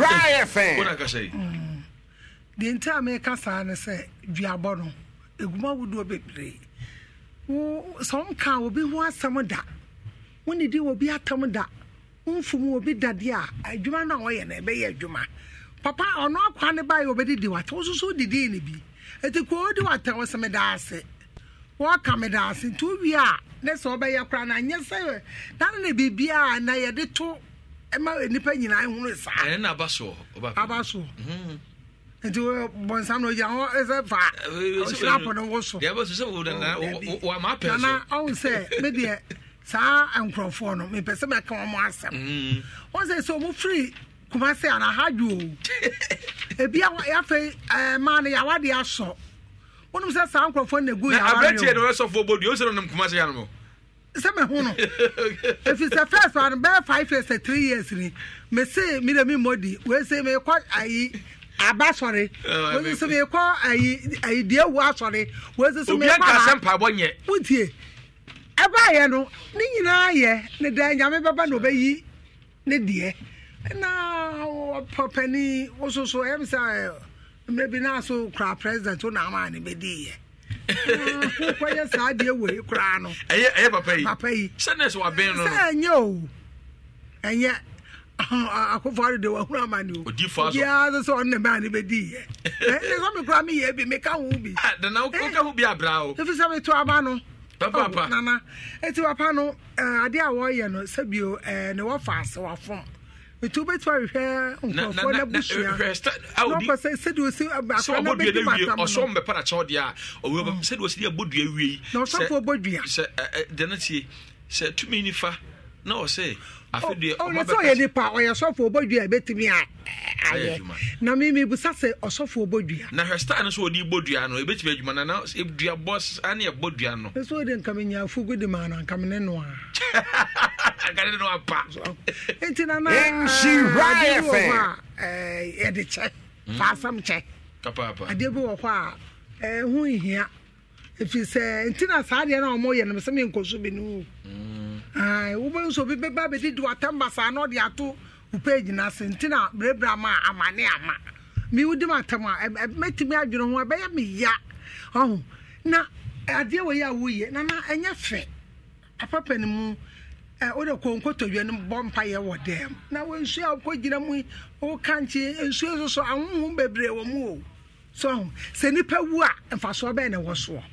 Speaker 4: fɛ deɛ nti a meka saa ne sɛ duabɔ no ɛguma wodoɔ bebree sɛ wonka obi ho asɛm da wonedi obi atam da womfom obi dadeɛ a adwuma no a ɔyɛ no ɛbɛyɛ adwuma papa ɔno akwa ne baeɛ wɔbɛdidi wata wo so so wodidii ne bi ɛti kɔɔ di wata wo sɛ meda ase wɔka me da ase nti a ne sɛ wɔbɛyɛ koraa na anyɛ sɛ naanị na biribia a na yɛde to ma nnipa nyinaa hunu
Speaker 1: saaaba soɔ
Speaker 4: mhm. nti bɔnsam no ogyina hɔ sɛ fa eh, eh, eh, ɔhyira po
Speaker 1: so. wo sonana ɔwo sɛ saa no
Speaker 4: ka mhm. firi kumase o ebi maa asọ. wonim sɛ saa nkurɔfoɔ na ɛgu yɛabrɛtiɛ ne
Speaker 1: ɔyɛsɔfoɔ bɔdu ɔsɛ no nam kuma se ya no mo
Speaker 4: sɛ mehu no ɛfiri sɛ first one bɛyɛ five years sɛ three years ni mese mede me mmɔdi wɛse meekɔ ayi aba sɔre oh, wɛse so meekɔ ayi ayidie wo asɔre wɛse so meekɔ aba mpaabɔ nyɛ wotie ɛbaayɛ no ne nyinaa yɛ ne da nyame bɛba na ɔbɛyi ne deɛ na pɔpani wososo ɛm sɛ maybe na so kura president o na ama ne bedi ye kɔyɛ saa deɛ wei koraa no
Speaker 1: ɛyɛ ɛyɛ papa yi papa yi sɛ nɛɛsɛ wa bɛn ɛnyɛ
Speaker 4: o ɛnyɛ akofo ado wahunu amani o odi so sɛ ɔno na mɛ ani bɛ sɛ mi kura mi yɛ bi mi ka ho bi dana o ka ho bi abira o sɛ mi aba no papa oh, nana eti eh, papa no adeɛ eh, a wɔyɛ no sɛbi o ne wɔfa ase wa metu wobɛtumi ahwehwɛ nkɔfoɔ na busuanɔkɔ sɛ sɛde ɔsi akra na bɛdi matam no ɔsɔ
Speaker 1: mbɛpa na kyɛw deɛ a ɔwɛ sɛde ɔsi deɛ bɔdua wiei na ɔsɔfoɔ bɔdua sɛ dɛno tie sɛ tumi nifa na ɔsɛ afidie nipa
Speaker 4: ọyẹ sọfọ obodua ebetumi a ayẹ na mímí ibusa sẹ ọsọfọ obodua.
Speaker 1: na hwẹ star odi bodua no ebetumi edwuma na na dua no.
Speaker 4: maa na nkàmi ne nua. na na eh, eh, hmm. adeɛ bi wɔ hɔ a yɛde eh, kyɛ faasam kyɛ adeɛ bi wɔ hɔ a ɛho nhia sɛ saa adeɛ yɛ no sɛ so bi hmm. wobɛhu sɛ obi bɛba bɛdi de watamba saa na ɔde ato wo page no nti na ma ama amane ama mewodi m atam a mɛtumi adwene ho ɛbɛyɛ ya ɔho na adeɛ wɔ a woyɛ nana ɛnyɛ fɛ apapa no mu wode kɔnkɔtɔdwa no bɔ mpayɛ wɔ dɛm na nsuo a mu nsuo ahohom bebree wɔ mu o so sɛ nnipa wu a na soɔ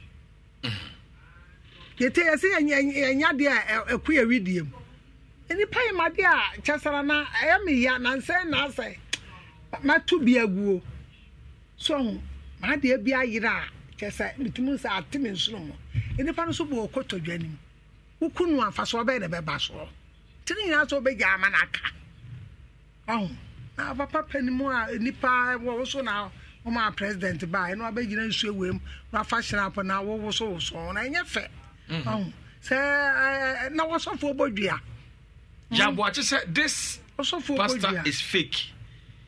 Speaker 4: yɛte yɛsɛ yɛnya deɛ a ɛko yɛ widie mu nnipa yɛ ma a kyɛsara na ɛyɛ me ya nansɛn na asɛ mato bi aguo so ho maa deɛ bi ayera a kyɛsɛ metumi sɛ ate me nsono mu nnipa no so bɔ ɔkɔ tɔdwa no mu woku no amfa so ɔbɛyɛ na ɛbɛba soɔ nti ne nyinaa sɛ ɔbɛgya ama no aka ɔho na papa pani mu a nnipa wɔwo so na ɔma president baa ɛna wabɛgyina nsuo wei mu na afa hyena apɔ na wowo so wo so na ɛnyɛ fɛ Mm-hmm. sɛ eh, eh, na wɔsɔfoɔ bɔ dua yaboakye
Speaker 1: mm-hmm. sɛ this
Speaker 4: pastor
Speaker 1: is fake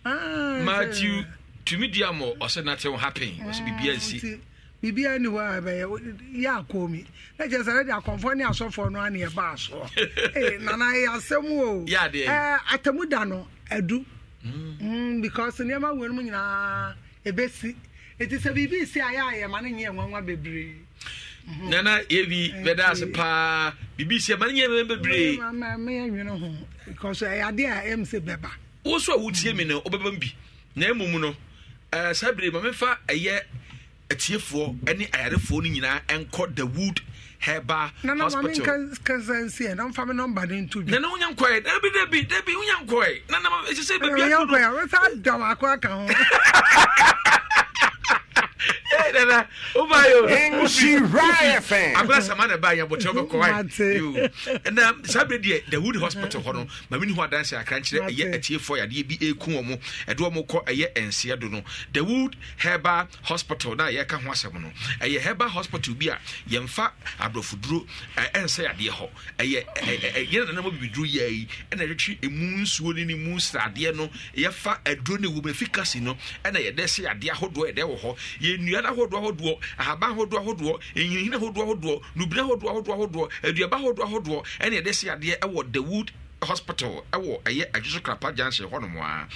Speaker 4: ah, matthew
Speaker 1: tumi di amɔ ɔsɛ nothing happen ɔsɛ ah, biribia nsi
Speaker 4: biribia ni hɔ a bɛyɛ yɛ akɔɔ mi na kyerɛ sɛ ɛde akɔmfoɔ ne asɔfoɔ no ane ɛbaa soɔ eh, nana ɛyɛ asɛm o
Speaker 8: yadeɛ
Speaker 4: atamu da no adu mm. mm, because nneɛma wɔ no mu nyinaa ɛbɛsi ɛti sɛ biribi si a yɛ a yɛma no nyɛ nwanwa bebree Mhm.
Speaker 1: nana yɛbi bɛda ase paa biribi si ma ne nyɛ mɛ bebree
Speaker 4: mɛyɛ nwene ho because ɛyɛ eh, ade a ɛm sɛ bɛba
Speaker 1: wo so me no wobɛba bi na mmom no eh, saa bere ma memfa ɛyɛ atiefoɔ ne ayarefoɔ no nyinaa ɛnkɔ the wood heba
Speaker 4: hospitalnanamamenkasansiɛ na mfa me nɔmba no nto dwa nana
Speaker 1: wonya nkɔɛ dabi dabi dabi wonya nkɔɛ Nana, ɛsɛ sɛ baabi atɔ
Speaker 4: no saa da wako aka ho Hey, Nana, oh my God. And she right,
Speaker 1: fan. I'm glad some You and um, Saturday, the Wood Hospital, Hono, Mammy, who are dancing, I can't say a year at year for a DBA Kuomo, a Duomo, a year and see, I don't know. The Wood Herba Hospital, now Yaka Wasamono, a year Herba Hospital beer, Yemfa, Abrofudru, a uh, dear ho, I will be drew I retrieve a moon swooning moon star, dear no, a drone will be efficacy, I dare a dear ahodoɔ ahodoɔ ahaban ahodoɔ ahodoɔ enyinihini ahodoɔ ahodoɔ nubina ahodoɔ ahodoɔ ahodoɔ aduaba ahodoɔ ahodoɔ ɛna yɛde si adeɛ ɛwɔ the wood hospital ɛwɔ ɛyɛ adwoso krapa junction hɔnom a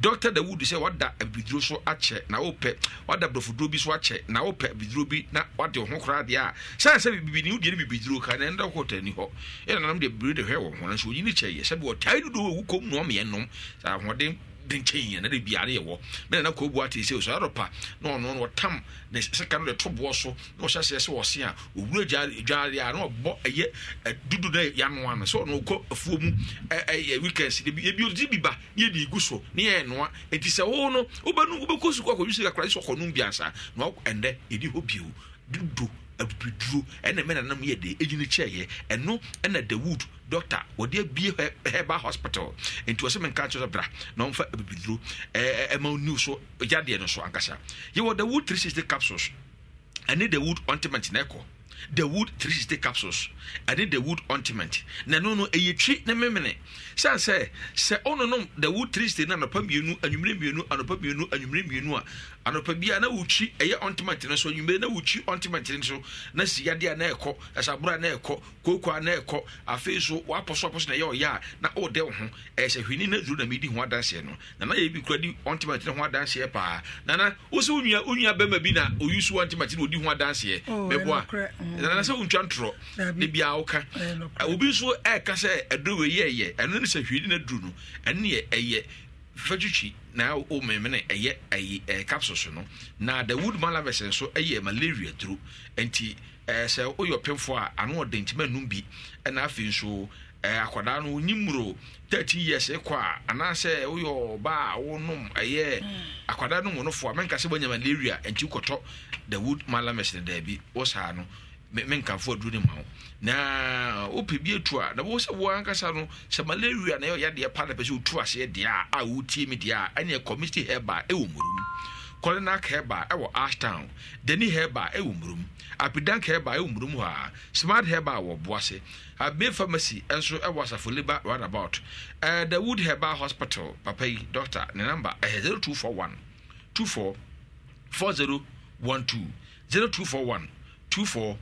Speaker 1: dr dawood sɛ wada abiduro so akyɛ na wopɛ wada borɔfoduro bi so akyɛ na wopɛ abiduro bi na wade wo ho koraa deɛ a sɛne sɛ bibibi ne wodeɛ ne bibiduro ka na ɛnda wokɔ tani hɔ ɛnanam deɛ bibire de hwɛ wɔ ho no nso ɔnyini kyɛeɛ sɛ bi wɔtae dodoɔ ɛwu kom na ɔmeɛ nom ahoɔden de nkyɛn yɛn na de biara yɛ wɔ mɛ na kɔ bu ate sɛ osɔ ɛrɔpa na ɔno no ɔtam ne sika no de to boɔ so na ɔhyɛ sɛ sɛ ɔse a owura dware a na ɔbɔ ɛyɛ dudu na yanoa no sɛ ɔno ɔkɔ afuo mu ɛyɛ weekends de bi bi ba ne yɛ de so ne yɛ noa sɛ wo no wobɛnu wobɛkɔ sukuu akɔyi sika kora sɛ ɔkɔ num na ɛndɛ yɛdi hɔ bio dudu abibiduro ɛna mɛ nanam yɛ de egyini kyɛɛ ɛno ɛna wood doctor, wɔde abie hɛba hospital nti wɔsɛ menka kyerɛ bra na ɔmfa abibiduro ɛɛ ɛma new so yadeɛ no so ankasa yɛwɔ dawood three sixty capsules ɛne dawood ointment na ɛkɔ the wood 360 capsules ɛne the wood ointment na ɛno no ɛyɛ twi ne memene siane sɛ sɛ ɔnonom the wood 360 na anɔpa mmienu anwummere mmienu anɔpa mmienu anwummere mmienu a anɔpa bia na wotwi ɛyɛ ɔntiment no so anwummere na wotwi ɔntiment no so na siyadeɛ a na ɛkɔ ɛsaboro na ɛkɔ kooko a na ɛkɔ afei so woapɔ so apɔ so na ɛyɛ ɔyɛ a na wodɛ wo ho ɛyɛ sɛ hwini na zuro na medi ho adanseɛ no na na yɛbi kora di ɔntiment no ho adanseɛ paa na na sɛ wonua wonua bɛma bi na ɔyi so ɔntiment no ɔdi ho adanseɛ oh, mm. na na sɛ wontwa ntorɔ ne bia woka obi nso ɛɛka sɛ ɛdoro wei yɛɛyɛ ɛno ne sɛ hwini na duru no ɛne yɛ ɛyɛ fatwitwi na omeme no ɛyɛ ɛyi capsules no na the wood malaves nso ɛyɛ malaria duro nti ɛɛ sɛ oyɛ ɔpemfoɔ a ano ɔde ntoma num bi ɛna afei nso ɛɛ akwadaa no onimuro thirty years ɛkɔ a anaasɛ oyɛ ɔbaa a wɔnom ɛyɛ akwadaa no mu no foa mɛnka sɛ wɔnyɛ malaria nti kɔtɔ the wood malaves no daabi wɔsaa no mɛnkanfo aduro ne ma wo. na wopɛ bi atu a na wo wo ankasa no sɛ malaria na ɛyɛ deɛ pa na pɛ sɛ wotu aseɛ deɛ a a wotie mi deɛ a ɛneɛ community herba ɛwɔ murum kɔlenak herba ɛwɔ ashtown dani herba ɛwɔ murum apidank herba ɛwɔ murum hɔ a smart herba wɔ boase abe pharmacy nso ɛwɔ e asafo labour runabout uh, e, the wood herba hospital papa yi doctor ne number ɛyɛ 0241 24 4012 0241 24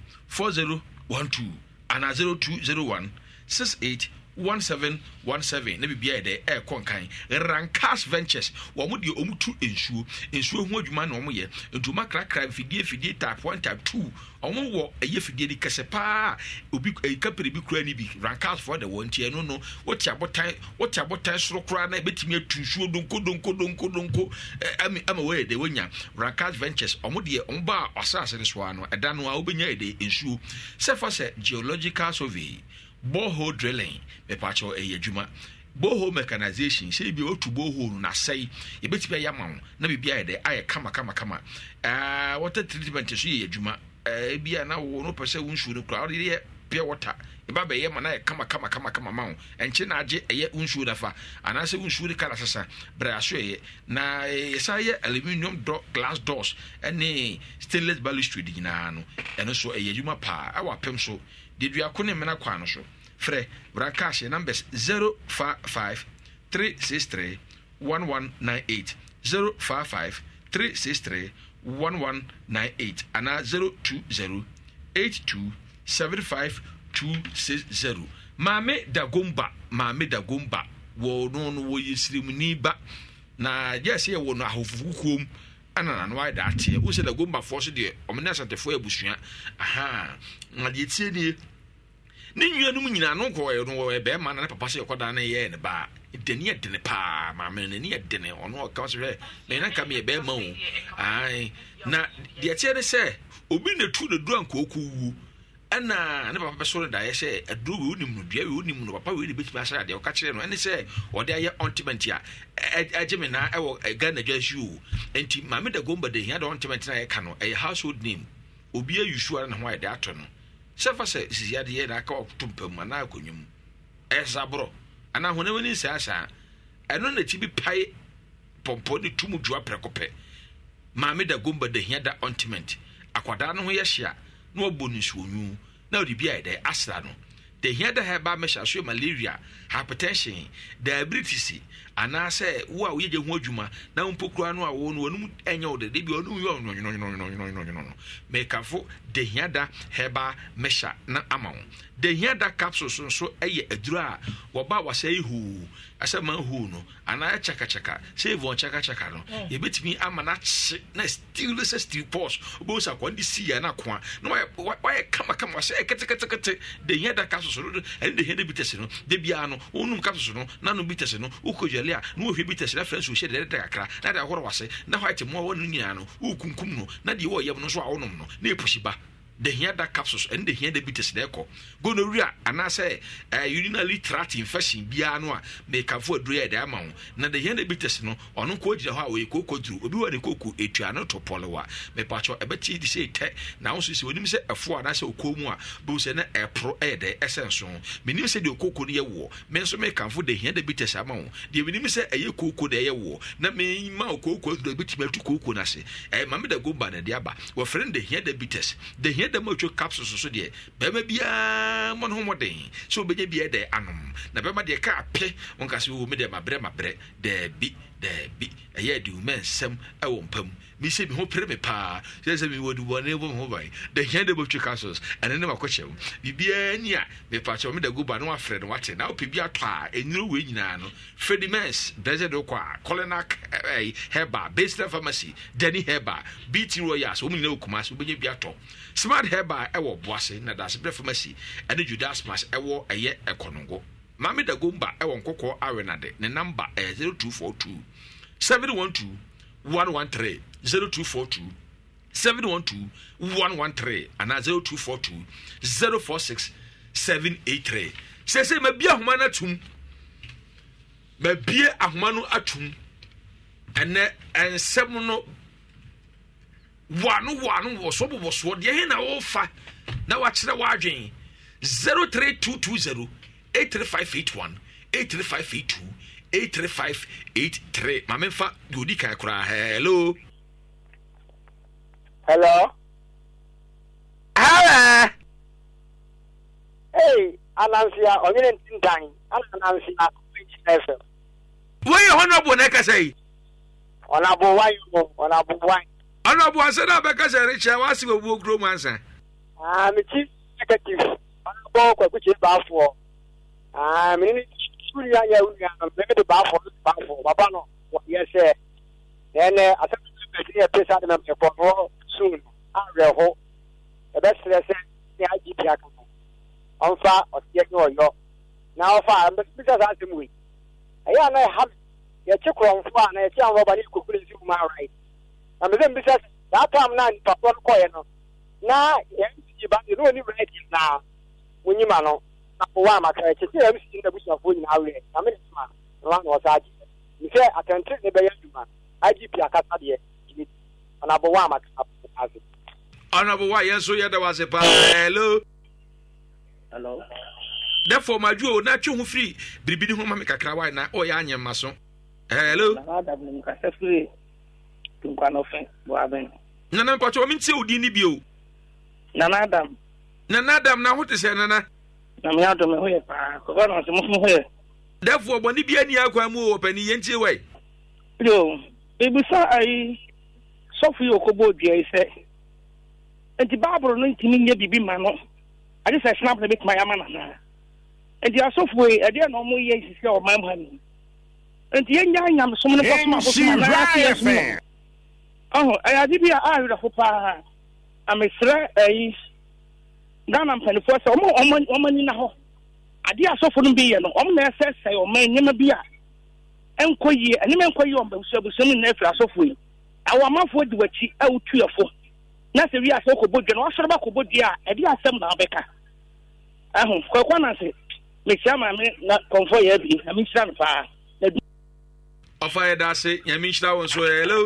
Speaker 1: and 0201 68 1717 na biribia yɛ dɛ ɛrekɔ nkan rankas ventures wɔn mo deɛ wɔn tu nsuo nsuo ho adwuma na wɔn yɛ ntoma krakra mfidie fidie type one type two wɔn wɔ ɛyɛ fidie de kɛse paa obi eh, kapere bi kura ni bi rankas fɔ de one ti ɛno no wɔte abɔtan wɔte abɔtan soro koraa na ebetumi atu nsuo donko donko donko donko ɛmi ama de dɛ wɔnya rankas ventures wɔn deɛ wɔn ba ɔsaase ne soa no ɛda no a wɔbɛnya yɛ dɛ nsuo sɛfa sɛ geological survey borehole drilling mepaakyɛw eh, ɛyɛ adwuma borehole mechanization sɛ bi otu borehole no nasɛe yɛbɛtumi ayɛ ama wo na biribi ayɛ dɛ ayɛ kama kama kama uh, ah, water treatment so yɛ adwuma uh, eh, bia na wo no pɛ sɛ wo nsuo no kora wode yɛ pure water ɛba bɛyɛ ma na yɛ kama kama kama kama ma eh, wo ɛnkyɛ na agye ɛyɛ nsuo no afa anaasɛ nsuo no kala sasa brɛ aso ɛyɛ na yɛsa yɛ aluminium do, glass doors ɛne stainless balustrade nyinaa no ɛno so ɛyɛ adwuma paa ɛwɔ apem so deduako ne mmena kwan no so frɛ brankash numbers 055 363 1198 055 363 1198 anaa 020 82 75 260 maame dagomba maame dagomba wɔ no no wɔyɛ sirimuni ba na yɛ sɛ yɛwɔ no ahofufu kuom ana nano ayɛ daateɛ wo sɛ dagombafoɔ so deɛ ɔmene asantefoɔ abusua aha na deɛ tie nie ne nuanom nyinaa no nkɔ no wɔ bɛrima no ne papa sɛ yɛkɔdaa no yɛɛ ne baa dani yɛ dene paa maame no n'ani yɛ dene ɔno ɔka sɛ hwɛ mɛna nka meyɛ bɛrima o ae na deɛ kyerɛ ne sɛ obi na tu ne duru a wu ɛna ne papa bɛso no daeɛ sɛ aduro wei wonim no dua wei wonim no papa wei ne bɛtumi ahyɛ adeɛ ɔka kyerɛ no ɛne sɛ ɔde ayɛ ointment a agye me naa ɛwɔ ghana dwa si o enti maame da gomba de hia de ointment no a yɛka no ɛyɛ household name obi ayusu ara ne ho a yɛde no sɛ fa sɛ sisi adeɛ na aka ɔto mpa mu anaa akonnwa mu ɛyɛ sa borɔ anaa honam ani nsaa saa ɛno n'akyi bi pae pɔmpɔ ne tum dua prɛkɔpɛ maame da gomba da hia da ointment akwadaa no ho yɛ hyia na ɔbɔ ne nsuonwu na ɔde bi ayɛ dɛ asra no da hia da ha ɛba mɛhyɛ asoɛ malaria hypertension diabetes anaasɛ wo a woyɛ gye ho adwuma na wo mpokura no a wo no wɔnom ɛnyɛ wo dede bi ɔno yɛ ɔnwɔnwɔnwɔnwɔnwɔnwɔnwɔnwɔ mɛkafo dehiada hɛba mɛhyɛ na ama wo dehiada capsules nso ɛyɛ aduro a wɔba a wasɛ yi hoo asɛ ma hoo no anaa kyakakyaka save wɔn kyakakyaka no yɛbɛtumi ama no akye na still sɛ still pause wobɛhu sɛ akwan de si yɛ no akoa na wayɛ kamakama wasɛ ɛketekete dehiada capsules no ɛne no da biara no wonum capsules na no bi no wokɔdwale family a na wɔhwɛ bi tɛsrɛ frɛ nso hyɛ dɛdɛdɛ kakra na de ahoro wase na hɔ ate mmoa wɔ no nyinaa no wokunkum no na deɛ wɔyɛm no nso a wonom no na ɛpusi ba dehia da capsules ɛne dehia da bites na ɛkɔ gonorrhea anaasɛ uh, urinary tract infection biara no a mekafo aduro yɛ de ama ho na dehia da bites no ɔno nkɔ gyina hɔ a ɔyɛ kooko duru obi wɔ ne kooko etua no to pɔlewa mepakyɛ ɛbɛtie de sɛ tɛ na ahosuo sɛ wɔnim sɛ ɛfo anaasɛ ɔkɔɔ mu a bɛhu na ɛporo ɛyɛ dɛ ɛsɛ nso ho menim sɛ deɛ ɔkooko no yɛ woɔ me nso mekamfo dehia da bites ama ho deɛ menim sɛ ɛyɛ kooko na ɛyɛ woɔ na mema ɔkooko aduru a bɛtumi atu kooko no ase ɛyɛ mame da gomba na de aba wɔfrɛ no dehia da bites dehia dɛm atwa capsules so deɛ bɛrima biara mmɔ ne ho mmɔden sɛ wobɛnya biara dɛ anom na bɛrima deɛ ka apɛ wɔnka sɛ wo me deɛ mabrɛ mabrɛ daabi daabi ɛyɛ adiwuma nsɛm ɛwɔ mpa mu mesɛ me ho pere me paa sɛ sɛ mewɔde bɔne bɔ me ho ban da hia da bɛtwe castles ɛne ne makɔkyɛ mu biribiaa ni a mepakyɛ meda go ba ne wafrɛ no wate na wopɛ bi atɔ a ɛnyina wei nyinaa no fredi mens de wokɔ a colinac herba basina pharmacy dani herba bt royals wɔm nyina wɔkuma ase wobɛnya bi atɔ smart herba ɛwɔ boase na dasebrɛ pharmacy ɛne judas mas ɛwɔ ɛyɛ ɛkɔnongo mame da gomba ɛwɔ nkɔkɔɔ arenade ne namba ɛyɛ two seven one two one one three zero two four two seven one two one one three ana zero two four two zero four six seven eight three sese ma bie ahoma no atum ma bie ahoma no atum ɛnɛ nsɛm no wano wano wɔ so bobɔ soɔ deɛ he na wɔrefa na wakyerɛ w'adwen zero three two two zero eight three five eight one eight three five eight two eight three five eight three maame nfa deɛ odi kan koraa hello.
Speaker 5: hello. hello. hey anansia ɔnyere ntintan anansia ɛfɛ. wọ́n yẹ honourable náà kẹsẹ̀ yìí. ọ̀nàbọ̀ wáyé o ọ̀nàbọ̀
Speaker 1: wáyé. ọ̀nàbọ̀ àṣẹ náà bẹ kẹsẹ̀ rẹ̀ kyẹ́ wá sí owó kúrò mu ansa.
Speaker 5: àmì chief executive ọ̀nàbọ̀ kwakùkye bá fọ àmì nínú sukuu yi ayɛ wuli nɔ mɛmi de b'a fɔ mɛmi de b'a fɔ baba nɔ yɛ sɛ ɛnɛ asɛm ti bɛ ti yɛ pesa de mɛmi ɛkɔ nɔ sun awɛ hɔ ɛbɛ srɛ sɛ ne a ji pia kan ɔnfa ɔtiɛ ne ɔyɔ na ɔfa mɛ bisa saa asɛm wei ɛyɛ anɛ ha yɛkye kurɔnfo a na yɛkye anwɔba ne kokoro nsi kuma awɔ yi na mɛ sɛ mbisa saa tam na nipa kɔn kɔɛ no na yɛn ti yi ba ne ne ni wura yi ti na wɔnyima no afọ wa amaka ẹkyẹ sẹ ẹbi sisi na busuafo nyinaa awẹ na mi nisima na wa na ọsọ agye nfẹ atẹntẹ ne bẹyẹ dwuma igp akasa deɛ jimmy ɔnabɔ wa amaka afọ ase.
Speaker 1: ɔnabɔ wa yɛn nso yɛ dɛ wa se paa hello. hello. dɛfɔ ma ju o na twe ho firi biribi ni ho ma mi kakra wa na ɔyɛ anyɛ ma so
Speaker 5: hello. nana adamu mu kasa firi tunkwanofɛn buwabɛn. nana mpɔtɔ omi n ti se o di ni bi o. nana adamu. nana
Speaker 1: adamu na ho ti sɛ nana na me adɔ me ho yɛ paa kɔkɔ na ɔsɛ mofom ho yɛ dɛfoɔ bɔne bia ni akwan mu wɔ pani yɛntie wai
Speaker 5: yo ebisa ayi sɔfo yi ɔkɔbɔ odua yi sɛ nti baabolo no ntumi nyɛ biribi ma no agye sɛ snap na bɛtumi ayɛ ama nanaa nti asɔfo yi ɛdeɛ na ɔmo yɛ sisi a ɔman mu ha ni nti yɛnya nyamesom
Speaker 2: no kɔsom abosom anaase yɛ
Speaker 5: som
Speaker 2: ɔho ɛyɛ ade bi a ahwerɛfo paa na mesrɛ ghana
Speaker 5: mpanimfoɔ sɛ ɔmo ɔmo ɔmo anyina hɔ adeɛ asɔfo no no ɔmo na ɛsɛsɛ ɔmo nneɛma bi a ɛnkɔ yie nneɛma nkɔ yie ɔmo abusuabusua mu nyinaa firi asɔfo yi awɔ amanfoɔ di na sɛ wia sɛ ɔkɔbɔ dua na wasɔrɔ ba kɔbɔ dua a ɛde asɛm na ɔbɛka ɛho kɔkɔ na maame na kɔnfɔ yɛ bi na paa na
Speaker 1: ɔfa yɛ daase nyame nhyira wɔn so hello.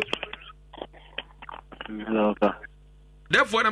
Speaker 1: hello dɛfoɔ na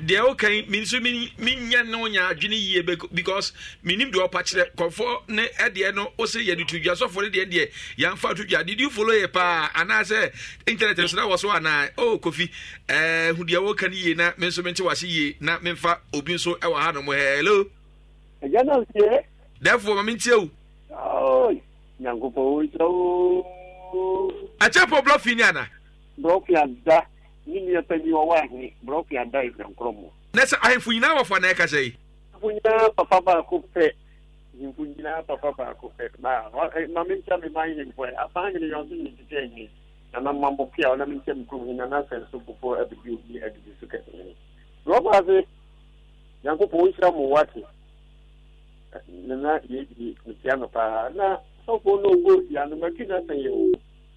Speaker 1: deɛ wokan me nso menyɛ ne wonya adwene yie because menim deɛ ɔpakyerɛ kɔfoɔ ne ɛdeɛ no wo se yɛde to dwa sɔfoɔ ne deɛ deɛ yɛmfa to dwa did you follow yɛ paa anaasɛ internet no so na wɔ so anaa o oh, kofi hu deɛ woka yie na me nso mente wase yie na memfa obi nso ɛwɔ ha no hello ɛgya na ntie
Speaker 5: dɛfoɔ ma mentie wo nyankopɔn wo nkyɛ wo akyɛ pɔ blɔfi ni ana blɔfi ada ne nua panyin ɔwɔ ahene brɔko yɛada ɛfira nkorɔmmɔ
Speaker 1: na sɛ ahemfo nyinaa wɔfoɔ na ɛka sɛ yi
Speaker 5: ahemfo papa baako pɛ ahemfo nyinaa papa baako pɛ ma menkyɛ me ma ahemfo ɛ afa hene yɛ so mambo pia ɔna menkyɛ me kurom hene nana sɛ so abidi obi adidi so kɛsɛhene brɔko ase nyankopɔn wɔnhyira mo nana yɛdi metia no na sɔfoɔ no ɔgɔ fia no maki na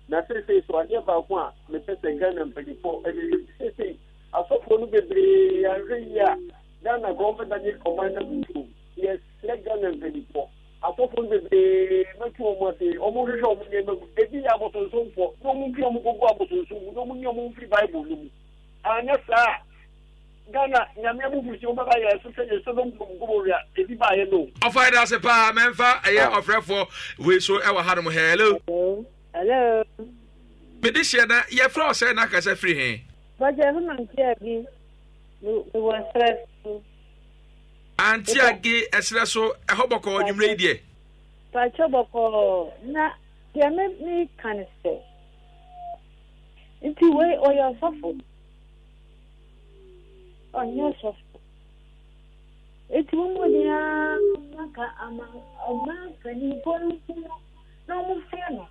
Speaker 5: na seesei so adeɛ baako a mepɛ sɛ ghana mpanimfoɔ ɛde yɛ bi seesei asɔfoɔ no bebree ahwɛ yi a ghana gɔɔmɛnta nye kɔman na kutu yɛsrɛ ghana mpanimfoɔ asɔfoɔ no bebree mɛtu wɔn ase wɔn hwehwɛ wɔn nneɛma mu ebi yɛ abosonsomfoɔ na wɔn mfi wɔn gogo abosonsom mu na wɔn nyɛ wɔn mfiri baibul no mu anyɛ saa ghana nyame abuburusi wɔn bɛba yɛ sɛ yɛ sɛ nkɔmkɔmɔ wia ebi ba yɛ no.
Speaker 1: ɔfɔ yɛ dɛ ase paa mɛmfa ɛyɛ ah. ɔfrɛfoɔ wei so ɛwɔ hanom hello. Okay. Hello. Mede hyɛ na yɛfrɛ wo na akasa firi
Speaker 6: ntia bi. Mewɔ serɛ so.
Speaker 1: Antia ge ɛserɛ so ɛhɔ bɔkɔɔ nwummerɛ yi deɛ?
Speaker 6: na deɛ ka ne sɛ nti wei ɔyɛ ɔsɔfo. Ɔnyɛ ɔsɔfo. Eti mu nyinaa ama ɔmo aka nipa na ɔmo no.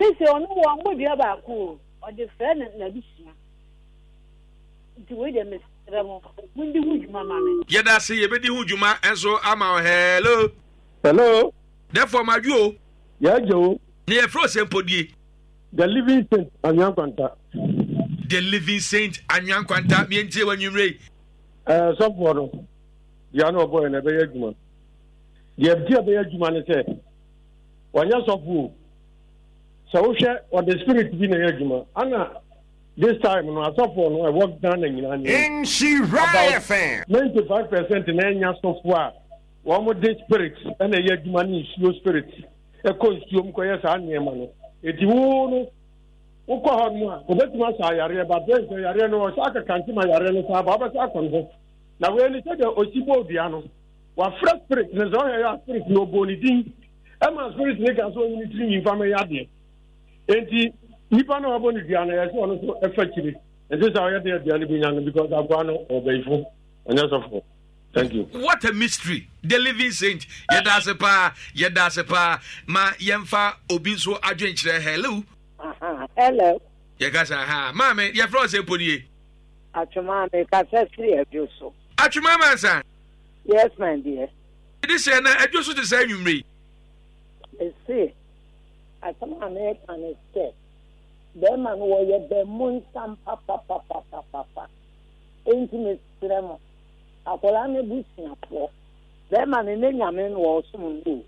Speaker 6: sisi ɔno wɔ mbɔdua baako o ɔde fɛ na n'abusua nti wei de mesrɛ mo mundi ho dwuma ma me
Speaker 1: yɛda ase yɛbɛdi ho dwuma ɛnso ama wo hello hello dɛfo madwo o yɛagye o ne yɛfrɛ osɛmpodie
Speaker 5: the living saint anwankwanta
Speaker 1: the living saint anwankwanta
Speaker 5: mientie w'anwummerɛ yi uh, eh, sɔfoɔ no deɛ na ɔbɔɛ no ɛbɛyɛ adwuma deɛ ɛbɛyɛ adwuma ne sɛ ɔnyɛ sɔfoɔ o sɛ wohwɛ ɔde spirit bi na ɛyɛ adwuma ana this time no asɔfoɔ no ɛwɔ ghana nyinaa nyɛ ninety five percent na ɛnya asɔfoɔ a wɔn de spirit ɛna ɛyɛ adwuma ne nsuo spirit ɛkɔ nsuo mu kɔyɛ saa nneɛma no eti wo no wokɔ hɔ no a obɛtumi asa ayareɛ ba bɛn sɛ yareɛ no ɔhyɛ akeka ntim ayareɛ no saa ba wobɛsɛ akɔ ne ho na wei ni sɛdeɛ ɔsi bɔ odua no wafrɛ spirit ne sɛ ɔyɛ yɛ a spirit na ɔbɔ ne din ɛma spirit ne ka so ɔnyini tiri nyimfa mɛyɛ adeɛ nti nipa na wabɔ ne dua no yɛsɛ ɔno so ɛfa kyiri ɛsɛ sɛ ɔyɛ de aduane bi nya because akoa no ɔbɛyifo ɔnyɛ sɔfo thank you
Speaker 11: what a mystery the living
Speaker 1: saint yɛda ase paa yɛda ase paa ma yɛmfa obi nso adwenkyerɛ
Speaker 6: hello hello
Speaker 1: yɛkasa ha maame yɛfrɛ ɔsɛ mpo nie
Speaker 6: atwoma me kasa siri adwo so atwoma ma yes my dear
Speaker 1: ɛde sɛ na adwo so te sɛ anwummere
Speaker 6: see asɛm a mɛka ne sɛ bɛrima no wɔyɛ bɛmmo nsam papapapapapa enti mesrɛ mo akwadaa no busuafoɔ bɛrima no ne nyame no wɔsom no o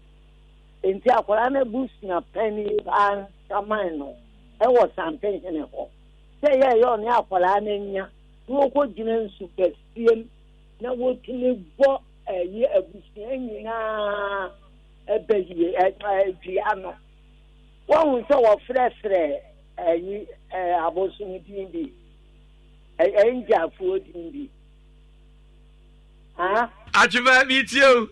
Speaker 6: enti akwadaa no busua pani paa nsaman no ɛwɔ sampehene hɔ sɛ yɛyɛ ɔne akwadaa no nya na wɔkɔgyina nsu kɛseɛ mu na wɔtumi bɔ ɛyɛ abusua nyinaa ɛbɛyie ɛdua no wɔn sɛ wɔfrɛfrɛ ɛyi ɛɛ abosom din bi ɛyɛ ngyafoɔ din bi ha. atwuma mi tie o.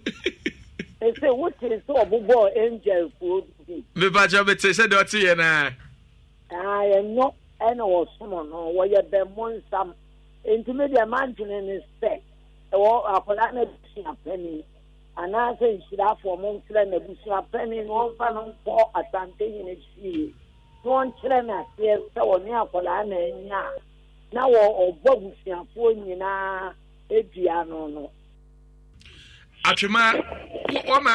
Speaker 6: ese wote sɛ ɔbobɔ ngyafoɔ
Speaker 1: din. mipakyɛ mi te sɛ deɛ ɔte yɛ
Speaker 8: naa.
Speaker 6: aa ɛnyɔ ɛna wɔsom no wɔyɛ bɛmmɔ nsam ntumi deɛ mantwene ne sɛ ɛwɔ akwadaa na bi sua panyin anaasɛ nhyirafoɔ mo nkyerɛ no abusuapɛne na ɔmfa no nkɔ asante nyina fie na ɔnkyerɛ no aseɛ sɛ ɔne akwadaa na anya a na wɔ ɔbɔ abusuafoɔ nyinaa adua no no
Speaker 1: atwema wɔma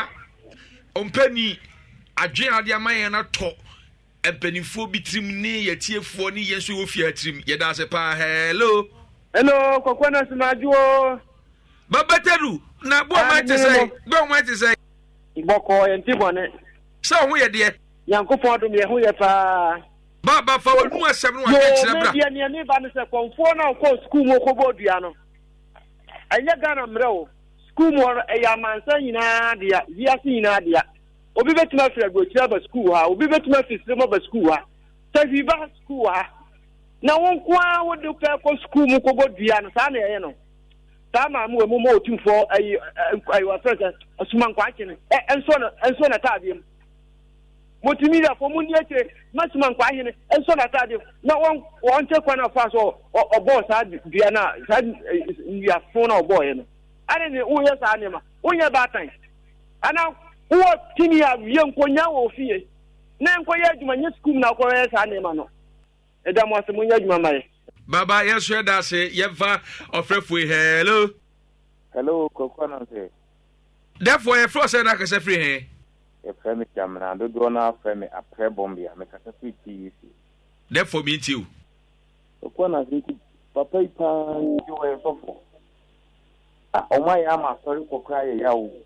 Speaker 1: ɔmpani adwene ade ama yɛn no atɔ mpanimfoɔ bi tirim ne yɛtiefoɔ ne yɛn nso wɔ fie tirim yɛda ase paa hello
Speaker 5: hello kɔkɔ no somadwoo babataru na bó ọmọ ah, ti sẹ bó ọmọ ti sẹ. ìgbọkọ yẹn ti bọ ni. sẹ òun yẹ diẹ. yankunpọ dum yẹ hu yẹ paa. bàbá fa olú ẹsẹm ni wọn kẹ kyerẹ bra. yóò mẹbi ẹni ẹni bá mi sẹ kọnfọ náà kọ sukuu mu kó bó dua no ẹnyẹ ghana mìíràn o sukuu mu ẹyẹ amansa nyinaa dea wiase nyinaa dea obi bẹtuma firi agbọ̀tí aba sukuu ha obi bẹtuma firi sinimu aba sukuu ha sẹfì bá sukuu ha na wọn kó a wọn de kọ sukuu mu kó bó dua no saa na ẹyẹ no. saa maame wɔ mu ma otumfoɔ ayi eh, ayi wɔfrɛ sɛ asumankwaakye no eh, ɛnso na ɛnso na taadeɛ mu motumi yɛ mu ni ekyire ma sumankwaakye na taadeɛ mu na wɔn wɔn kwan na so ɔbɔɔ saa dua eh, na saa dua fon na ɔbɔɔyɛ no ɛne ne saa nneɛma baatan tini a nkonya wɔ ofie na nkɔyɛ adwuma nye sukuu mu na akɔyɛ saa nneɛma no mu ase mo adwuma ma yɛ.
Speaker 1: baba yɛsrɛ da ase yɛmfa ɔfrɛfoe hello hello koko no sɛ
Speaker 5: dɛfoɔ yɛfrɛ ɔ sɛ no akasɛ firi he yɛfrɛ me gyamena dodoɔ no afrɛ me aprɛ bɔmbea mekasa firi tvc
Speaker 1: dɛfoɔ mentiw
Speaker 5: kɔkɔ no sɛ nti papa yi paa nti wɔyɛ a ɔmo ayɛ ama asɔre kɔkora yɛyɛ wo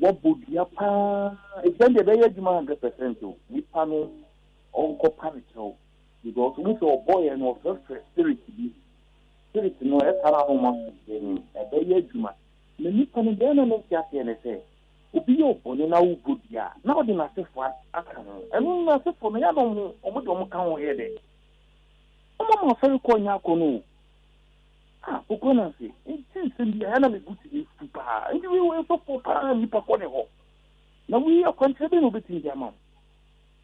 Speaker 5: wɔbɔ dua paa ɛgyɛn deɛ ɛbɛyɛ adwuma hundred percent o nipa no ɔnkɔpa ne kyerɛw because wosɛ ɔbɔ yɛ no ɔfɛfɛ spirit bi spirit no ɛtara ahoma so yɛni ɛbɛyɛ adwuma na nipa no bɛɛ na ne nti aseɛ ne sɛ obi yɛ ɔbɔne na wobɔ bi a na ɔde n'asefo aka ho ɛno n'asefo no yɛda ɔmo ɔmo de ɔmo ka ho yɛ dɛ ɔmo ama afɛre kɔ nyɛ akɔ no a okoro na se nti nsɛm bi a yɛna mebu ti ne fu paa nti wei wei sɔfo paa nipa kɔ ne hɔ na wei akwankyerɛ bɛn na obɛtumi de ama mo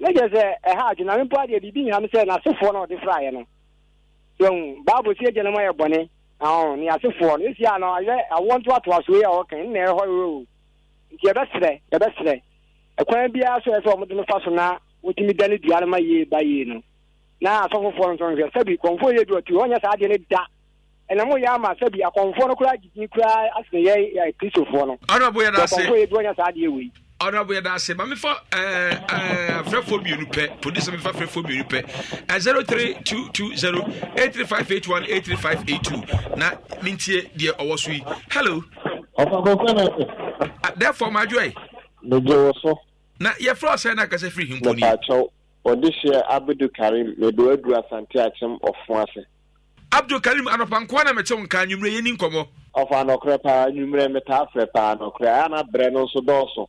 Speaker 5: megye sɛ ɛha eh, adwena adeɛ biribi nyinam sɛ n'asefoɔ na ɔde fraeɛ no sɛhu bible sɛ agya no bɔne ne asefoɔ no ɛsi a no ayɛ awoɔ ntoatoasoɔ yi a ɔkan nna ɛhɔ o nti yɛbɛserɛ yɛbɛserɛ ɛkwan biara so ɛ sɛ ɔmode no fa na wotumi da no dua no ma yie ba yie no na asɔfofoɔ no nsɔnhwɛ sɛbi kɔmfoɔ yɛ duɔti ɔnyɛ saa adeɛ no da yɛ ama sɛbi akɔmfoɔ yɛ kristofoɔ no
Speaker 1: honorable yɛda ase ma eh, eh, mefa frɛfoɔ mmienu pɛ podi sɛ mefa frɛfoɔ mmienu pɛ 0322083581 na mentie deɛ ɔwɔ so yi hello ah,
Speaker 5: therefore madwoe megye wo so na yɛfrɛ ɔsɛ no akasɛ firi himponi ɔde hyɛ abdu karim mede wadu asante akyem ɔfo ase
Speaker 1: abdu karim anɔpankoa na mete wo nka anwummerɛ yɛni nkɔmmɔ
Speaker 5: ɔfa anɔkorɛ paa anwummerɛ metaa frɛ paa anɔkorɛ ana brɛ no nso dɔɔso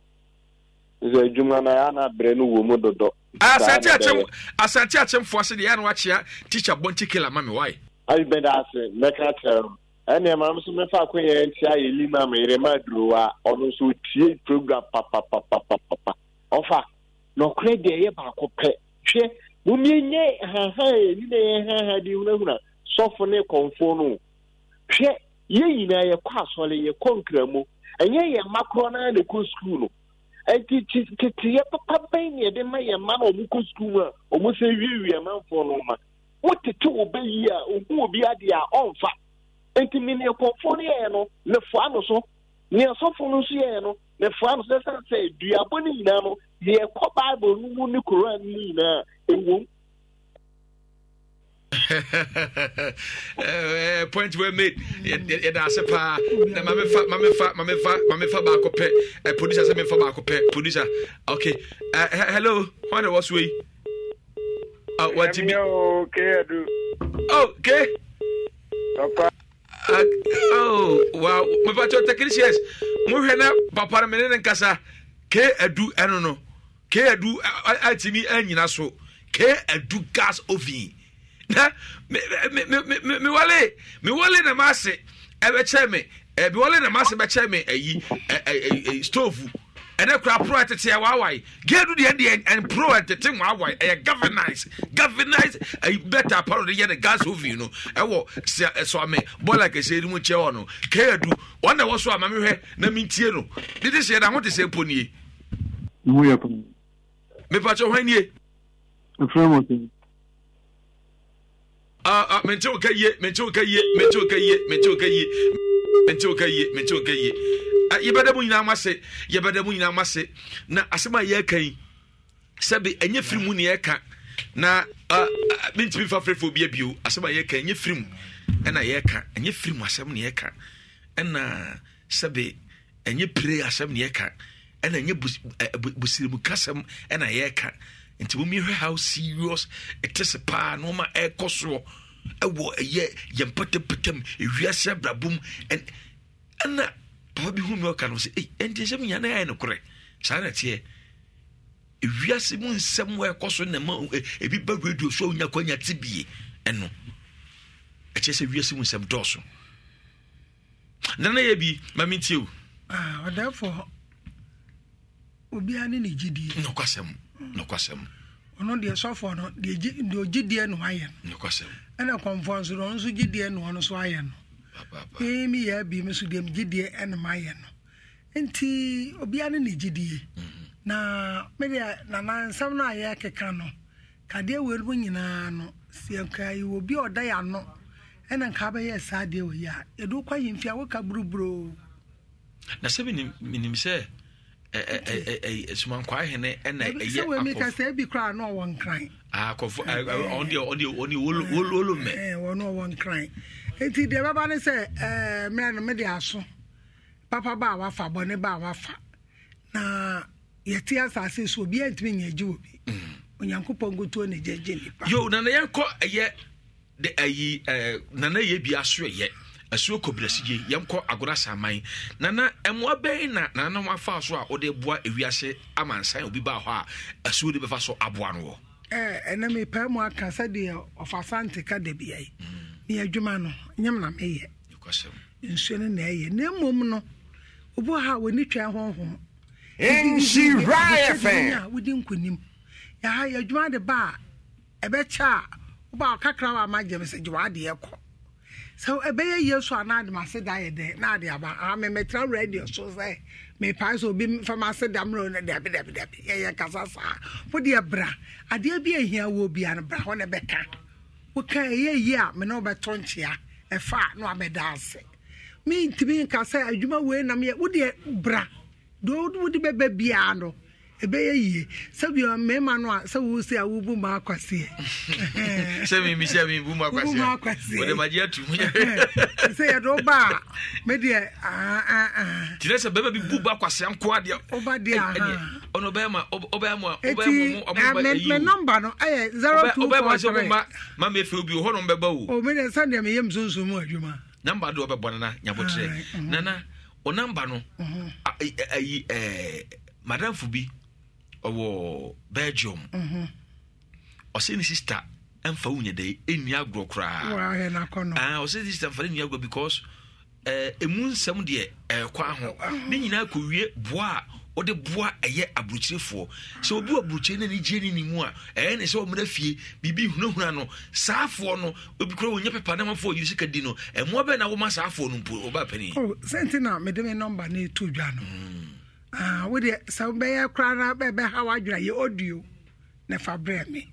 Speaker 5: sɛ adwuma na yɛ na berɛ no wɔ mu dodɔ asante
Speaker 1: akyemfoɔ ase deɛ na wakyea teacher bɔnti kela ma me wae
Speaker 5: ayi ase mɛka kyerɛ no ɛne m so mɛfa akoyɛ nti a yɛli ma me ma aduro ɔno nso ɔtie program papapapapapa ɔfa na ɔkorɛ deɛ ɛyɛ baako pɛ hwɛ mommie haha ɛni na ɛyɛ haha de hunahuna sɔfo ne kɔmfoɔ no hwɛ nyinaa yɛkɔ asɔre yɛkɔ nkramu ɛnyɛ yɛ no a na ɛkɔ sukuu no nti teteyɛ papa bɛn ne yɛde ma yɛ mma na ɔmo kɔ sukuu a ɔmo sɛ wiewie amanfoɔ no ma wotete wo ba yi a ohu obi adeɛ a ɔmfa nti mene ɛkɔmfoɔ no yɛɛ no ne foa no so ne ɛsɔfo no nso yɛɛ no ne foa no so ɛsiane sɛ duabɔ no nyinaa no deɛ ɛkɔ bible no mu ne koran no nyinaa ɛwom
Speaker 1: uh, point well made yɛda ase paa na mamefa mamefa mamefa mamefa baako pɛ uh, producer sɛ memfa baako pɛ producer okay uh, hello hwane wɔ so yi uh, watimi oh ke okay. uh, oh wow mepakyɛ technicians mohwɛ na papa no mene ne nkasa ke adu ɛno no ke adu atimi anyina so ke adu gas oven na me me me me me wale me wale na maase ɛbɛkyɛ e me ɛbi e wale na maase bɛkyɛ me ɛyi e ɛɛ ɛɛ stove ɛnɛ kura pro ɛtete ɛwɔ awae geedu deɛ deɛ ɛn pro ɛtete mu awae ɛyɛ galvanize galvanize ɛyi bɛta aparo de yɛ ne gas oven no ɛwɔ sɛ ɛsɔame bɔla kɛse ɛnimu kyɛ wɔ no keedu wɔn na ɛwɔ so ama mi hwɛ na mi tie no didi sɛ ɛda ho te sɛ mponie. mo yɛ pɔn. mipatsɛ hwɛn nie.
Speaker 5: efirɛ mo sɛ.
Speaker 1: Ah, ah, mɛnti ah, o ka yie mɛnti o ka yie mɛnti o ka yie mɛnti o ka yie mɛnti o ka yie mɛnti o ka yie yɛbɛda mu nyinaa ma se yɛbɛda mu nyinaa ma se na asɛm a yɛreka yi sɛbi ɛnyɛ firi mu eh, na yɛreka na mentumi fa fɛfɛ obi abio asɛm a yɛreka ɛnyɛ firi mu ɛna yɛreka ɛnyɛ firi mu asɛm na yɛreka ɛna sɛbi ɛnyɛ pire asɛm na yɛreka ɛna ɛnyɛ busirimu kasɛm ɛna yɛreka nti womihwɛ how serious ɛte se paa na ɔma ɛrekɔ soɔ ɛwɔ ɛyɛ yɛn pɛtɛpɛtɛm ewiase abrabom ɛn ɛna papa bi hu mi ɔka no sɛ ɛy ɛnti nsɛm nyane ayɛ no korɛ saa na teɛ ewiase mu nsɛm wɔ ɛkɔ so na ma ebi ba radio so a onya kɔnya ti bie ɛno ɛkyɛ sɛ ewiase mu nsɛm dɔɔso nana yɛ bi maame tie o.
Speaker 4: Ah, ɔdafo obiara ne ne gyidie.
Speaker 1: nokwasɛm. nokwasɛm
Speaker 4: ɔno deɛ sɔfoɔ no deɛ ogyideɛ na wayɛ no ɛna kɔmfoɔ nso no ɔno nso gyideɛ na ɔno so ayɛ no ee mi yɛ abi mi so deɛ mi gyideɛ ɛna ayɛ no nti obiara ne ne mhm. na no keka no kadeɛ wɔ nyinaa no bi ɔda ɛna nka bɛyɛ saa deɛ wɔ yi a yɛde
Speaker 1: na sɛ minim sɛ. Eh, eh, eh, sumankwaahene ɛna ɛyɛ akɔfo sɛ
Speaker 4: ebi kora na ɔwɔ nkran
Speaker 1: akɔfo ɔne ɔne ɔne wolo mɛ
Speaker 4: ɔne ɔwɔ nkran nti deɛ bɛba ne sɛ ɛɛ mmerɛ no me papa ba wafa bɔ ba wafa na yɛte asase so obi antumi nya agyi wɔ bi mm. onyankopɔn
Speaker 1: yo nana yɛnkɔ ɛyɛ nana yɛ bi aso ɛyɛ asuo kɔbrɛsi yie yɛnkɔ agorɔ asaman nana ɛmoa bɛn na nana wafa so a wɔde boa ewiase amansan obi baa hɔ a asuo de bɛfa so aboa no wɔ.
Speaker 8: ɛɛ
Speaker 4: ɛnna mi pɛɛ mu aka sɛdeɛ ɔfasa nteka dabi yɛ mm. ne yɛ adwuma no nyɛm na mi yɛ nsuo no na ɛyɛ na mmom no obi ha wɔni twɛn honhom.
Speaker 10: nhyiraa fɛn.
Speaker 4: wodi nkonim yɛha yɛ adwuma de ba a ɛbɛkyɛ a wobaa kakra wa ama gyɛm sɛ gye w'adeɛ kɔ so ɛbɛyɛ yie so anaa de ma se da yɛ dɛ naa de aba aha mɛ mɛtena radio so sɛ mɛpae sɛ obi fama ase da mmerɛ no dabi dabi dabi yɛyɛ kasa saa wo deɛ bra adeɛ bi ehia wo bi ano bra hɔ na bɛka woka ɛyɛ yie a mɛ na ɔbɛtɔ nkyea ɛfa na wabɛda ase mi ntumi nka sɛ adwuma wei nam yɛ wo deɛ bra do wo de bɛbɛ biara no ɛbɛyɛ yie sɛbia mmarima no a sɛ wo se a wobu ma akwaseɛ
Speaker 1: sɛ mimi sɛ mebu ma akwaseɛwode magye atum
Speaker 4: sɛ yɛde woba a medeɛ
Speaker 1: ntirɛ sɛ bɛma bi bu ba akwaseɛ nkoa deɛ woba deɛ ɔno ɔbɛma ɔbɛmame
Speaker 4: nɔmba no ɛyɛ 0243
Speaker 1: ma mefɛ obi hɔ nom bɛba o
Speaker 4: medeɛ sɛdeɛ meyɛ msonsom mu adwuma
Speaker 1: namba de wɔbɛbɔ nana nyabotrɛ nana ɔnamba no mhm. ayi madamfo ɔwɔ belgium mhm. ɔsɛ ne sister ɛmfa wo nyɛ dɛ ɛnni agorɔ
Speaker 4: koraa
Speaker 1: ne sister mfa ne nni agorɔ because ɛmu nsɛm deɛ ɛkɔ aho mhm. ne nyinaa kɔwie boa a wɔde boa ɛyɛ aburokyerefoɔ sɛ obi wɔ aburokyere no anigye no ne mu a ɛyɛ ne sɛ wɔmmra fie biribi hunahuna no saafoɔ no obi kora wɔnya pepa na mafoɔ yi sika di no ɛmmoa bɛɛ na woma saafoɔ no mpo ɔba panin oh,
Speaker 4: sɛnti na mede me nɔmba no ɛto dwa no mm ah wo deɛ sɛ bɛyɛ koraa na bɛbɛha w'adwena yɛ audio na fa brɛ me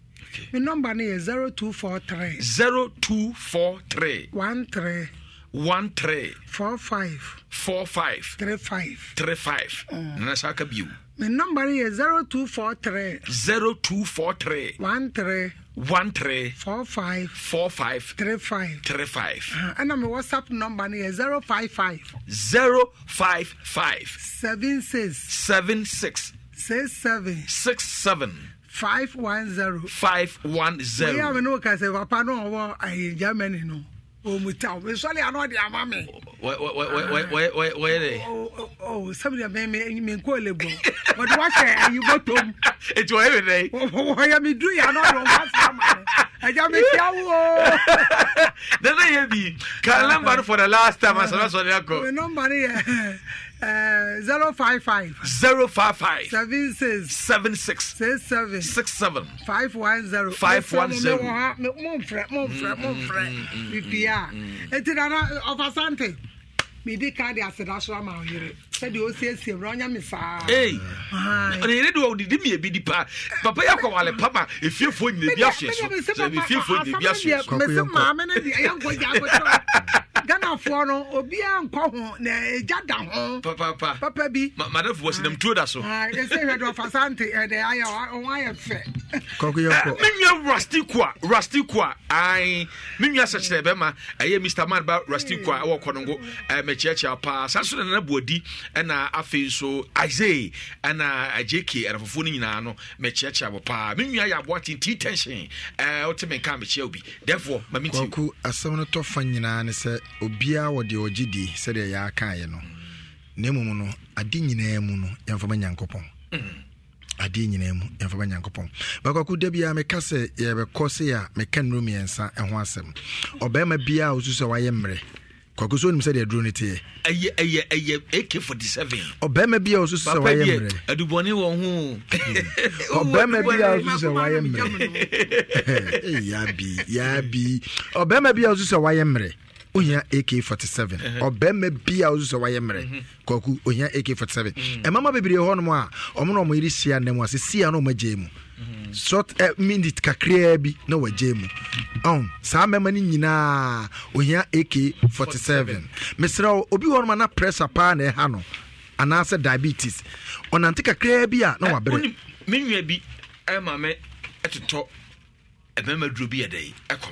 Speaker 4: me nɔmba no yɛ 0243
Speaker 1: 0243
Speaker 4: 13
Speaker 1: one three
Speaker 4: four five four five three five
Speaker 1: three five. Mm. Nana saka biu.
Speaker 4: My number yɛ 0243
Speaker 1: 0243
Speaker 4: 13 one three four five four five three five three five. Uh-huh. And my whatsapp number is zero five five. zero five five. seven six. seven six. six seven. six seven. five one zero. five one zero. wíyá mi ní o kà sẹ́ papa náà germany No omutaw nsɔle anɔ de ama
Speaker 8: mi.
Speaker 13: wɔyɛ de.
Speaker 4: sɛbili mɛ mɛ nko le bɔ wɔde wɔhyɛ ayibo tom. etu wɔyɛ mi dɛ. wɔyɛ mi du yan nɔ de wɔn fa ma ɛjá mi kí awo.
Speaker 2: nana yɛ bi ka
Speaker 1: namba for
Speaker 4: the last time a sɔrɔ sɔrɔ yɛ kɔ. namba yɛ zero five five. zero five five. seven six. seven six. six seven. five one zero. five one zero. mede ka de aseda yere sɛdeɛ ɔsiesie mmara ɔnya me saa
Speaker 1: de ɔdidi miɛ bi di papa yɛ akɔwale pam a efiefoɔ nyina bi ahyɛ so
Speaker 4: so ghanafoɔ no obiara nkɔ ho na ɛgya da ho
Speaker 1: papa bi madafo wɔ sinam tuo da so ɛsɛ
Speaker 4: ah, hwɛ de ɔfa sante ɛdɛ eh, ayɛ ɔwɔ oh, ayɛ fɛ
Speaker 1: eh, menua rastikoa rastikoa ae menua sɛkyerɛ bɛma ɛyɛ mr man ba rastikoa ɛwɔ hmm. kɔnongo eh, mɛkyiakyia paa saa so nana boadi ɛna afei nso isai ɛna jk ɛnafofoɔ no nyinaa no mɛkyiakyia wɔ paa menua yɛ aboa tenti tension wote menka mekyia wo bi therefore ma mentiku
Speaker 3: asɛm no tɔfa nyinaa ne sɛ obiara wɔ deɛ ɔgye die sɛdeɛ yɛakaeɛ no na mmom no ade nyinaa mu no yɛmfama nyankopɔn adeɛ nyinaa mu yɛmfama nyankopɔn bakwako da biara meka sɛ yɛbɛkɔ se a meka nnuro mmiɛnsa ho asɛm ɔbarima biara wosu sɛ wayɛ mmerɛ kwako so onim sɛdeɛ aduro no teɛ
Speaker 1: ɛyɛ ɛyɛ ɛyɛ ak47
Speaker 3: ɔbarima bi a ɔso sɛ wayɛ mmerɛ
Speaker 1: adubɔne wɔ ho ɔbarima bi a ɔso sɛ wayɛ mmerɛ yabi
Speaker 3: yabi ɔbarima bi a ɔso sɛ wayɛ mmerɛ ohia ak47 ɔbɛrima bia wosu sɛ wayɛ mmerɛ kwaku ohia ak47 ɛmama bebree hɔ nom a ɔmo na ɔmoyere hyia nnɛ mu ase sia na ɔmagyae mu short mm-hmm. eh, minute kakraa bi na wagyae mu um, saa mmɛma no nyinaa ohia ak47 mesrɛ wo obi hɔ nom a na pressure paa na ɛha no anaasɛ diabetes ɔnante kakraa bi a na eh, wabrɛ
Speaker 1: menwia bi ɛma me ɛtotɔ ɛbɛrima duro bi yɛ dɛ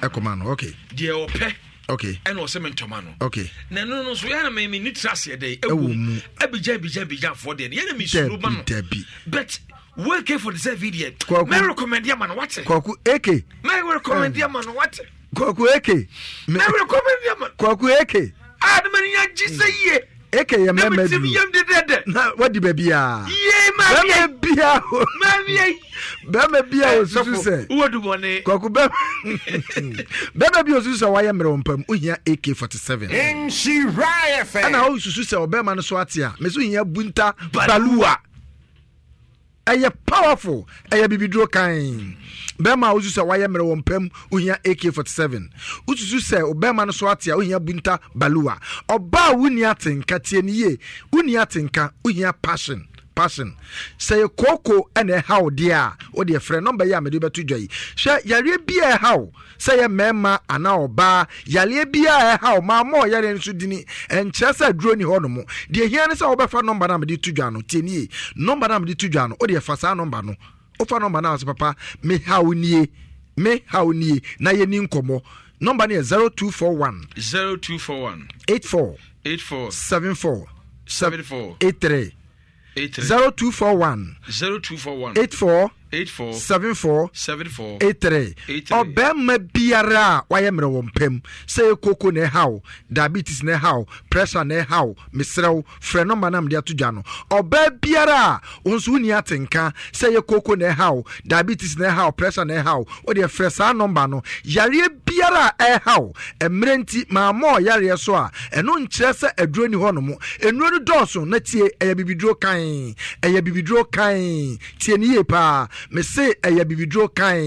Speaker 3: ɛkɔma no okay deɛ ɔpɛ okay
Speaker 1: ɛna ɔsɛ mi ntoma no okay na ɛno no so yɛrɛ mi ni tira seɛ dɛ ɛwɔ mu abigya abigya abigya afɔ deɛ yɛrɛ mi suro ma no dabi but wo ak forty seven deɛ mɛ rekɔmɛndi ama no wate kɔku ak mɛ rekɔmɛndi eh. ama no wate
Speaker 3: kɔku ak mɛ
Speaker 1: rekɔmɛndi ama
Speaker 3: kɔku ak a ne ma ni yɛ gyi sɛ yie ak yɛ mɛmɛ duro na wadi bɛ bi aa bɛɛma bia o bɛɛma bia o susu sɛ kɔkɔ bɛɛma bɛɛma bia o susu sɛ wayɛ mmerɛ wɔn pam o hiya ak forty seven ɛna o susu sɛ ɔbɛɛma no so ate a mɛ hiya bunta baluwa ɛyɛ powerful ɛyɛ bibiduro kan bɛrima a wosu sɛ wayɛ mmerɛ wɔ mpam wohia ak47 wosusu sɛ bɛrima no so ate a wohia bunta balua ɔbaa wonni atenka tie no yie wonni atenka wohia passion passion sɛ yɛ kooko ɛna ɛha wo deɛ a wode frɛ nɔmba yi a mede wobɛto dwa yi hwɛ yareɛ bi a ɛha wo sɛ yɛ mmarima anaa ɔbaa yareɛ bi a ɛha wo maa ma ɔyɛre nso dini ɛnkyerɛ sɛ aduro ni hɔ no mu deɛ hia ne sɛ wobɛfa nɔmba no a mede to dwa no tie nie nɔmba no a mede to dwa no wode fa saa nɔmba no wofa nɔmba no a sɛ papa meha wo nie meha wo nie na yɛni nkɔmmɔ nɔmba no yɛ 0241
Speaker 1: 0241 84 84
Speaker 3: 74
Speaker 1: 74 83 zero
Speaker 3: two four one
Speaker 1: zero two four one eight four. 7473
Speaker 3: ɔbɛrima biara a wayɛ mmerɛ wɔ mpam sɛ yɛ koko na ɛhaw diabetes na ɛhaw pressure na ɛhaw meserɛw frɛ nɔma no mde ato dwa no ɔbaa biara a wo nso woni atenka sɛ yɛ koko na ɛhaw diabetes na ɛhaw pressure na ɛhaw wode frɛ saa nɔmba no yareɛ biara a ɛhaw mmerɛ nti maama ɔyareɛ so a ɛno nkyerɛ sɛ aduro ni hɔ no mo nnuro no dɔɔso na tie ɛyɛ bibiduro kan ɛyɛ bibiduro kan tie ne yie paa mese ɛyɛ bibiduro kan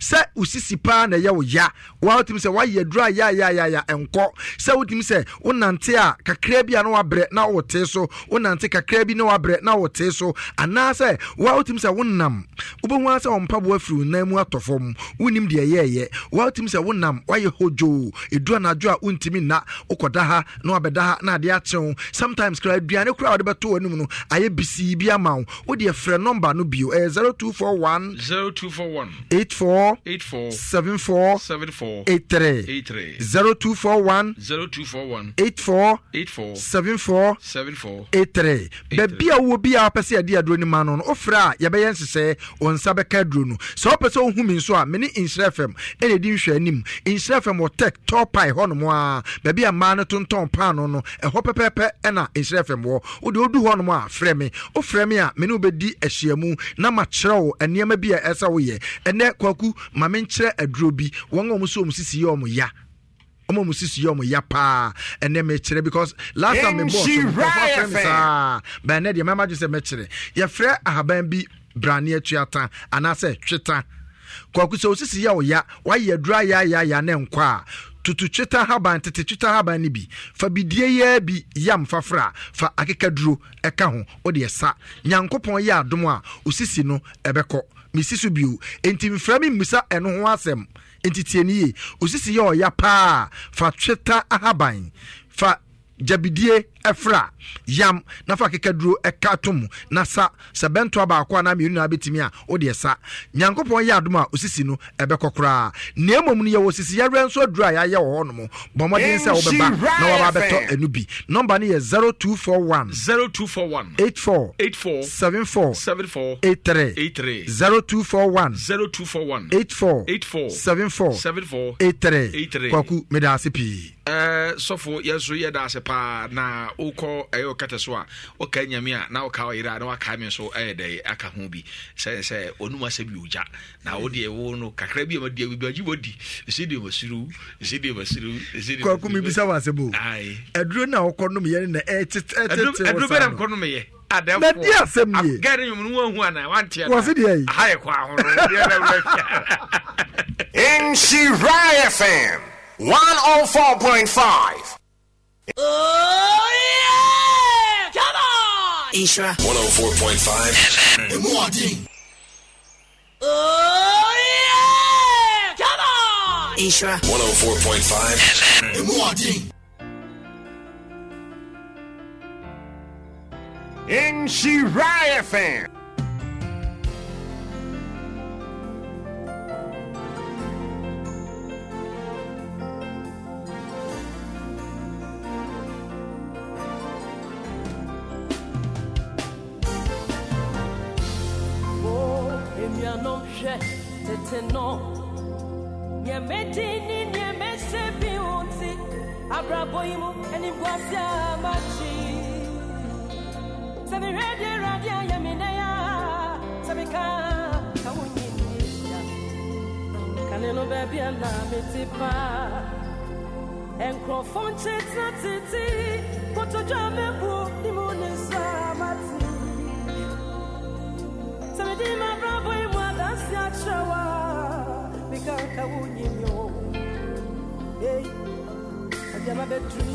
Speaker 3: sɛ osisi paa na ɛyɛ wo ya wa wotumi sɛ wayɛ duro a yayayaya nkɔ sɛ wotumi sɛ wonante a kakra bi a na wabrɛ na wote so wonante kakra bi na wabrɛ na wote so anaasɛ wa wotumi sɛ wonam wobɛhu sɛ ɔmpaboa firi wo nan mu atɔ fam wonim deɛ ɛyɛɛyɛ wa wotumi sɛ wonam wayɛ hɔdwoo ɛduru anadwo a wontumi nna wokɔda ha na wabɛda ha na adeɛ akye sometimes kra aduane koraa a wode bɛto w'anom no ayɛ bisii bi ama wo wodeɛ frɛ nɔmba no bio ɛyɛ 024 four one
Speaker 1: zero two four one eight four eight four seven four seven four eight three zero
Speaker 3: two four one
Speaker 1: zero two four one eight four eight four seven four seven four eight three. Bẹ̀bí
Speaker 3: a wo bi a wapɛ sɛ yɛde aduro ni ma no no ofura a yɛbɛyɛ nsesɛ wɔn nsa bɛka aduro no sɛ ɔpɛ sɛ ohun mi nso a mene nhyerɛ fam ɛna edi nhwɛ anim nhyerɛ fam wɔ tɛk tɔɔpae hɔ nom a bɛbi a mmaa no tontɔn paano no ɛhɔ pɛpɛɛpɛ ɛna nhyerɛ fam wɔ o de o du hɔ nom a frɛ mi o frɛ mi a mene o di ahyiamu na ma kyerɛ nneɛma bi a ɛsɛ woyɛ ɛnɛ kwaku maame nkyerɛ aduro bi wɔn a wɔn so wɔn sisi yɛ wɔn ya wɔn a wɔn sisi yɛ wɔn ya paa ɛnɛ mɛkyerɛ because last time mi bɔɔ so nkɔfɔ fɛn mi saa bɛn ɛnɛ deɛ mɛma gye sɛ mɛkyerɛ yɛfrɛ ahaban bi braneɛ tuata anaasɛ tweta kwaku sɛ wɔn sisi yɛ wɔn ya wɔayɛ aduro ayɛ ayɛ ayɛ ne nkɔ a tutu twita haban tete twita haban no bi fa bidie yɛ bi yam fafra fa akekaduro ɛka ho wode ɛsa nyankopɔn yɛ adom a osisi no ɛbɛkɔ mesi so bio enti mfra me mmusa ɛno ho asɛm enti tie ni ye osisi yɛ ɔya paa fa twita ahaban fa gyabidie ɛfra yam na fa keka duro ɛka to mu na sa sɛ bɛntoa baako anaa mmienu na bɛtumi a wodeɛ sa nyankopɔn yɛ adom a osisi no ɛbɛkɔ koraa na mmom no yɛwɔ sisi yɛwerɛ nso aduro a yɛayɛ wɔ hɔnom bɔ mmɔden sɛ wobɛba na wɔba abɛtɔ ɛnu bi nɔmba no yɛ 0241 0241 84
Speaker 1: 84 74 74 83 83
Speaker 3: 0241
Speaker 1: 0241 84 84 74 74 83 83
Speaker 3: kwaku meda ase pii
Speaker 1: ɛɛ eh, sɔfo yɛn nso yɛda ase paa na wokɔ ɛyɛ so a woka nyame a na woka ɔyere na waka me so ɛyɛ dɛ aka ho bi sɛ sɛ ɔnum asɛ bi ogya na wodeɛ wo no kakra bi bi biagye wadi ɛsɛ masuru ɛsɛ masuru kɔko mebisa wo
Speaker 3: asɛm o ɛduro no wokɔ nomyɛ na ɛtete na
Speaker 1: asɛm
Speaker 7: ye
Speaker 8: Oh, yeah!
Speaker 7: Come on! Isra. 104.5
Speaker 8: FM. Morning. Oh,
Speaker 7: yeah! Come on! Isra. 104.5 FM. Morning. In Shirai FM.
Speaker 12: nanomhwɛ tete no neɛ mɛdi ne neɛ mɛhyɛ bi mu animguase a makyi sɛ mehwɛ de me kane no baabi a na mete paa ɛnkurɔfo nkye tena tete kotodwa a mɛbuo ne shawa bikaka wunyinyo ei ajama betri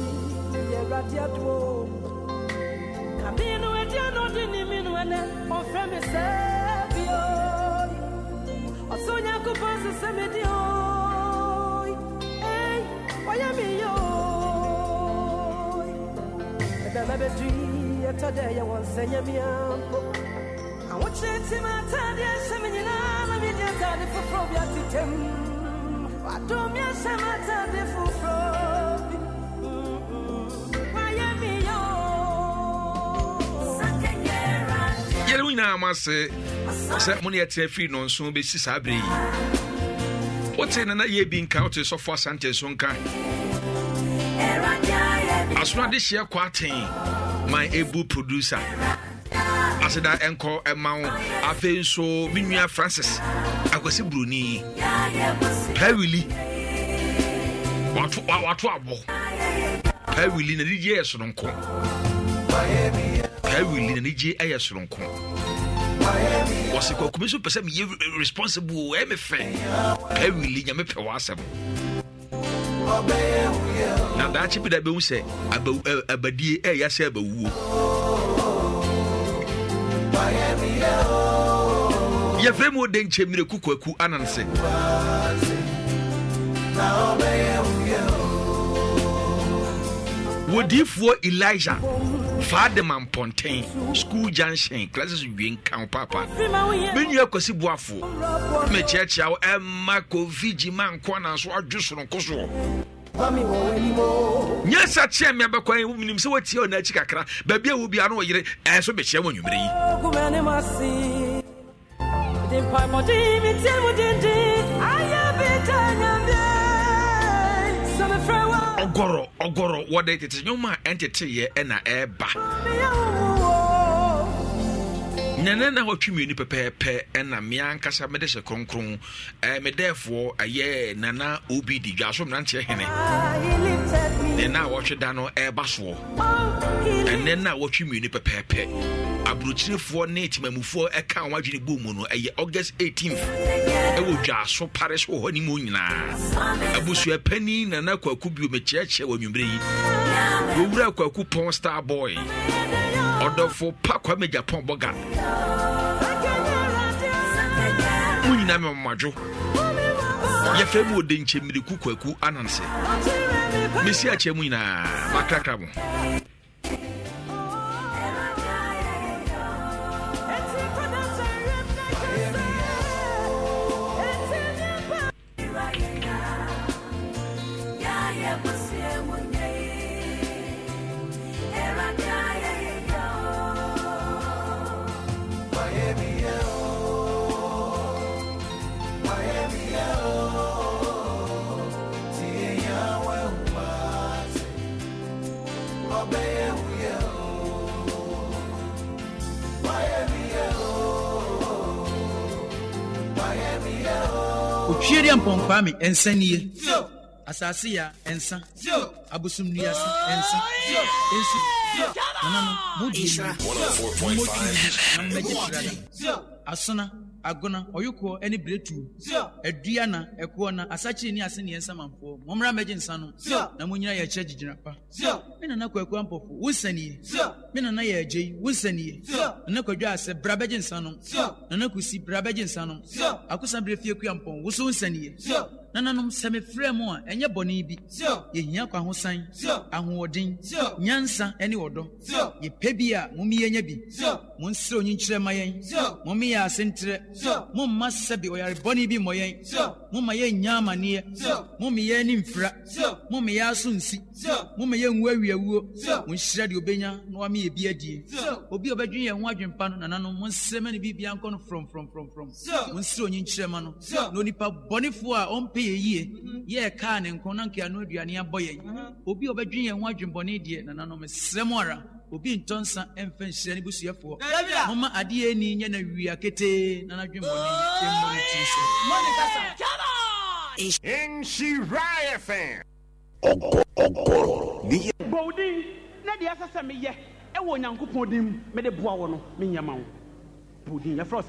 Speaker 12: ye radia dwo kaminu etia no dini minu ene ofre mi se bio osonya ku pose se me dio ei oya mi yo ajama betri etade ye won senya mi ampo awoche ti ma tade se me nyina atade foforɔ bi atetɛm wadomi asɛm atade foforɔ bi wayɛ mi yɛ o.
Speaker 1: yɛrɛ wo nyinaa mo ase sɛ mo ne yɛtena firi nɔnso bɛsi saa berɛ yi wote nana yɛ bi nka wote sɔfo asante so nka asono ade hyeɛ kɔ aten ma ɛbu producer aseda ɛnkɔ ɛma wo afei nso me nua francis akwasi buroni pawili wato abɔ pawili na nigye yɛ soronko pawili na nigye yɛ soronko wɔsɛ kwakumi so pɛ sɛ meyɛ responsible ɛyɛ me fɛ pawili nyame pɛ w'asɛm na daakye bi da bɛhu sɛ abadie ɛyɛ eh, sɛ abawuo yɛfrɛ mu ɔde nkyɛ mmerɛ ku kwaku ananse wɔdiifoɔ elija faadema mpɔnten school junction classes wie nkan papa bɛnua kwasi boafoɔ mɛkyeakyea wo ɛma kofigyi ma nkɔ nanso adwo soronko soɔ nyɛ sɛ kyeɛ mmea bɛkwan womenim sɛ woatia wo naakyi kakra baabi a wo bia na wɔyere ɛɛ so bɛkyeɛ wɔ anwummerɛ
Speaker 12: yi de mpaebɔde metie mu denden ayɛ
Speaker 8: bita nyamdeɛ sɛmefrɛ wa ɔgɔrɔ ɔgɔrɔ
Speaker 1: wɔde tete nnwom a ɛnteteeɛ ɛna ɛɛba e nana na wɔtwe mmienu pɛpɛɛpɛ ɛna mmea ankasa mede hyɛ kronkron ɛɛ ɛyɛ nana obi di dwa so mmeranteɛ hene nana a wɔtwe da no ɛɛba soɔ ɛnɛ na wɔtwe mmienu pɛpɛɛpɛ aburokyirefoɔ ne timamufoɔ ɛka wɔn adwene bɔ mu no ɛyɛ august 18 ɛwɔ dwa so pare wɔ hɔ ne nyinaa abusua panin nana kwaku bio mekyerɛkyerɛ wɔ anwummerɛ yi wɔwura kwaku pɔn star boy ɔdɔfo pa kwame japan bɔga mo nyinaa mɛmamadwo yɛfrɛ bi wɔ denkyɛ kwaku ananse mesi akyɛ mu nyinaa makrakra mo
Speaker 11: awurade mpɔnkwaa me ɛnsa nie asase ya ɛnsa abosomnuasa ɛnsa ɛnsu nana no modimmɔgye pirada asona agona ɔyokoɔ ne biretuo aduana ɛkoɔ na asakyere ne ase neɛ nsamanfoɔ mommra mɛgye nsa no na monyina yɛkyerɛ gyigyina pa me nana kwakua mpɔfo wo nsanie me nana yɛ agye yi wo nsanie nana kwadwa asɛ bra bɛgye nsa no nana kosi bra bɛgye nsa no akosa berɛ fie kua mpɔn wo so wo nsanie nananom sɛ mefrɛ mu a ɛnyɛ bɔne bi yɛhia kwahosan ahoɔden nyansa ne ɔdɔ yɛpɛ bi a momi yɛnya bi monserɛ onyinkyerɛ ma yɛn momi yɛ asenterɛ momma sɛbe ɔyarebɔne bi mmɔ yɛn momma yɛnnya amanneɛ momme yɛn ani mfira momme yɛ aso nsi momme yɛnwu awiawuo monhyira deɛ obɛnya na wame yɛ bi adie obi a ɔbɛdwene yɛn ho adwempa no nananom monsrɛ ma ne biribia nkɔ no frɔmfrɔmfrɔmfrɔm monserɛ onyinkyerɛ ma no na onipa bɔnefoɔ a ɔmpɛ yɛn yie yɛɛ kaa ne nkɔn na nka ano aduane abɔ yɛn mm-hmm. obi a ɔbɛdwe yɛn ho adwembɔne deɛ nananom obi ntɔ nsa mfa nhyira ne busuafoɔ moma na wia ketee na n'adwembɔne ɛmmɔre so nhyira fm ɔkɔ
Speaker 2: na deɛ ɛsɛ sɛ meyɛ ɛwɔ onyankopɔn din mede boa wɔ no menyɛma wo bɔwdin yɛfrɛ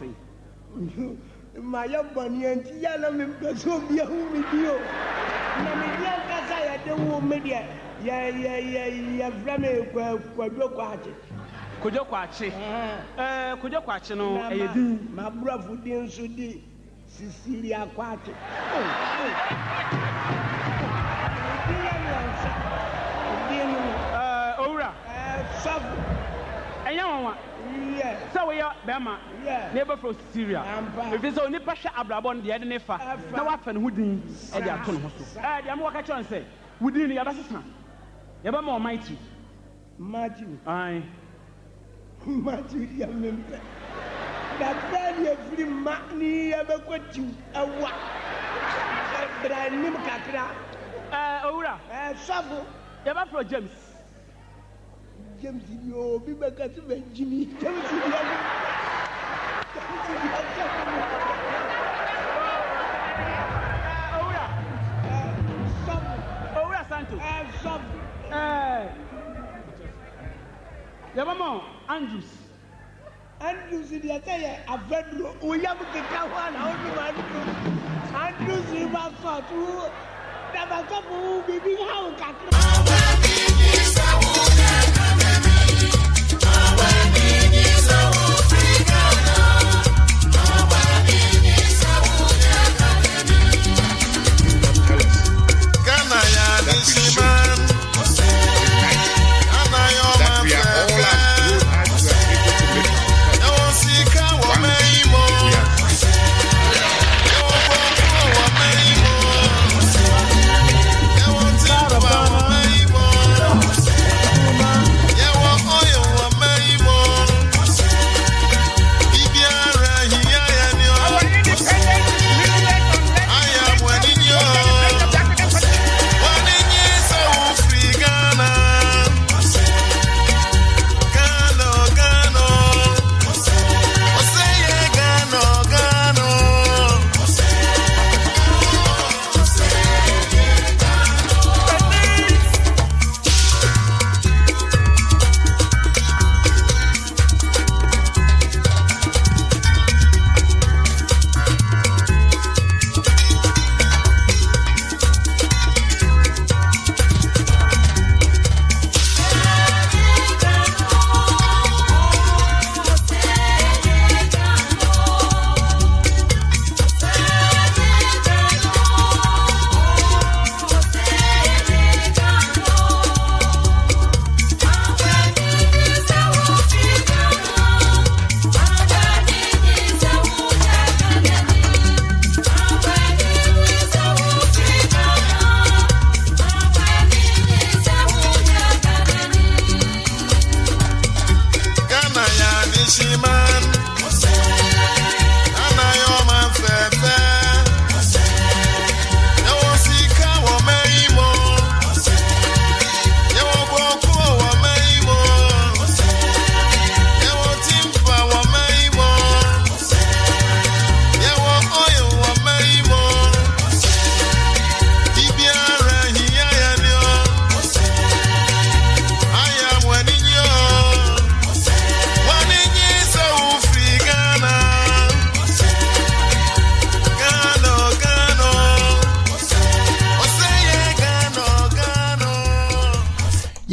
Speaker 2: mayɛ bɔne ɛnti yɛ na mempɛ sɛ obia ho me bio eh, na eh, medeɛ oh, oh. ya yɛde wo me deɛ yɛfrɛ me kwadwo kwaakye kodwo kwaakye kodwo kwaakye no ɛyɛ din maborɔfo din nso di sisilia kwaakye eh, owura ɛnyɛ wanwa sɛ woyɛ bɛrima na ɛbɛfrɛ syria ɛfiri sɛ onipa hwɛ abrabɔ no deɛ ɛde ne fa na woafa ne ho din ɛde ato ne ho so deɛ mo wɔka kyerɛ no sɛ wo din no yɛbɛsesa yɛbɛma ɔman ti matthew ae matthew deɛ mempɛ dada deɛ firi ma ne yɛbɛkɔ tiw ɛwa bra nim kakra owura uh, sɔfo yɛbɛfrɛ james James bi o bí bẹ́ẹ̀ kan ti bẹ̀ jí mi James bi a jẹ́ James bi a jẹ́ mi.
Speaker 8: Owura. Sọ́ọ̀bù.
Speaker 2: Owura Santo. Ah, Sọ́ọ̀bù. Eh. Yabamọ Andrews. Andrews di ẹsẹ yẹ avẹduro oyamu keka hɔ ana ɔdun aduro Andrews ba
Speaker 8: sɔtu dabasɔfo bibi hawu kakra. Ọba bíbí sáwọn ẹ̀ka mẹ́rin.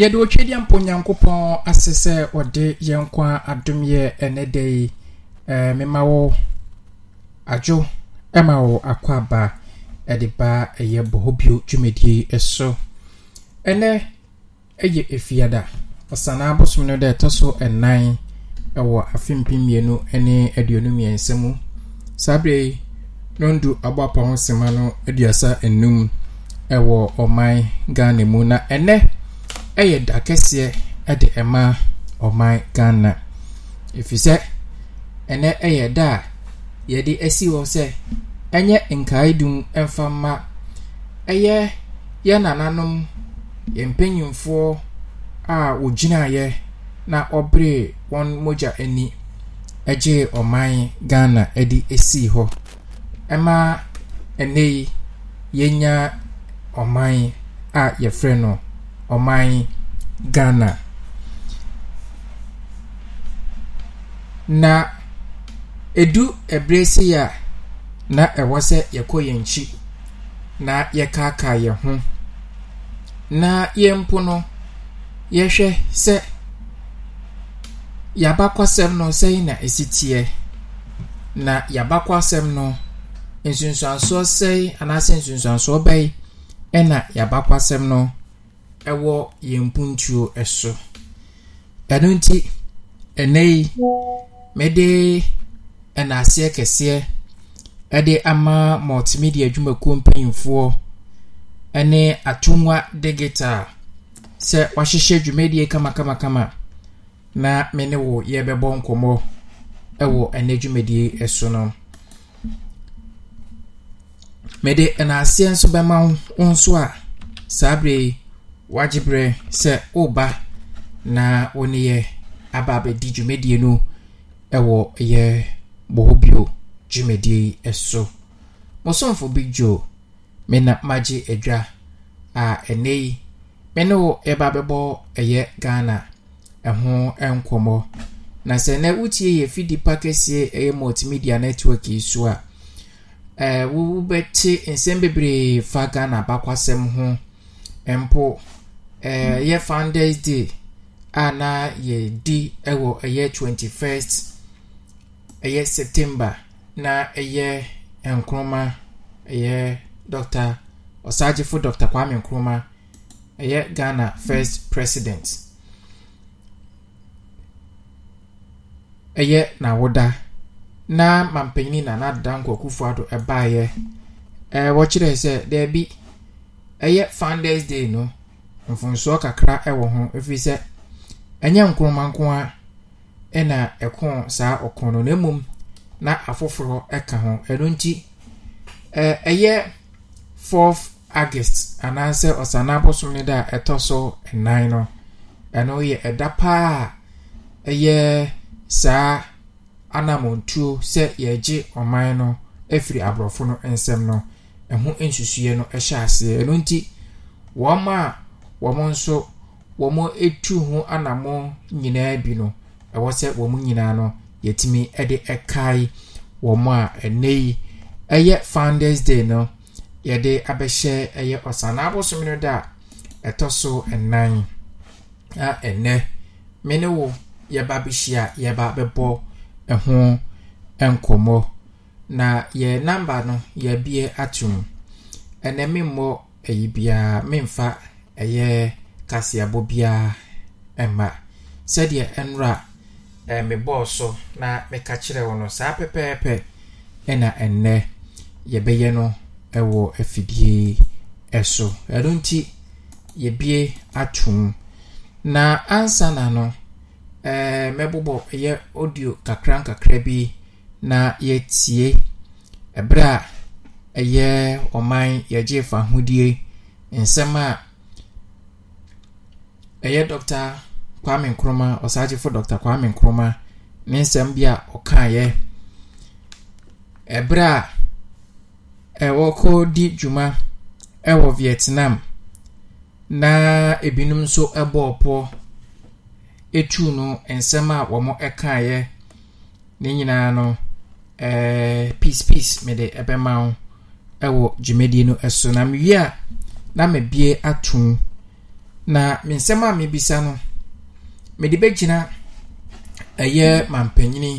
Speaker 9: yɛde otwedeɛ mpo nyankopɔn ase sɛ ɔde yɛn nkwa adomyɛ ɛnɛ da yi ɛɛ mema wo adwo ɛma wo akɔ aba ɛde ba ɛyɛ bɔhɔ bio dwumadie ɛso ɛnɛ ɛyɛ efiada ɔsanaa bosom no dɛ ɛtɔ so ɛnan ɛwɔ afe mpem mmienu ɛne aduonu mmiɛnsa mu saa bere yi nondu aboapa ho sema no aduasa enum ɛwɔ ɔman ghana mu na ɛnɛ ɛyɛ da kɛseɛ ɛde ɛma ɔman ghana ɛfiri sɛ ɛnɛ ɛyɛ da a yɛde ɛsi hɔ sɛ ɛnyɛ nkaedum ɛmfa mma ɛyɛ yɛn nananom yɛn mpanyinfoɔ a wɔgyinaeɛ na ɔbere wɔn mogya ani ɛgye ɔman ghana ɛde ɛsi hɔ ɛma ɛnɛ yi yɛnya ɔman a yɛfrɛ no ọman ghana na edu ebere si a na ɛwɔ sɛ yɛkɔ yɛn akyi na yɛkaakaa yɛn ho na yɛn mpo no yɛhwɛ sɛ yabakɔsɛm no sɛn na esi teɛ na yabakɔsɛm no nsunsuansoɔ sɛn anaasɛ nsunsuansoɔ bɛyi ɛna yabakɔsɛm no. ɛwɔ yɛn mpuntuo ɛso ɛno nti ɛnɛ yi mɛde ɛnaaseɛ kɛseɛ ɛde ama multimedia adwumakuo mpanyinfoɔ ɛne atumwa digital sɛ wahyehyɛ dwumadie kamakamakama na me ne wo yɛbɛbɔ nkɔmmɔ ɛwɔ ɛnɛ dwumadie ɛso no mede ɛnaaseɛ nso bɛma wo nso a saa bere yi wagyeberɛ sɛ woba na wo ne yɛ aba abɛdi dwumadie no ɛwɔ yɛ bɔhɔ dwumadie yi so mosomfo big joe mena magye adwa a ɛnɛ yi me ne wo yɛba bɛbɔ ɛyɛ ghana ɛho nkɔmmɔ na sɛ nɛ wotie yɛ fidipa kɛseɛ ɛyɛ multimedia network yi so a wobɛte nsɛm bebree fa ghana bakwasɛm ho mpo Eh, yɛ founders day a na yɛ di ɛwɔ ɛyɛ 21st ɛyɛ september na ɛyɛ nkroma ɛyɛ dr ɔsagyefo dr kwame nkroma ɛyɛ ghana first president ɛyɛ n'awoda na mampanyini nanada nkɔkufo ado ɛbaeɛ eh, wɔkyerɛ sɛ daabi ɛyɛ founders day no mfonsoɔ kakra wɔ ho ɛfiri sɛ ɛnyɛ nkroma nko a ɛna ɛko saa ɔko no na mmom na afoforɔ ka ho ɛno nti ɛyɛ 4th august anaasɛ ɔsana bosom no da a ɛtɔ so nan no ɛno yɛ ɛda paa a ɛyɛ saa anamontuo sɛ yɛgye ɔman no afiri aborɔfo no nsɛm no ɛho nsusuɛ no hyɛ aseɛ ɛno nti wɔma a wɔn nso wɔn etu ho ana anamo nyinaa bi no ɛwɔ sɛ wɔn nyinaa no yɛtumi ɛde ɛkae wɔn a ɛnɛ yi ɛyɛ founders day no yɛde abɛhyɛ ɛyɛ ɔsan abosom no da a ɛtɔ so ɛnan a ɛnɛ me ne wo yɛba bɛhyia yɛba bɛbɔ ɛho nkɔmmɔ na yɛ namba no yɛabie atom ɛnɛ memmɔ ɛyi biara memfa ɛyɛ kaseabɔ biara mma sɛdeɛ nwura ɛɛ me so na meka kyerɛ wɔn no saa pɛpɛɛpɛ ɛna ɛnnɛ yɛbɛyɛ no ɛwɔ afidie ɛso ɛno nti yɛbie atum na ansa na no ɛɛ mɛbobɔ ɛyɛ audio kakra nkakra bi na yɛtie ɛberɛ a ɛyɛ ɔman yɛgye fa ahodie nsɛm a ɛyɛ dɔkta kwame nkroma ɔsagyefo dɔkta kwame nkroma ne nsɛm bi a ɔkaeɛ ɛberɛ a ɛwɔkɔ di dwuma ɛwɔ vietnam na ebinom nso ɛbɔɔ poɔ etu no nsɛm a wɔn ɛkaeɛ ne nyinaa no ɛɛɛ peace peace de ɛbɛma wo ɛwɔ dwumadie no ɛso na mewie a na mebie atum. na me nsɛm a mebisa no mede bɛgyina ɛyɛ mampanyini